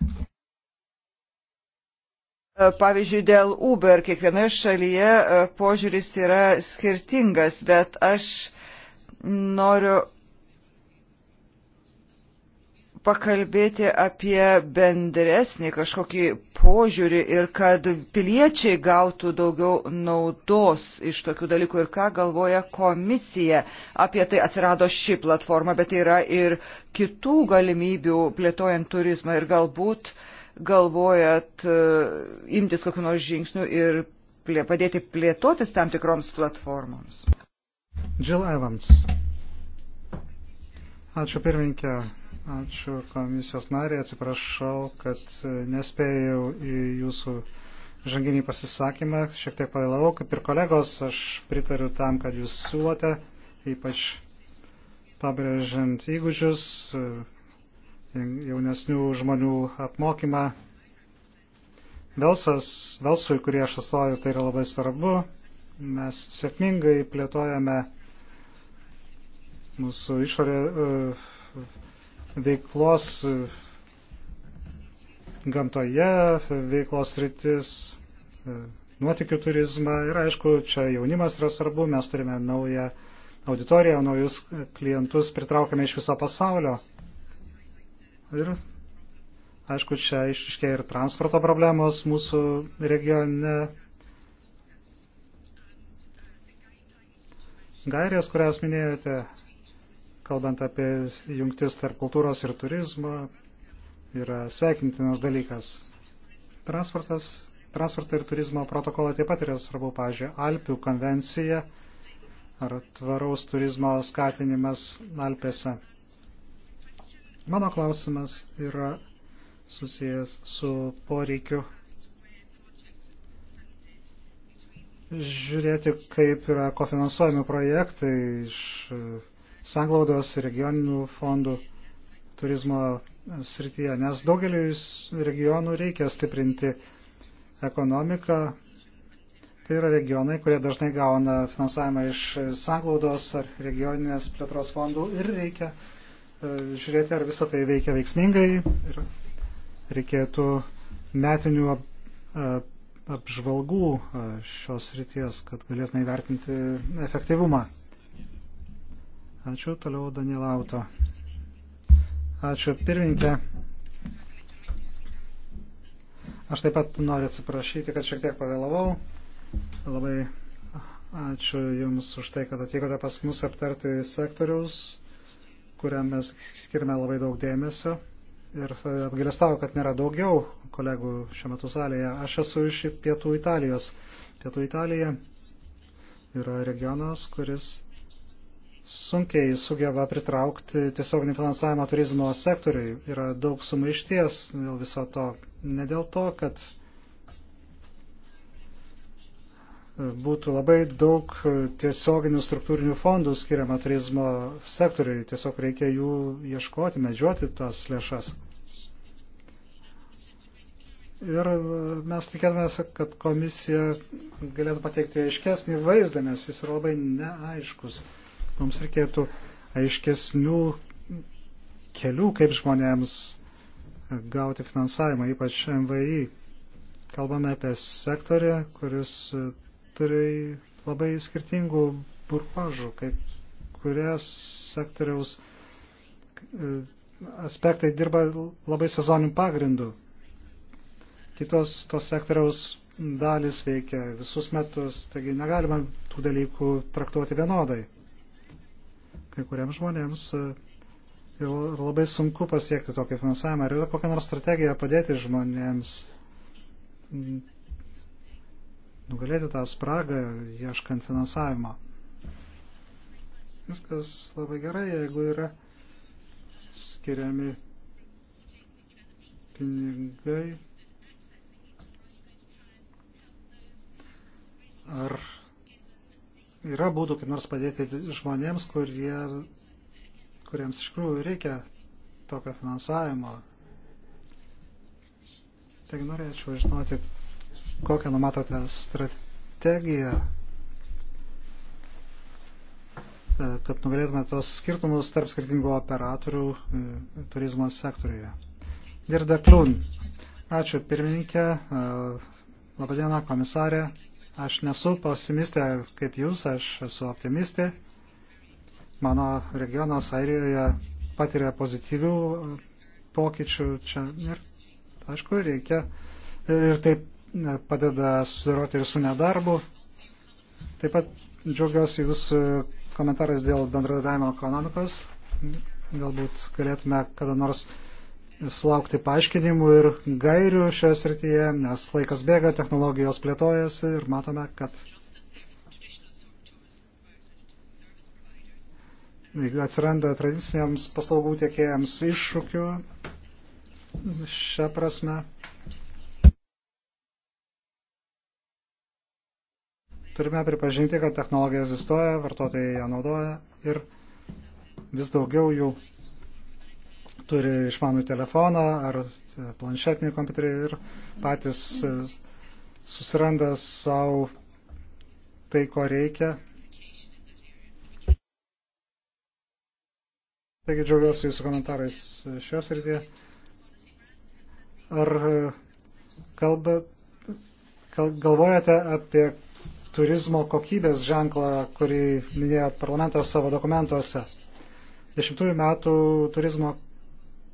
S3: pavyzdžiui, dėl Uber kiekvienoje šalyje požiūris yra skirtingas, bet aš noriu pakalbėti apie bendresnį kažkokį požiūrį ir kad piliečiai gautų daugiau naudos iš tokių dalykų ir ką galvoja komisija. Apie tai atsirado ši platforma, bet yra ir kitų galimybių plėtojant turizmą ir galbūt galvojat e, imtis kokiu nors žingsniu ir plė, padėti plėtotis tam tikroms platformoms.
S2: Jill Evans. Ačiū pirmininkė. Ačiū komisijos nariai, atsiprašau, kad nespėjau į jūsų žanginį pasisakymą, šiek tiek pavėlavau, kaip ir kolegos, aš pritariu tam, kad jūs siūlote, ypač pabrėžiant įgūdžius, jaunesnių žmonių apmokymą. Velsas, Velsui, kurį aš atstovauju, tai yra labai svarbu. Mes sėkmingai plėtojame mūsų išorė. Uh, veiklos gamtoje, veiklos rytis, nuotikių turizmą ir aišku, čia jaunimas yra svarbu, mes turime naują auditoriją, naujus klientus pritraukame iš viso pasaulio. Ir aišku, čia išiškė ir transporto problemos mūsų regione. Gairės, kurias minėjote, kalbant apie jungtis tarp kultūros ir turizmo, yra sveikintinas dalykas. Transportas, transporto ir turizmo protokolai taip pat yra svarbu, pavyzdžiui, Alpių konvencija ar tvaraus turizmo skatinimas Alpėse. Mano klausimas yra susijęs su poreikiu žiūrėti, kaip yra kofinansuojami projektai iš sanglaudos ir regioninių fondų turizmo srityje, nes daugeliu regionų reikia stiprinti ekonomiką. Tai yra regionai, kurie dažnai gauna finansavimą iš sanglaudos ar regioninės plėtros fondų ir reikia e, žiūrėti, ar visą tai veikia veiksmingai ir reikėtų metinių e, apžvalgų e, šios ryties, kad galėtume įvertinti efektyvumą. Ačiū toliau Daniela Auto. Ačiū pirmininkė. Aš taip pat noriu atsiprašyti, kad šiek tiek pavėlavau. Labai ačiū Jums už tai, kad atvykote pas mus aptarti sektoriaus, kuriam mes skirime labai daug dėmesio. Ir apgailestau, kad nėra daugiau kolegų šiuo metu salėje. Aš esu iš Pietų Italijos. Pietų Italija yra regionas, kuris sunkiai sugeba pritraukti tiesioginį finansavimą turizmo sektoriui. Yra daug sumaišties dėl viso to. Ne dėl to, kad būtų labai daug tiesioginių struktūrinių fondų skiriama turizmo sektoriui. Tiesiog reikia jų ieškoti, medžioti tas lėšas. Ir mes tikėtumės, kad komisija galėtų pateikti aiškesnį vaizdą, nes jis yra labai neaiškus. Mums reikėtų aiškesnių kelių, kaip žmonėms gauti finansavimą, ypač MVI. Kalbame apie sektorį, kuris turi labai skirtingų burpažų, kai kurie sektoriaus e, aspektai dirba labai sezoniniu pagrindu. Kitos tos sektoriaus dalis veikia visus metus, taigi negalima tų dalykų traktuoti vienodai kai kuriems žmonėms ir e, labai sunku pasiekti tokį finansavimą. Ar yra kokia nors strategija padėti žmonėms nugalėti tą spragą, ieškant finansavimo? Viskas labai gerai, jeigu yra skiriami pinigai. Ar yra būdų kaip nors padėti žmonėms, kurie, kuriems iš tikrųjų reikia tokio finansavimo. Taigi norėčiau žinoti, kokią numatote strategiją, e, kad nugalėtume tos skirtumus tarp skirtingų operatorių e, turizmo sektoriuje. Dirda Klun. Ačiū pirmininkė, e, labadiena komisarė. Aš nesu pesimistė kaip jūs, aš esu optimistė. Mano regionas Airijoje patiria pozityvių pokyčių čia ir, aišku, reikia ir taip padeda susidoroti ir su nedarbu. Taip pat džiaugiuosi jūsų komentarais dėl bendradarbiavimo ekonomikos. Galbūt galėtume kada nors sulaukti paaiškinimų ir gairių šioje srityje, nes laikas bėga, technologijos plėtojasi ir matome, kad atsiranda tradiciniams paslaugų tiekėjams iššūkių šią prasme. Turime pripažinti, kad technologija egzistuoja, vartotojai ją naudoja ir vis daugiau jų turi išmanų telefoną ar planšetinį kompiuterį ir patys e, susiranda savo tai, ko reikia. Taigi džiaugiuosi jūsų komentarais šios rytyje. Ar e, kalba, kal, galvojate apie turizmo kokybės ženklą, kurį minėjo parlamentas savo dokumentuose? Dešimtųjų metų turizmo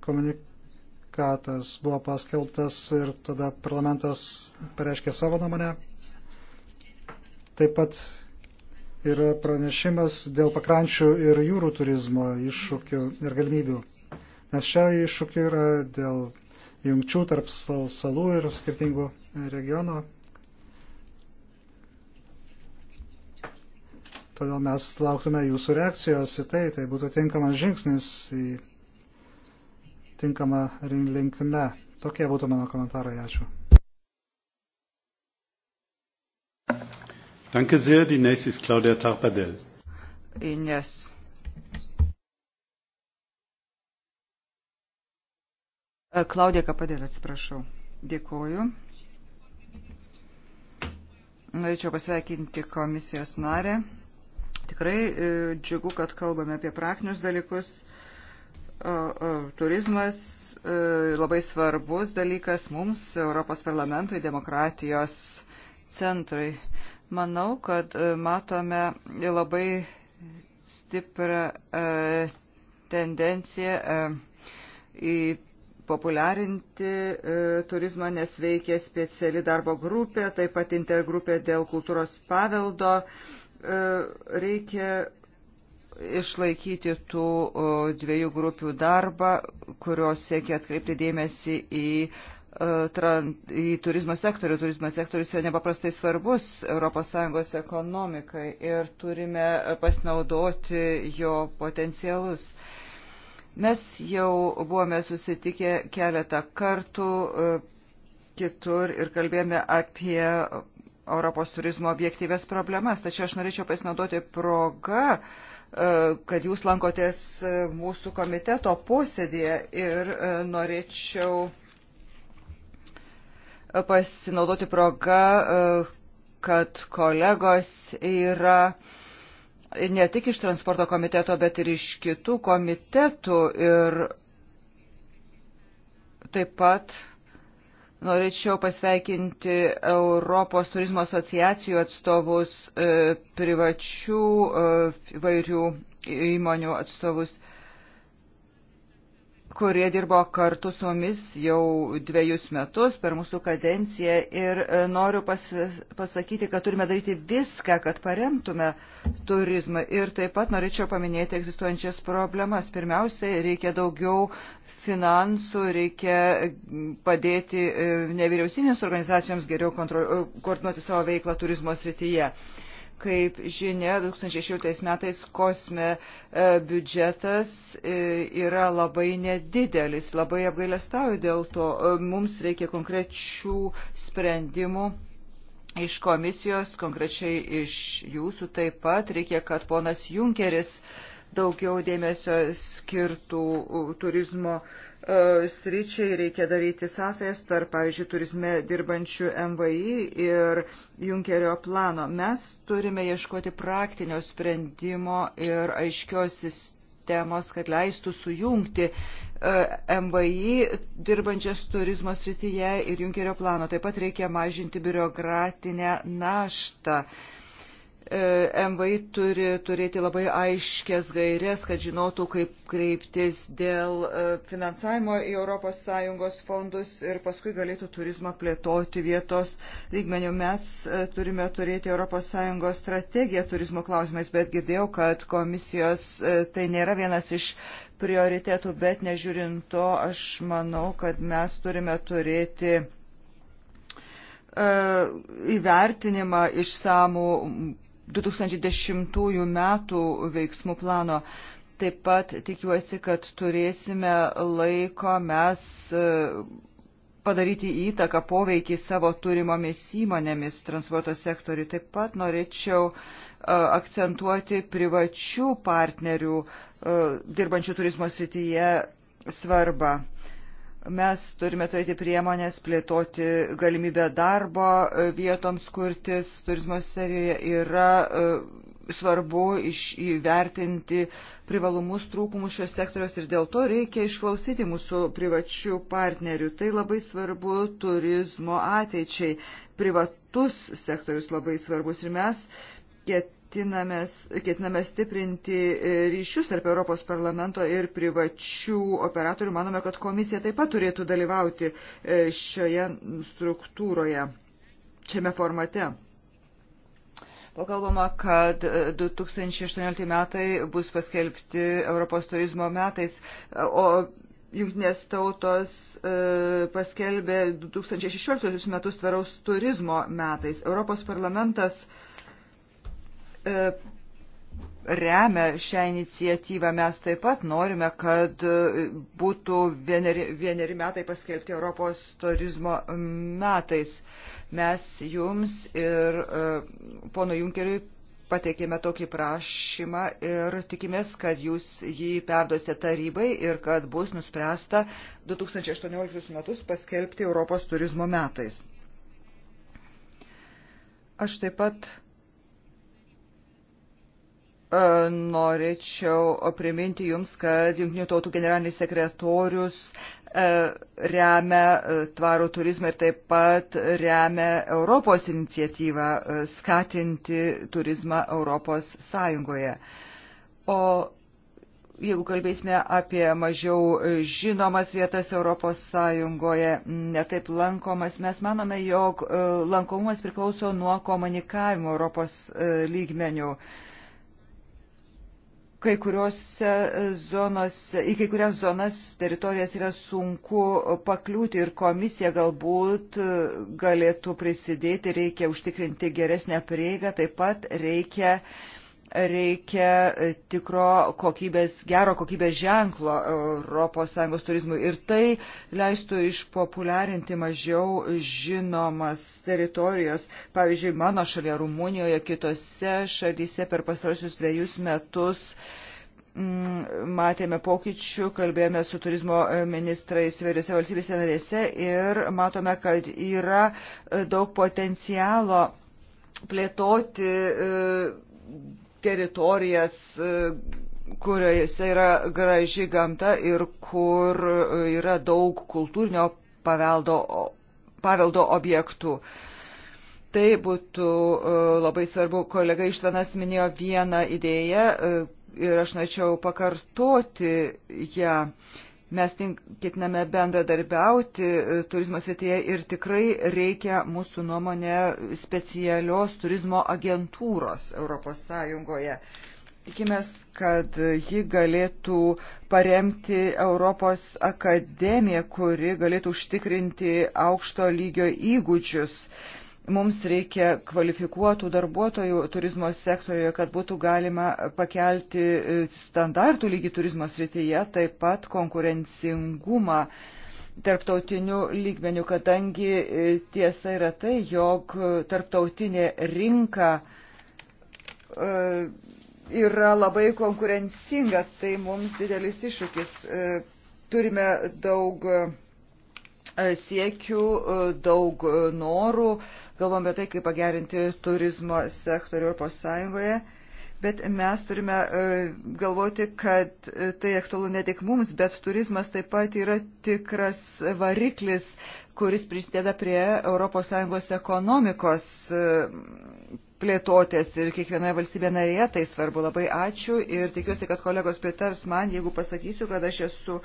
S2: komunikatas buvo paskelbtas ir tada parlamentas pareiškė savo nuomonę. Taip pat yra pranešimas dėl pakrančių ir jūrų turizmo iššūkių ir galimybių. Nes čia iššūkių yra dėl jungčių tarp salų ir skirtingų regionų. Todėl mes lauktume jūsų reakcijos į tai, tai būtų tinkamas žingsnis į tinkama linkme. Tokie būtų mano komentarai. Ačiū.
S1: Danke sehr. Die nächste ist Claudia Tarpadel.
S3: Ines. Klaudija äh, Kapadėl, atsiprašau. Dėkuoju. Norėčiau pasveikinti komisijos narę. Tikrai e, džiugu, kad kalbame apie praktinius dalykus turizmas labai svarbus dalykas mums, Europos parlamentui, demokratijos centrui. Manau, kad matome labai stiprią tendenciją į populiarinti turizmą, nes veikia speciali darbo grupė, taip pat intergrupė dėl kultūros paveldo. Reikia išlaikyti tų dviejų grupių darbą, kurios siekia atkreipti dėmesį į, e, į turizmo sektorių. Turizmo sektorius yra nepaprastai svarbus ES ekonomikai ir turime pasinaudoti jo potencialus. Mes jau buvome susitikę keletą kartų e, kitur ir kalbėjome apie Europos turizmo objektyvės problemas, tačiau aš norėčiau pasinaudoti progą uh, E, kad jūs lankotės e, mūsų komiteto posėdėje ir e, norėčiau pasinaudoti progą, kad kolegos yra ne tik iš transporto komiteto, bet ir iš kitų komitetų ir taip pat Norėčiau pasveikinti Europos turizmo asociacijų atstovus, e, privačių e, įvairių įmonių atstovus, kurie dirbo kartu su mumis jau dviejus metus per mūsų kadenciją ir e, noriu pas, pasakyti, kad turime daryti viską, kad paremtume turizmą ir taip pat norėčiau paminėti egzistuojančias problemas. Pirmiausia, reikia daugiau finansų reikia padėti e, nevyriausybinėms organizacijoms geriau kontrol, e, koordinuoti savo veiklą turizmo srityje. Kaip žinia, 2016 metais kosme e, biudžetas yra labai nedidelis, labai apgailestauju dėl to. Mums reikia konkrečių sprendimų iš komisijos, konkrečiai iš jūsų taip pat. Reikia, kad ponas Junkeris uh, daugiau dėmesio skirtų turizmo e, sričiai, reikia daryti sąsajas tarp, pavyzdžiui, turizme dirbančių MVI ir Junkerio plano. Mes turime ieškoti praktinio sprendimo ir aiškios sistemos, kad leistų sujungti e, MVI dirbančias turizmo srityje ir Junkerio plano. Taip pat reikia mažinti biurokratinę naštą. Uh, E, MVI turi turėti labai aiškias gairias, kad žinotų, kaip kreiptis dėl e, finansavimo į ES fondus ir paskui galėtų turizmą plėtoti vietos lygmenių. Mes e, turime turėti ES strategiją turizmo klausimais, bet girdėjau, kad komisijos tai nėra vienas iš prioritetų, bet nežiūrint to, aš manau, kad mes turime turėti įvertinimą išsamų 2010 metų veiksmų plano. Taip pat tikiuosi, kad turėsime laiko mes e, padaryti įtaką poveikį savo turimomis įmonėmis transporto sektoriui. Taip pat norėčiau e, akcentuoti privačių partnerių e, dirbančių turizmo srityje svarbą. Mes turime turėti priemonės plėtoti galimybę darbo e, vietoms kurtis. Turizmo serijoje yra e, svarbu įvertinti privalumus trūkumus šios sektoriaus ir dėl to reikia išklausyti mūsų privačių partnerių. Tai labai svarbu turizmo ateičiai. Privatus sektorius labai svarbus ir mes ket, ketiname stiprinti e, ryšius tarp Europos parlamento ir privačių operatorių. Manome, kad komisija taip pat turėtų dalyvauti e, šioje struktūroje, šiame formate. Pakalbama, kad 2018 e, metai bus paskelbti Europos turizmo metais, o Junktinės tautos e, paskelbė 2016 metus tvaraus turizmo metais. Europos parlamentas e, E, remia šią iniciatyvą. Mes taip pat norime, kad e, būtų vieneri, vieneri metai paskelbti Europos turizmo metais. Mes jums ir e, pono Junkeriui pateikėme tokį prašymą ir tikimės, kad jūs jį perduosite tarybai ir kad bus nuspręsta 2018 metus paskelbti Europos turizmo metais. Aš taip pat E, norėčiau priminti Jums, kad Junktinių tautų generalinis sekretorius e, remia e, tvarų turizmą ir taip pat remia Europos iniciatyvą skatinti turizmą Europos Sąjungoje. O jeigu kalbėsime apie mažiau žinomas vietas Europos Sąjungoje, netaip lankomas, mes manome, jog lankomumas priklauso nuo komunikavimo Europos lygmenių. E, kai kuriuose zonose, į kai kurias zonas teritorijas yra sunku pakliūti ir komisija galbūt galėtų prisidėti, reikia užtikrinti geresnę prieigą, taip pat reikia uh, reikia e, tikro kokybės, gero kokybės ženklo ES turizmui ir tai leistų išpopuliarinti mažiau žinomas teritorijas. Pavyzdžiui, mano šalia Rumunijoje, kitose šalyse per pastarosius dviejus metus mm, matėme pokyčių, kalbėjome su turizmo ministrais vėliose valstybėse narėse ir matome, kad yra e, daug potencialo plėtoti e, teritorijas, e, kuriuose yra graži gamta ir kur e, yra daug kultūrinio paveldo, paveldo objektų. Tai būtų e, labai svarbu, kolega Ištvanas minėjo vieną idėją ir aš norėčiau pakartoti ją. Ja Mes ketiname bendradarbiauti e, turizmo srityje ir tikrai reikia mūsų nuomonė specialios turizmo agentūros ES. Tikimės, kad ji galėtų paremti Europos akademiją, kuri galėtų užtikrinti aukšto lygio įgūdžius. Uh, Mums reikia kvalifikuotų darbuotojų turizmo sektorijoje, kad būtų galima pakelti e, standartų lygį turizmo srityje, taip pat konkurencingumą tarptautiniu lygmeniu, kadangi e, tiesa yra tai, jog tarptautinė rinka e, yra labai konkurencinga, tai mums didelis iššūkis. Turime daug siekių, daug norų, galvom apie tai, kaip pagerinti turizmo sektorių Europos Sąjungoje. Bet mes turime e, galvoti, kad e, tai aktualu ne tik mums, bet turizmas taip pat yra tikras variklis, kuris prisideda prie ES ekonomikos e, plėtotės ir kiekvienoje valstybėje narėje. Tai svarbu. Labai ačiū ir tikiuosi, kad kolegos pritars man, jeigu pasakysiu, kad aš esu e,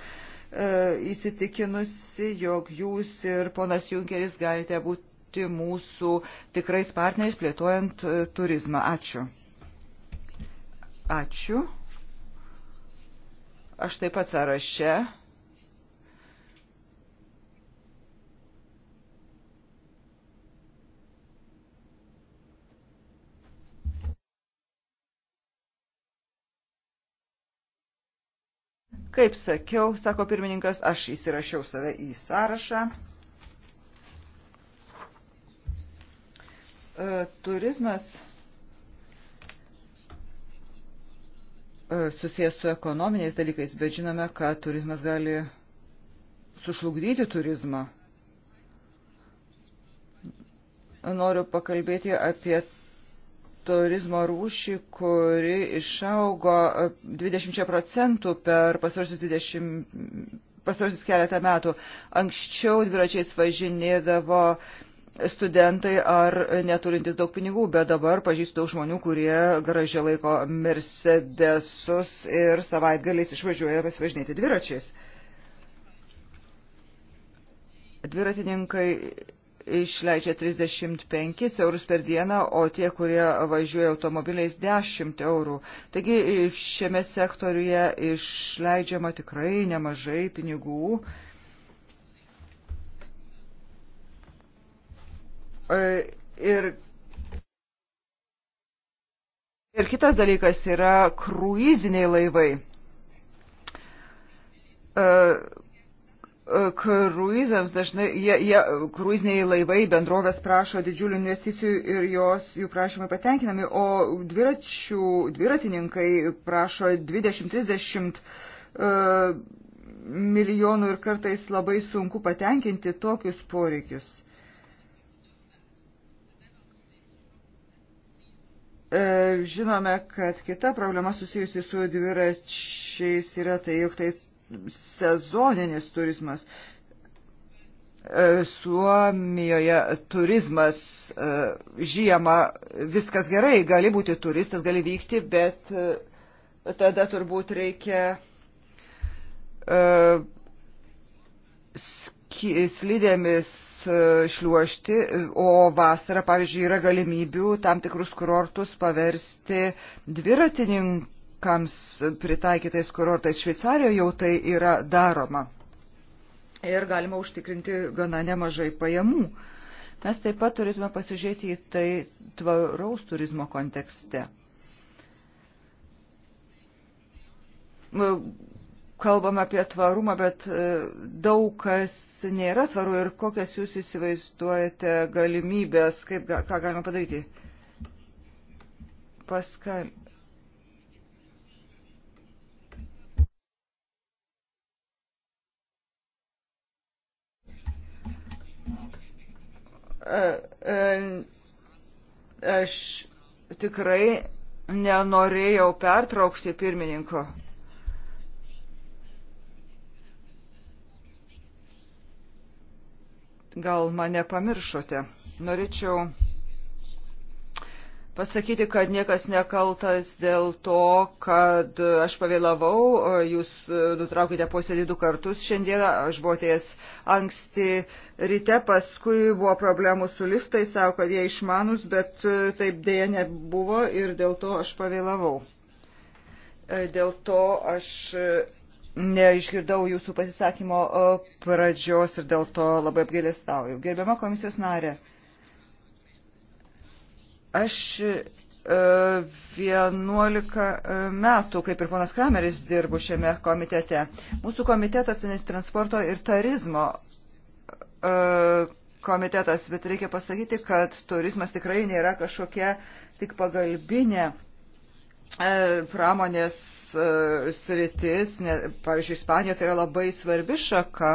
S3: įsitikinusi, jog jūs ir ponas Junkeris galite būti būti mūsų tikrais partneriais plėtojant e, turizmą. Ačiū. Ačiū. Aš taip pat sąraše. Kaip sakiau, sako pirmininkas, aš įsirašiau save į sąrašą. E, turizmas e, susijęs su ekonominiais dalykais, bet žinome, kad turizmas gali sušlugdyti turizmą. Noriu pakalbėti apie turizmo rūšį, kuri išaugo 20 procentų per pasvarsius 20 pastarosius keletą metų. Anksčiau dviračiais važinėdavo uh, studentai ar neturintys daug pinigų, bet dabar pažįstu daug žmonių, kurie garaže laiko Mercedesus ir savaitgaliais išvažiuoja pasivažinėti dviračiais. Dviratininkai išleidžia 35 eurus per dieną, o tie, kurie važiuoja automobiliais, 10 eurų. Taigi šiame sektoriuje išleidžiama tikrai nemažai pinigų. Uh, E, ir Ir kitas dalykas yra kruiziniai laivai. E, e, kruizams dažnai, jie, jie, kruiziniai laivai bendrovės prašo didžiulių investicijų ir jos, jų prašymai patenkinami, o dviračių, dviratininkai prašo 20-30 milijonų ir kartais labai sunku patenkinti tokius poreikius. E, žinome, kad kita problema susijusi su dviračiais yra tai, jog tai sezoninis turizmas. E, Suomijoje turizmas e, žiemą viskas gerai, gali būti turistas, gali vykti, bet tada turbūt reikia slidėmis E, šliuošti, o vasarą, pavyzdžiui, yra galimybių tam tikrus kurortus paversti dviratininkams pritaikytais kurortais. Šveicarijoje jau tai yra daroma. Ir galima užtikrinti gana nemažai pajamų. Mes taip pat turėtume pasižiūrėti į tai tvaraus turizmo kontekste kalbam apie tvarumą, bet e, daug kas nėra tvaru ir kokias jūs įsivaizduojate galimybės, kaip, ką galima padaryti. Paskal. E, e, aš tikrai nenorėjau pertraukti pirmininko. gal mane pamiršote. Norėčiau pasakyti, kad niekas nekaltas dėl to, kad aš pavėlavau, jūs nutraukite posėdį du kartus šiandieną, aš buvau atėjęs anksti ryte, paskui buvo problemų su liftai, savo, kad jie išmanus, bet taip dėja nebuvo ir dėl to aš pavėlavau. Dėl to aš neišgirdau jūsų pasisakymo e, pradžios ir dėl to labai apgailestauju. Gerbiama komisijos narė, aš 11 e, e, metų, kaip ir ponas Krameris, dirbu šiame komitete. Mūsų komitetas vienas transporto ir turizmo komitetas, bet reikia pasakyti, kad turizmas tikrai nėra kažkokia tik pagalbinė E, pramonės e, sritis, ne, pavyzdžiui, Ispanijoje tai yra labai svarbi šaka,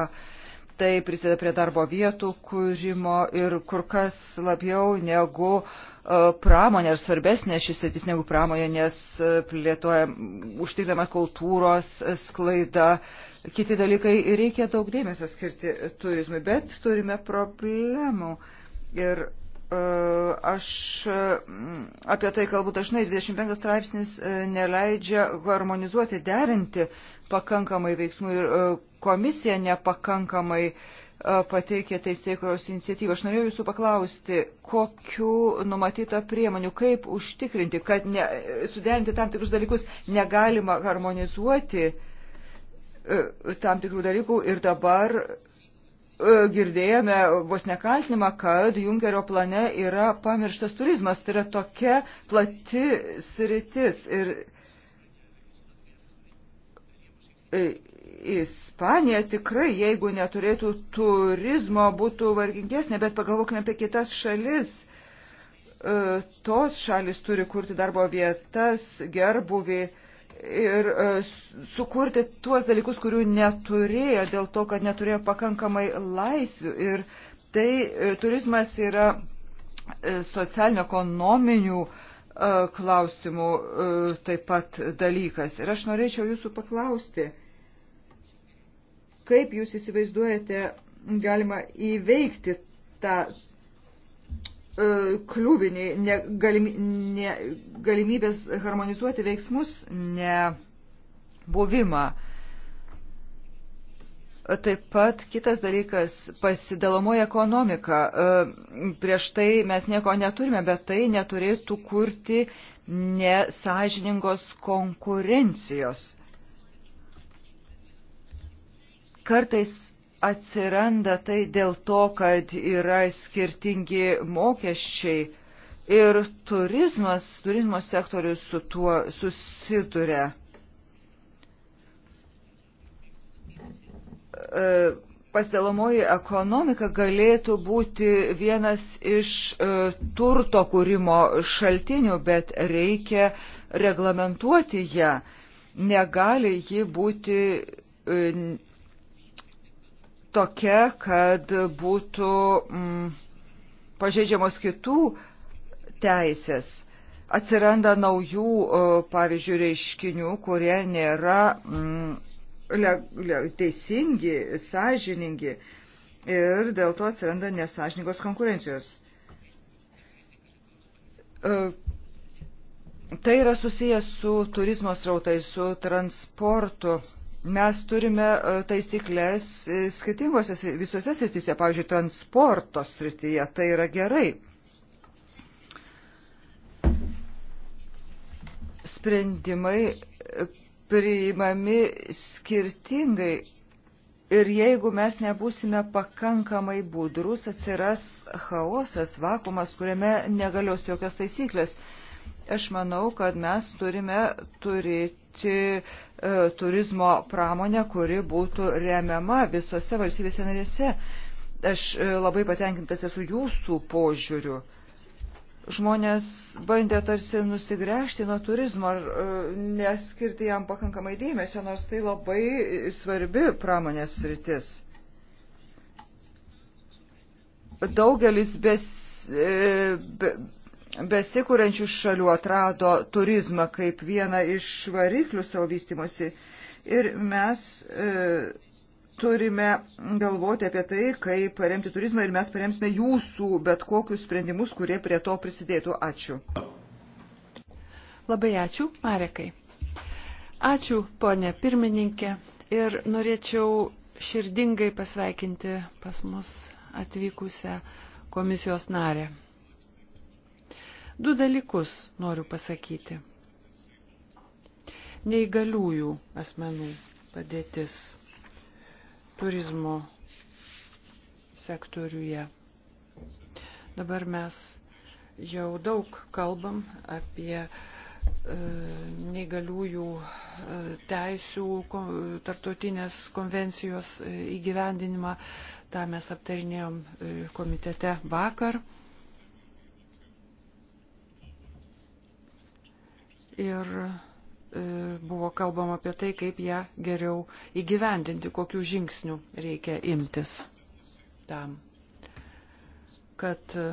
S3: tai prisideda prie darbo vietų kūrimo ir kur kas labiau negu e, pramonė ir svarbesnė šis sritis negu pramonė, nes plėtoja užtikrinama kultūros sklaida, kiti dalykai ir reikia daug dėmesio skirti turizmui, bet turime problemų. Ir E, aš e, apie tai kalbu dažnai, 25 straipsnis e, neleidžia harmonizuoti, derinti pakankamai veiksmų ir komisija nepakankamai pateikė teisėkros iniciatyvą. Aš norėjau jūsų paklausti, kokiu numatyta priemonių, kaip užtikrinti, kad ne, suderinti tam tikrus dalykus negalima harmonizuoti tam tikrų dalykų ir dabar E, girdėjome vos nekaltinimą, kad Junkerio plane yra pamirštas turizmas. Tai yra tokia plati sritis. Ir e, Ispanija tikrai, jeigu neturėtų turizmo, būtų vargingesnė, bet pagalvokime apie kitas šalis. E, tos šalis turi kurti darbo vietas, gerbuvi ir e, sukurti tuos dalykus, kurių neturėjo dėl to, kad neturėjo pakankamai laisvių. Ir tai e, turizmas yra e, socialinio ekonominių klausimų taip pat dalykas. Ir aš norėčiau jūsų paklausti, kaip jūs įsivaizduojate galima įveikti tą E, kliūviniai, ne, galimy, ne, galimybės harmonizuoti veiksmus nebuvimą. Taip pat kitas dalykas - pasidalomoji ekonomika. E, prieš tai mes nieko neturime, bet tai neturėtų kurti nesažiningos konkurencijos. Kartais atsiranda tai dėl to, kad yra skirtingi mokesčiai ir turizmas, turizmo sektorius su tuo susiduria. E, Pastelomoji ekonomika galėtų būti vienas iš e, turto kūrimo šaltinių, bet reikia reglamentuoti ją. Negali ji būti e, tokia, kad būtų mm, pažeidžiamos kitų teisės. Atsiranda naujų, pavyzdžiui, reiškinių, kurie nėra mm, le, le, teisingi, sąžiningi ir dėl to atsiranda nesažiningos konkurencijos. E, tai yra susijęs su turizmo srautais, su transportu Mes turime e, taisyklės e, skirtingose visose srityse, pavyzdžiui, transporto srityje, tai yra gerai. Sprendimai e, priimami skirtingai Ir jeigu mes nebūsime pakankamai budrus, atsiras chaosas, vakumas, kuriame negalios jokios taisyklės. Aš manau, kad mes turime turėti e, turizmo pramonę, kuri būtų remiama visose valstybėse narėse. Aš e, labai patenkintas esu jūsų požiūriu. Žmonės bandė tarsi nusigręžti nuo turizmo ar e, neskirti jam pakankamai dėmesio, nors tai labai svarbi pramonės rytis. Daugelis bes, e, be, besikūrenčių šalių atrado turizmą kaip vieną iš variklių savo vystimosi. Ir mes e, turime galvoti apie tai, kaip paremti turizmą ir mes paremsime jūsų bet kokius sprendimus, kurie prie to prisidėtų. Ačiū.
S4: Labai ačiū, Marekai. Ačiū, ponė pirmininkė. Ir norėčiau širdingai pasveikinti pas mus atvykusią komisijos narę. Du dalykus noriu pasakyti. Neįgaliųjų asmenų padėtis turizmo sektoriuje. Dabar mes jau daug kalbam apie e, neįgaliųjų e, teisių kom, tarptautinės konvencijos e, įgyvendinimą. Ta mes aptarinėjom e, komitete vakar. E, ir e, buvo kalbama apie tai, kaip ją geriau įgyvendinti, kokių žingsnių reikia imtis tam, kad e,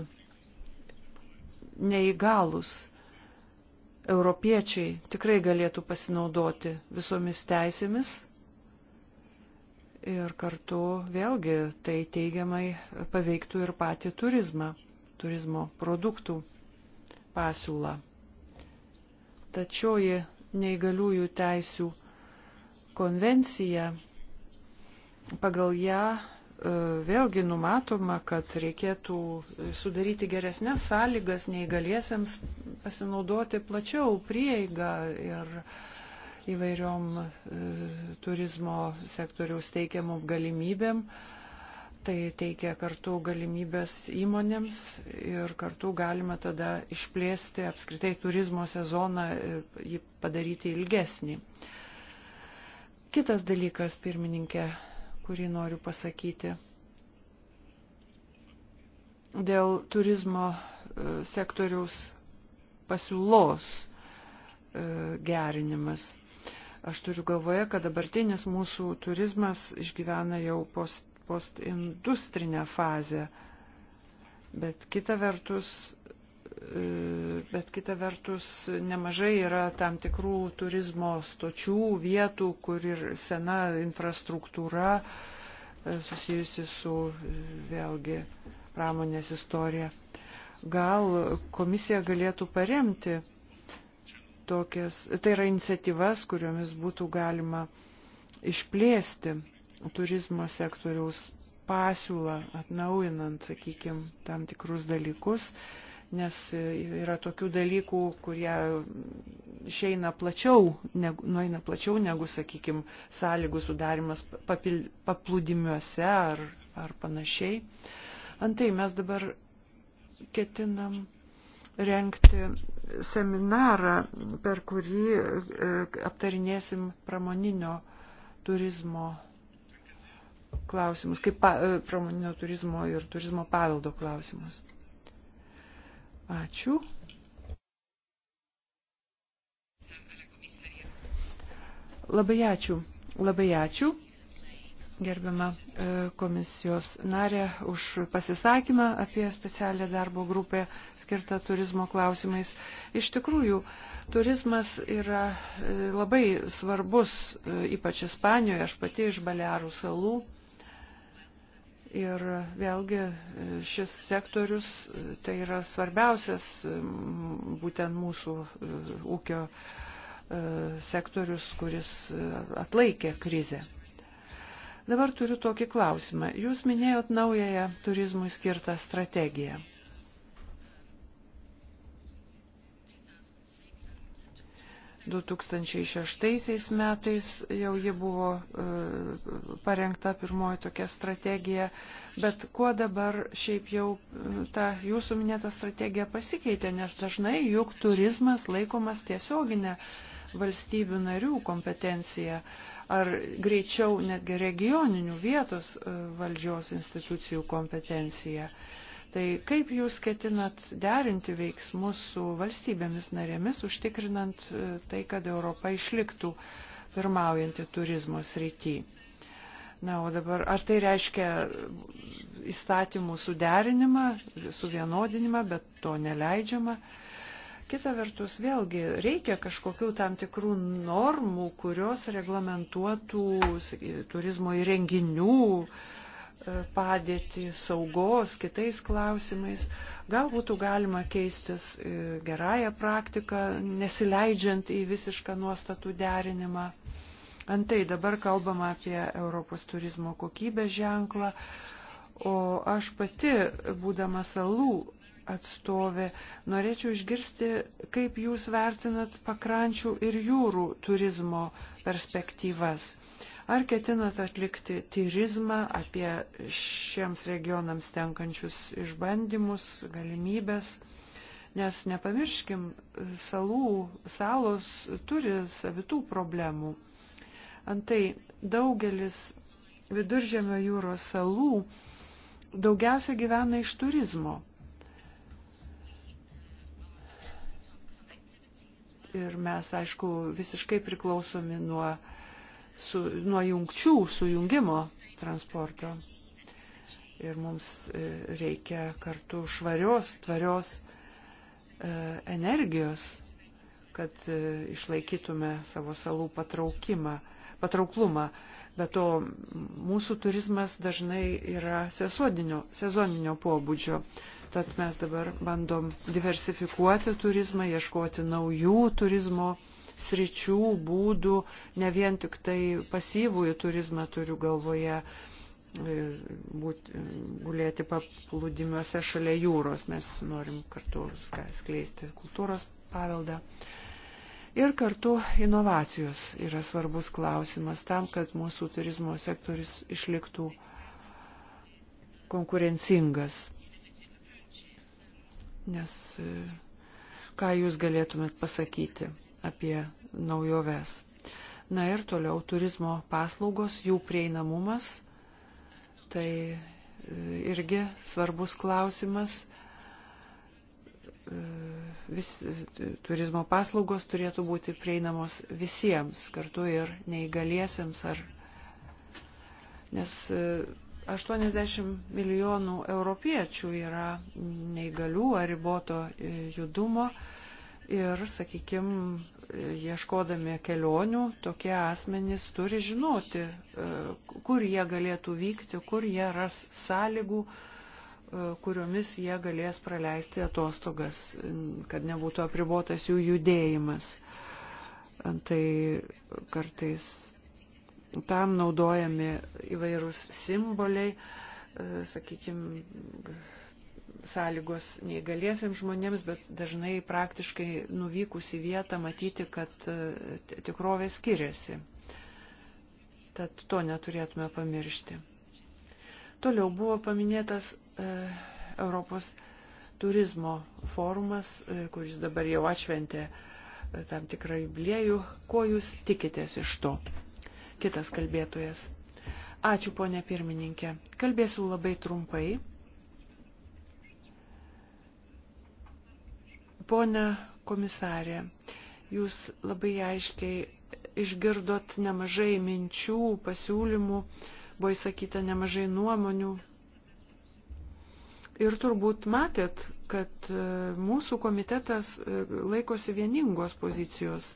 S4: neįgalus europiečiai tikrai galėtų pasinaudoti visomis teisėmis ir kartu vėlgi tai teigiamai paveiktų ir patį turizmą, turizmo produktų pasiūlą. Tačioji neįgaliųjų teisių konvencija, pagal ją e, vėlgi numatoma, kad reikėtų sudaryti geresnės sąlygas neįgaliesiems pasinaudoti plačiau prieigą ir įvairiom e, turizmo sektoriaus teikiamom galimybėm. E, Tai teikia kartu galimybės įmonėms ir kartu galima tada išplėsti apskritai turizmo sezoną ir e, jį padaryti ilgesnį. Kitas dalykas, pirmininkė, kurį noriu pasakyti dėl turizmo e, sektoriaus pasiūlos e, gerinimas. Aš turiu galvoje, kad dabartinis mūsų turizmas išgyvena jau post postindustrinę fazę. Bet kita vertus, e, bet kita vertus nemažai yra tam tikrų turizmo stočių vietų, kur ir sena infrastruktūra e, susijusi su e, vėlgi pramonės istorija. Gal komisija galėtų paremti tokias, tai yra iniciatyvas, kuriomis būtų galima išplėsti turizmo sektoriaus pasiūlą, atnaujinant, sakykime, tam tikrus dalykus, nes yra tokių dalykų, kurie išeina plačiau, negu, nueina plačiau negu, sakykime, sąlygų sudarimas papil, paplūdimiuose ar, ar panašiai. Antai mes dabar ketinam renkti seminarą, per kurį e, aptarinėsim pramoninio turizmo klausimus, kaip pa, e, pramoninio turizmo ir turizmo paveldo klausimus. Ačiū. Labai ačiū. Labai ačiū gerbiamą e, komisijos narę už pasisakymą apie specialią darbo grupę skirtą turizmo klausimais. Iš tikrųjų, turizmas yra e, labai svarbus, ypač Ispanijoje, aš pati iš Balearų salų Ir vėlgi e, šis sektorius e, tai yra svarbiausias e, būtent mūsų ūkio sektorius, kuris atlaikė krizę. Dabar turiu tokį klausimą. Jūs minėjot naująją turizmui skirtą strategiją. 2006 metais jau ji buvo e, parengta pirmoji tokia strategija, bet kuo dabar šiaip jau e, ta jūsų minėta strategija pasikeitė, nes dažnai juk turizmas laikomas tiesioginė valstybių narių kompetencija ar greičiau netgi regioninių vietos e, valdžios institucijų kompetencija. Tai kaip jūs ketinat derinti veiksmus su valstybėmis narėmis, užtikrinant e, tai, kad Europa išliktų pirmaujantį turizmo srity? Na, o dabar, ar tai reiškia įstatymų suderinimą, suvienodinimą, bet to neleidžiama? Kita vertus, vėlgi reikia kažkokių tam tikrų normų, kurios reglamentuotų saky, turizmo įrenginių, uh, E, padėtį, saugos, kitais klausimais. Gal būtų galima keistis e, gerąją praktiką, nesileidžiant į visišką nuostatų derinimą. Antai dabar kalbama apie Europos turizmo kokybės ženklą, o aš pati, būdama salų atstovė, norėčiau išgirsti, kaip jūs vertinat pakrančių ir jūrų turizmo perspektyvas. Uh, Ar ketinat atlikti tyrizmą apie šiems regionams tenkančius išbandymus, galimybės? Nes nepamirškim, salų, salos turi savitų problemų. Antai daugelis viduržėmio jūros salų daugiausia gyvena iš turizmo. Ir mes, aišku, visiškai priklausomi nuo uh, su, nuo jungčių, sujungimo transporto. Ir mums e, reikia kartu švarios, tvarios e, energijos, kad e, išlaikytume savo salų patraukimą, patrauklumą. Be to, mūsų turizmas dažnai yra sezoninio, sezoninio pobūdžio. Tad mes dabar bandom diversifikuoti turizmą, ieškoti naujų turizmo sričių, būdų, ne vien tik tai pasyvųjį turizmą turiu galvoje e, būt, e, gulėti paplūdimiuose šalia jūros. Mes norim kartu skleisti kultūros paveldą. Ir kartu inovacijos yra svarbus klausimas tam, kad mūsų turizmo sektorius išliktų konkurencingas. Nes e, ką jūs galėtumėt pasakyti apie naujoves. Na ir toliau turizmo paslaugos, jų prieinamumas. Tai e, irgi svarbus klausimas. E, vis, e, turizmo paslaugos turėtų būti prieinamos visiems, kartu ir neįgaliesiems ar. Nes 80 milijonų europiečių yra neįgalių ar riboto judumo. Ir, sakykime, ieškodami kelionių, tokie asmenys turi žinoti, e, kur jie galėtų vykti, kur jie ras sąlygų, e, kuriomis jie galės praleisti atostogas, kad nebūtų apribotas jų judėjimas. Tai kartais tam naudojami įvairūs simboliai, e, sakykime, sąlygos neįgaliesiems žmonėms, bet dažnai praktiškai nuvykus į vietą matyti, kad e, tikrovė skiriasi. Tad to neturėtume pamiršti. Toliau buvo paminėtas e, Europos turizmo forumas, e, kuris dabar jau atšventė e, tam tikrą jubiliejų. Ko jūs tikitės iš to? Kitas kalbėtojas. Ačiū, ponė pirmininkė. Kalbėsiu labai trumpai Pone komisarė, jūs labai aiškiai išgirdot nemažai minčių, pasiūlymų, buvo įsakyta nemažai nuomonių. Ir turbūt matėt, kad e, mūsų komitetas e, laikosi vieningos pozicijos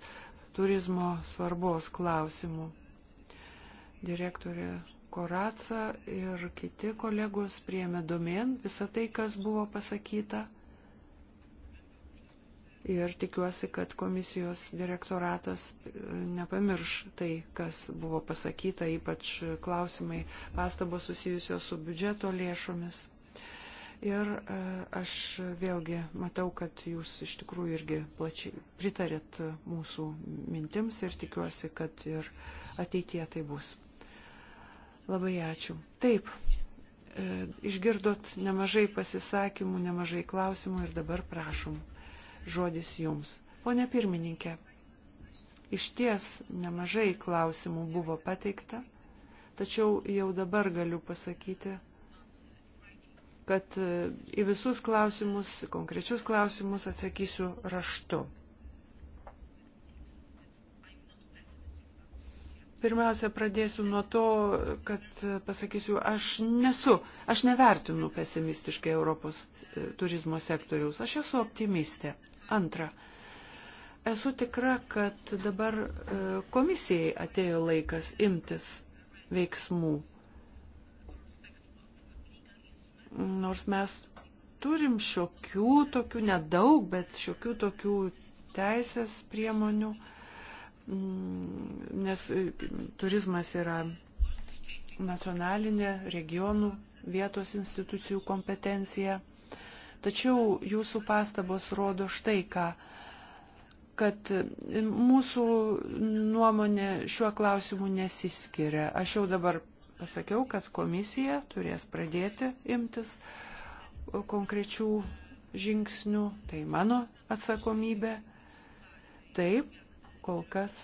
S4: turizmo svarbos klausimų. Direktorė Koraca ir kiti kolegos priemė domen visą tai, kas buvo pasakyta ir tikiuosi, kad komisijos direktoratas e, nepamirš tai, kas buvo pasakyta, ypač klausimai pastabos susijusios su biudžeto lėšomis. Ir e, aš vėlgi matau, kad jūs iš tikrųjų irgi plačiai pritarėt mūsų mintims ir tikiuosi, kad ir ateitie tai bus. Labai ačiū. Taip, e, išgirdot nemažai pasisakymų, nemažai klausimų ir dabar prašom žodis jums. Pone pirmininkė, iš ties nemažai klausimų buvo pateikta, tačiau jau dabar galiu pasakyti, kad e, į visus klausimus, konkrečius klausimus atsakysiu raštu. Pirmiausia, pradėsiu nuo to, kad e, pasakysiu, aš nesu, aš nevertinu pesimistiškai Europos e, turizmo sektoriaus, aš esu optimistė. Antra, esu tikra, kad dabar e, komisijai atėjo laikas imtis veiksmų. Nors mes turim šiokių tokių, nedaug, bet šiokių tokių teisės priemonių, mm, nes e, turizmas yra nacionalinė regionų vietos institucijų kompetencija. Tačiau jūsų pastabos rodo štai ką kad mūsų nuomonė šiuo klausimu nesiskiria. Aš jau dabar pasakiau, kad komisija turės pradėti imtis konkrečių žingsnių, tai mano atsakomybė. Taip, kol kas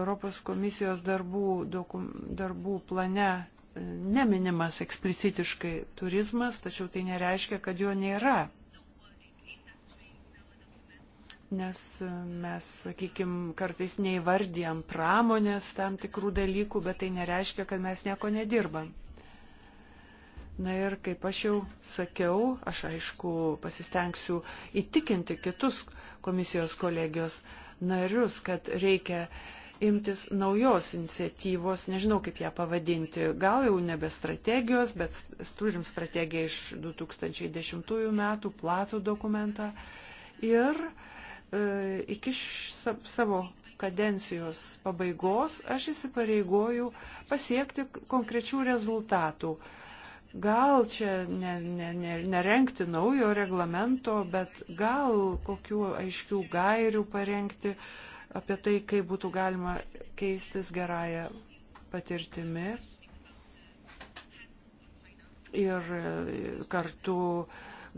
S4: Europos komisijos darbų, dokum, darbų plane neminimas eksplicitiškai turizmas, tačiau tai nereiškia, kad jo nėra. Nes mes, sakykime, kartais neįvardijam pramonės tam tikrų dalykų, bet tai nereiškia, kad mes nieko nedirbam. Na ir kaip aš jau sakiau, aš aišku pasistengsiu įtikinti kitus komisijos kolegijos narius, kad reikia uh, imtis naujos iniciatyvos, nežinau kaip ją pavadinti, gal jau nebe strategijos, bet turim strategiją iš 2010 metų, platų dokumentą. Ir e, iki š, savo kadencijos pabaigos aš įsipareigoju pasiekti konkrečių rezultatų. Gal čia ne, ne, ne, nerengti naujo reglamento, bet gal kokiu aiškių gairių parengti, uh, apie tai, kaip būtų galima keistis gerąją patirtimi ir kartu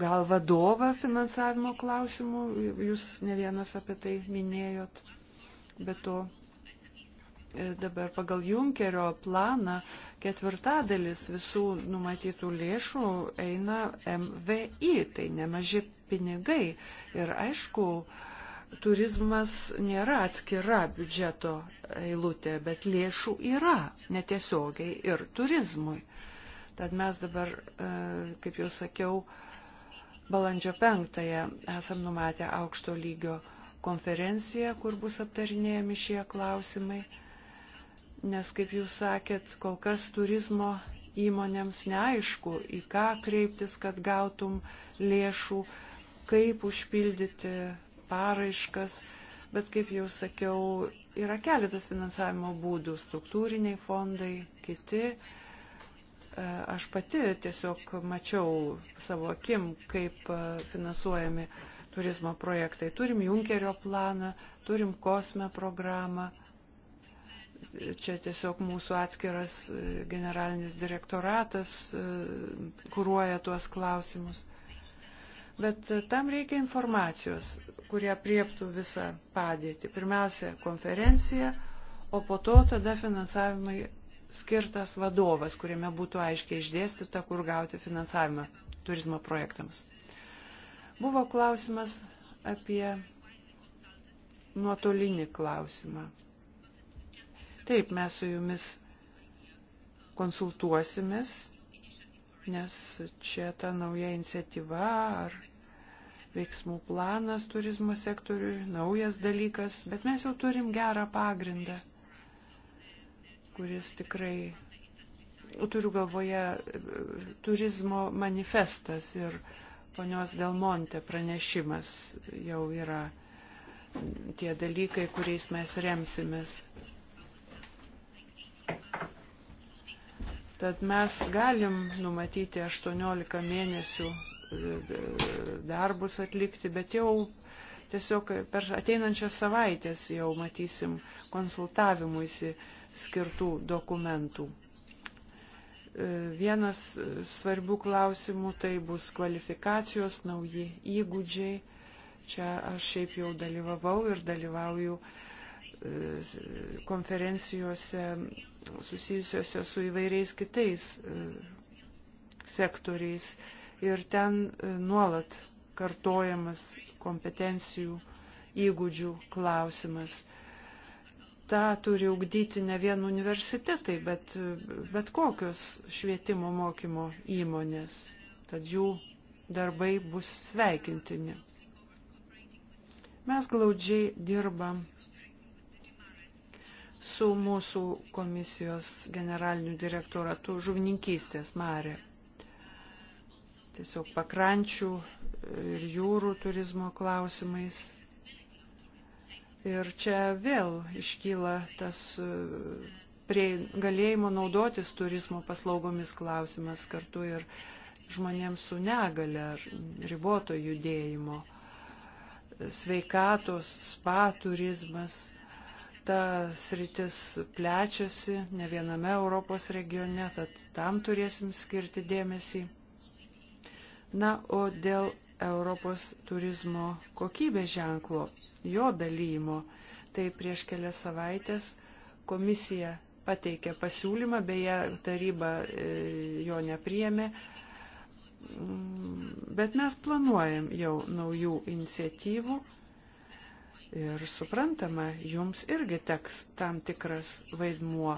S4: gal vadovą finansavimo klausimų, jūs ne vienas apie tai minėjot, bet to e, dabar pagal Junkerio planą ketvirtadalis visų numatytų lėšų eina MVI, tai nemaži pinigai. Ir aišku, turizmas nėra atskira biudžeto eilutė, bet lėšų yra netiesiogiai ir turizmui. Tad mes dabar, e, kaip jau sakiau, balandžio penktąją esam numatę aukšto lygio konferenciją, kur bus aptarinėjami šie klausimai, nes, kaip jūs sakėt, kol kas turizmo įmonėms neaišku, į ką kreiptis, kad gautum lėšų, kaip užpildyti paraiškas, bet kaip jau sakiau, yra keletas finansavimo būdų - struktūriniai fondai, kiti. E, aš pati tiesiog mačiau savo akim, kaip e, finansuojami turizmo projektai. Turim Junkerio planą, turim Kosme programą. Čia tiesiog mūsų atskiras e, generalinis direktoratas kūruoja tuos klausimus. Bet tam reikia informacijos, kurie prieptų visą padėtį. Pirmiausia, konferencija, o po to tada finansavimai skirtas vadovas, kuriame būtų aiškiai išdėstyta, kur gauti finansavimą turizmo projektams. Buvo klausimas apie nuotolinį klausimą. Taip, mes su jumis konsultuosimės, nes čia ta nauja iniciatyva ar veiksmų planas turizmo sektoriui, naujas dalykas, bet mes jau turim gerą pagrindą, kuris tikrai, turiu galvoje, turizmo manifestas ir ponios Delmonte pranešimas jau yra tie dalykai, kuriais mes remsimės. Tad mes galim numatyti 18 mėnesių darbus atlikti, bet jau tiesiog per ateinančias savaitės jau matysim konsultavimuisi skirtų dokumentų. E, vienas svarbių klausimų tai bus kvalifikacijos, nauji įgūdžiai. Čia aš šiaip jau dalyvavau ir dalyvauju e, konferencijose susijusiuose su įvairiais kitais e, sektoriais ir ten e, nuolat kartojamas kompetencijų įgūdžių klausimas. Ta turi ugdyti ne vien universitetai, bet, e, bet kokios švietimo mokymo įmonės. Tad jų darbai bus sveikintini. Mes glaudžiai dirbam su mūsų komisijos generaliniu direktoratu žuvininkystės Marė tiesiog pakrančių ir jūrų turizmo klausimais. Ir čia vėl iškyla tas e, prie galėjimo naudotis turizmo paslaugomis klausimas kartu ir žmonėms su negale ar riboto judėjimo, sveikatos, spa turizmas. Ta sritis plečiasi ne viename Europos regione, tad tam turėsim skirti dėmesį. Na, o dėl Europos turizmo kokybės ženklo, jo dalymo, tai prieš kelias savaitės komisija pateikė pasiūlymą, beje, taryba e, jo nepriemė, mm, bet mes planuojam jau naujų iniciatyvų ir suprantama, jums irgi teks tam tikras vaidmuo,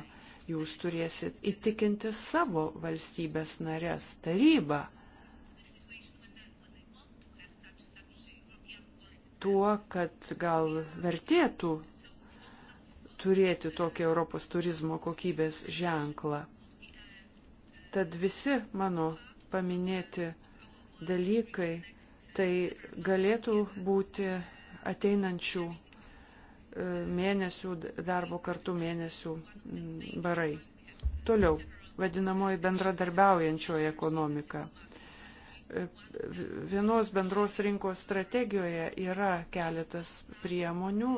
S4: jūs turėsit įtikinti savo valstybės narės tarybą tuo, kad gal vertėtų turėti tokį Europos turizmo kokybės ženklą. Tad visi mano paminėti dalykai tai galėtų būti ateinančių e, mėnesių, darbo kartų mėnesių barai. Toliau, vadinamoji bendradarbiaujančioji ekonomika vienos bendros rinkos strategijoje yra keletas priemonių,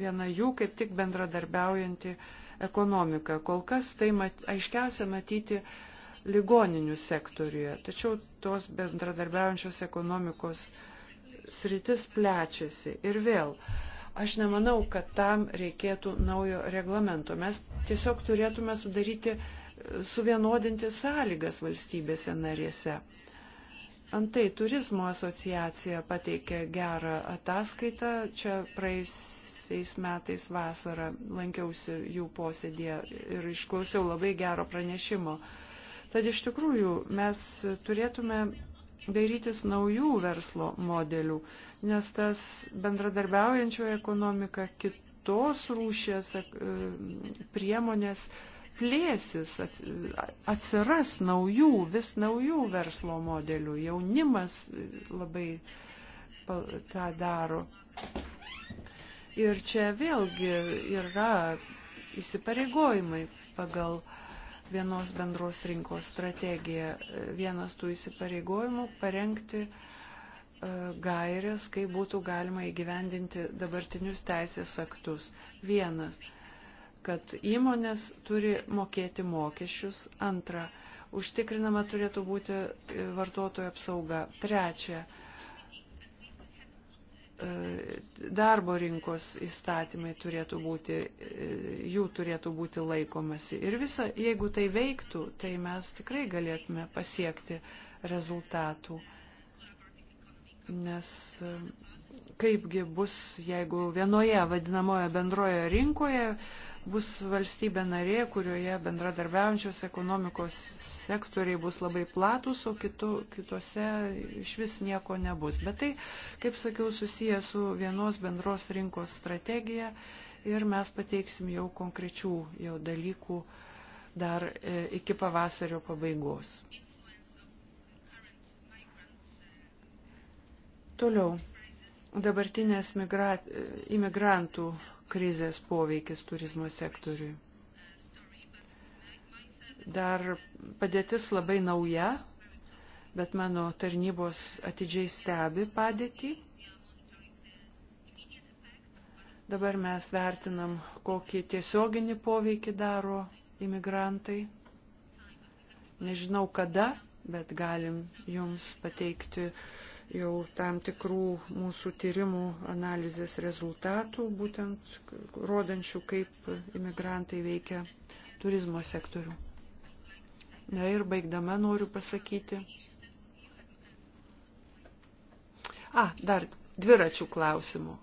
S4: viena jų kaip tik bendradarbiaujanti ekonomika. Kol kas tai mat, aiškiausia matyti ligoninių sektoriuje, tačiau tos bendradarbiaujančios ekonomikos sritis plečiasi ir vėl. Aš nemanau, kad tam reikėtų naujo reglamento. Mes tiesiog turėtume sudaryti uh, suvienodinti sąlygas valstybėse narėse. Antai turizmo asociacija pateikė gerą ataskaitą, čia praeisiais metais vasarą lankiausi jų posėdėje ir išklausiau labai gero pranešimo. Tad iš tikrųjų mes turėtume dairytis naujų verslo modelių, nes tas bendradarbiaujančioji ekonomika kitos rūšės e, priemonės plėsis, atsiras naujų, vis naujų verslo modelių. Jaunimas labai tą daro. Ir čia vėlgi yra įsipareigojimai pagal vienos bendros rinkos strategiją. Vienas tų įsipareigojimų parengti e, gairias, kaip būtų galima įgyvendinti dabartinius teisės aktus. Vienas kad įmonės turi mokėti mokesčius. Antra, užtikrinama turėtų būti e, vartotojų apsauga. Trečia, e, darbo rinkos įstatymai turėtų būti, e, jų turėtų būti laikomasi. Ir visa, jeigu tai veiktų, tai mes tikrai galėtume pasiekti rezultatų. Nes kaipgi bus, jeigu vienoje vadinamoje bendroje rinkoje bus valstybė narė, kurioje bendradarbiaujančios ekonomikos sektoriai bus labai platus, o kitu, kitose iš vis nieko nebus. Bet tai, kaip sakiau, susiję su vienos bendros rinkos strategija ir mes pateiksim jau konkrečių jau dalykų dar e, iki pavasario pabaigos. Toliau. Dabartinės migrat, imigrantų krizės poveikis turizmo sektoriui. Dar padėtis labai nauja, bet mano tarnybos atidžiai stebi padėtį. Dabar mes vertinam, kokį tiesioginį poveikį daro imigrantai. Nežinau kada, bet galim jums pateikti uh, jau tam tikrų mūsų tyrimų analizės rezultatų, būtent rodančių, kaip imigrantai veikia turizmo sektorių. Na ir baigdama noriu pasakyti. A, dar dviračių klausimų.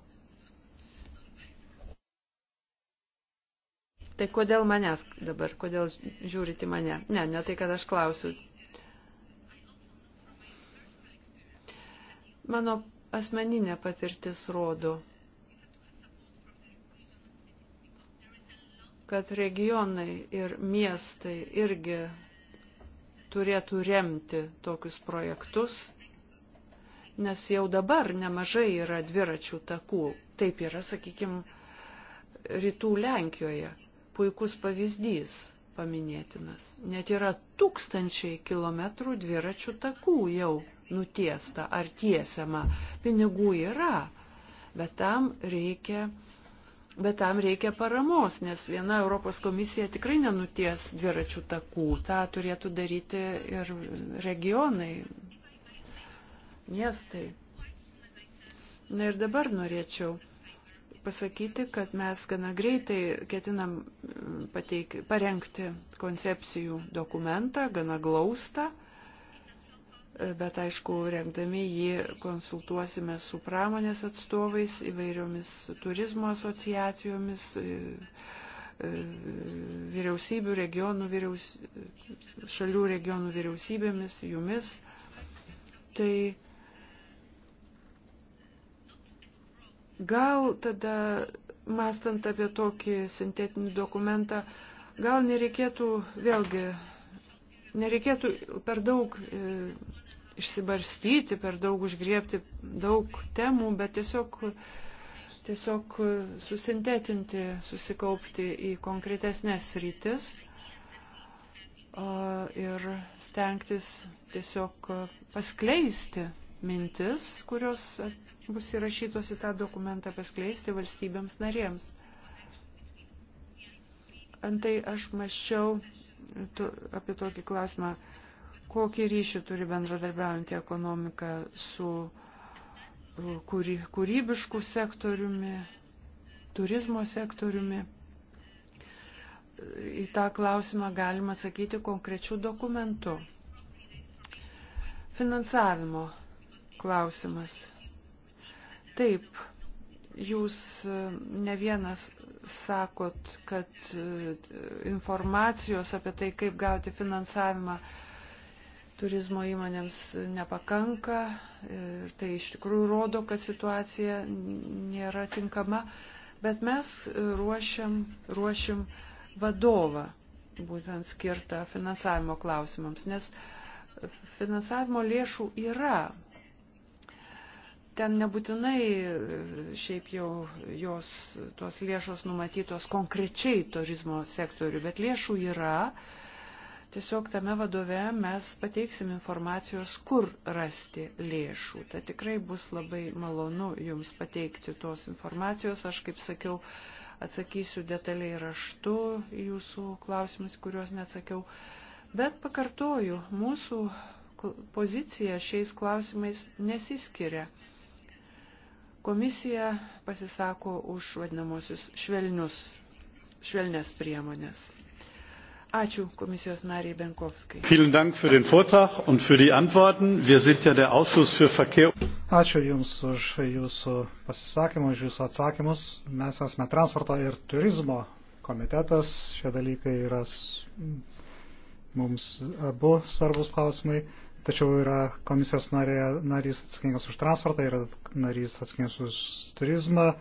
S4: Tai kodėl manęs dabar, kodėl žiūrite mane? Ne, ne tai, kad aš klausiu, Mano asmeninė patirtis rodo, kad regionai ir miestai irgi turėtų remti tokius projektus, nes jau dabar nemažai yra dviračių takų. Taip yra, sakykime, rytų Lenkijoje. Puikus pavyzdys paminėtinas. Net yra tūkstančiai kilometrų dviračių takų jau nutiesta ar tiesiama. Pinigų yra, bet tam reikia. Bet tam reikia paramos, nes viena Europos komisija tikrai nenuties dviračių takų. Ta turėtų daryti ir regionai, miestai. Na ir dabar norėčiau pasakyti, kad mes gana greitai ketinam pateik, parengti koncepcijų dokumentą, gana glaustą bet aišku, rengdami jį konsultuosime su pramonės atstovais, įvairiomis turizmo asociacijomis, e, e, vyriausybių, regionų, vyriaus, šalių regionų vyriausybėmis, jumis. Tai gal tada, mastant apie tokį sintetinį dokumentą, gal nereikėtų vėlgi, nereikėtų per daug e, išsibarstyti, per daug užgriepti daug temų, bet tiesiog, tiesiog susintetinti, susikaupti į konkretesnės rytis ir stengtis tiesiog paskleisti mintis, kurios bus įrašytos į tą dokumentą, paskleisti valstybėms narėms. Antai aš maščiau tu, apie tokį klausimą, kokį ryšį turi bendradarbiaujantį ekonomiką su e, kūry, kūrybiškų sektoriumi, turizmo sektoriumi. Į tą klausimą galima atsakyti konkrečių dokumentų. Finansavimo klausimas. Taip, jūs e, ne vienas sakot, kad e, informacijos apie tai, kaip gauti finansavimą, turizmo įmonėms nepakanka ir tai iš tikrųjų rodo, kad situacija nėra tinkama, bet mes ruošiam, ruošim vadovą būtent skirtą finansavimo klausimams, nes finansavimo lėšų yra. Ten nebūtinai šiaip jau jos, tos lėšos numatytos konkrečiai turizmo sektoriu, bet lėšų yra, Tiesiog tame vadove mes pateiksim informacijos, kur rasti lėšų. Tai tikrai bus labai malonu jums pateikti tos informacijos. Aš, kaip sakiau, atsakysiu detaliai raštu jūsų klausimus, kuriuos neatsakiau. Bet pakartoju, mūsų pozicija šiais klausimais nesiskiria. Komisija pasisako už vadinamosius švelnius, švelnės priemonės. Ačiū komisijos nariai Benkovskai.
S2: Ačiū Jums už Jūsų pasisakymą, už Jūsų atsakymus. Mes esame transporto ir turizmo komitetas. Šie dalykai yra mums abu svarbus klausimai. Tačiau yra komisijos narė, narys atsakingas už transportą, yra narys atsakingas už turizmą.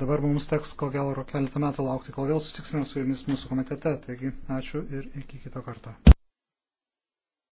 S2: Dabar mums teks ko gero keletą metų laukti, kol vėl susitiksime su jumis mūsų komitete. Taigi ačiū ir iki kito karto.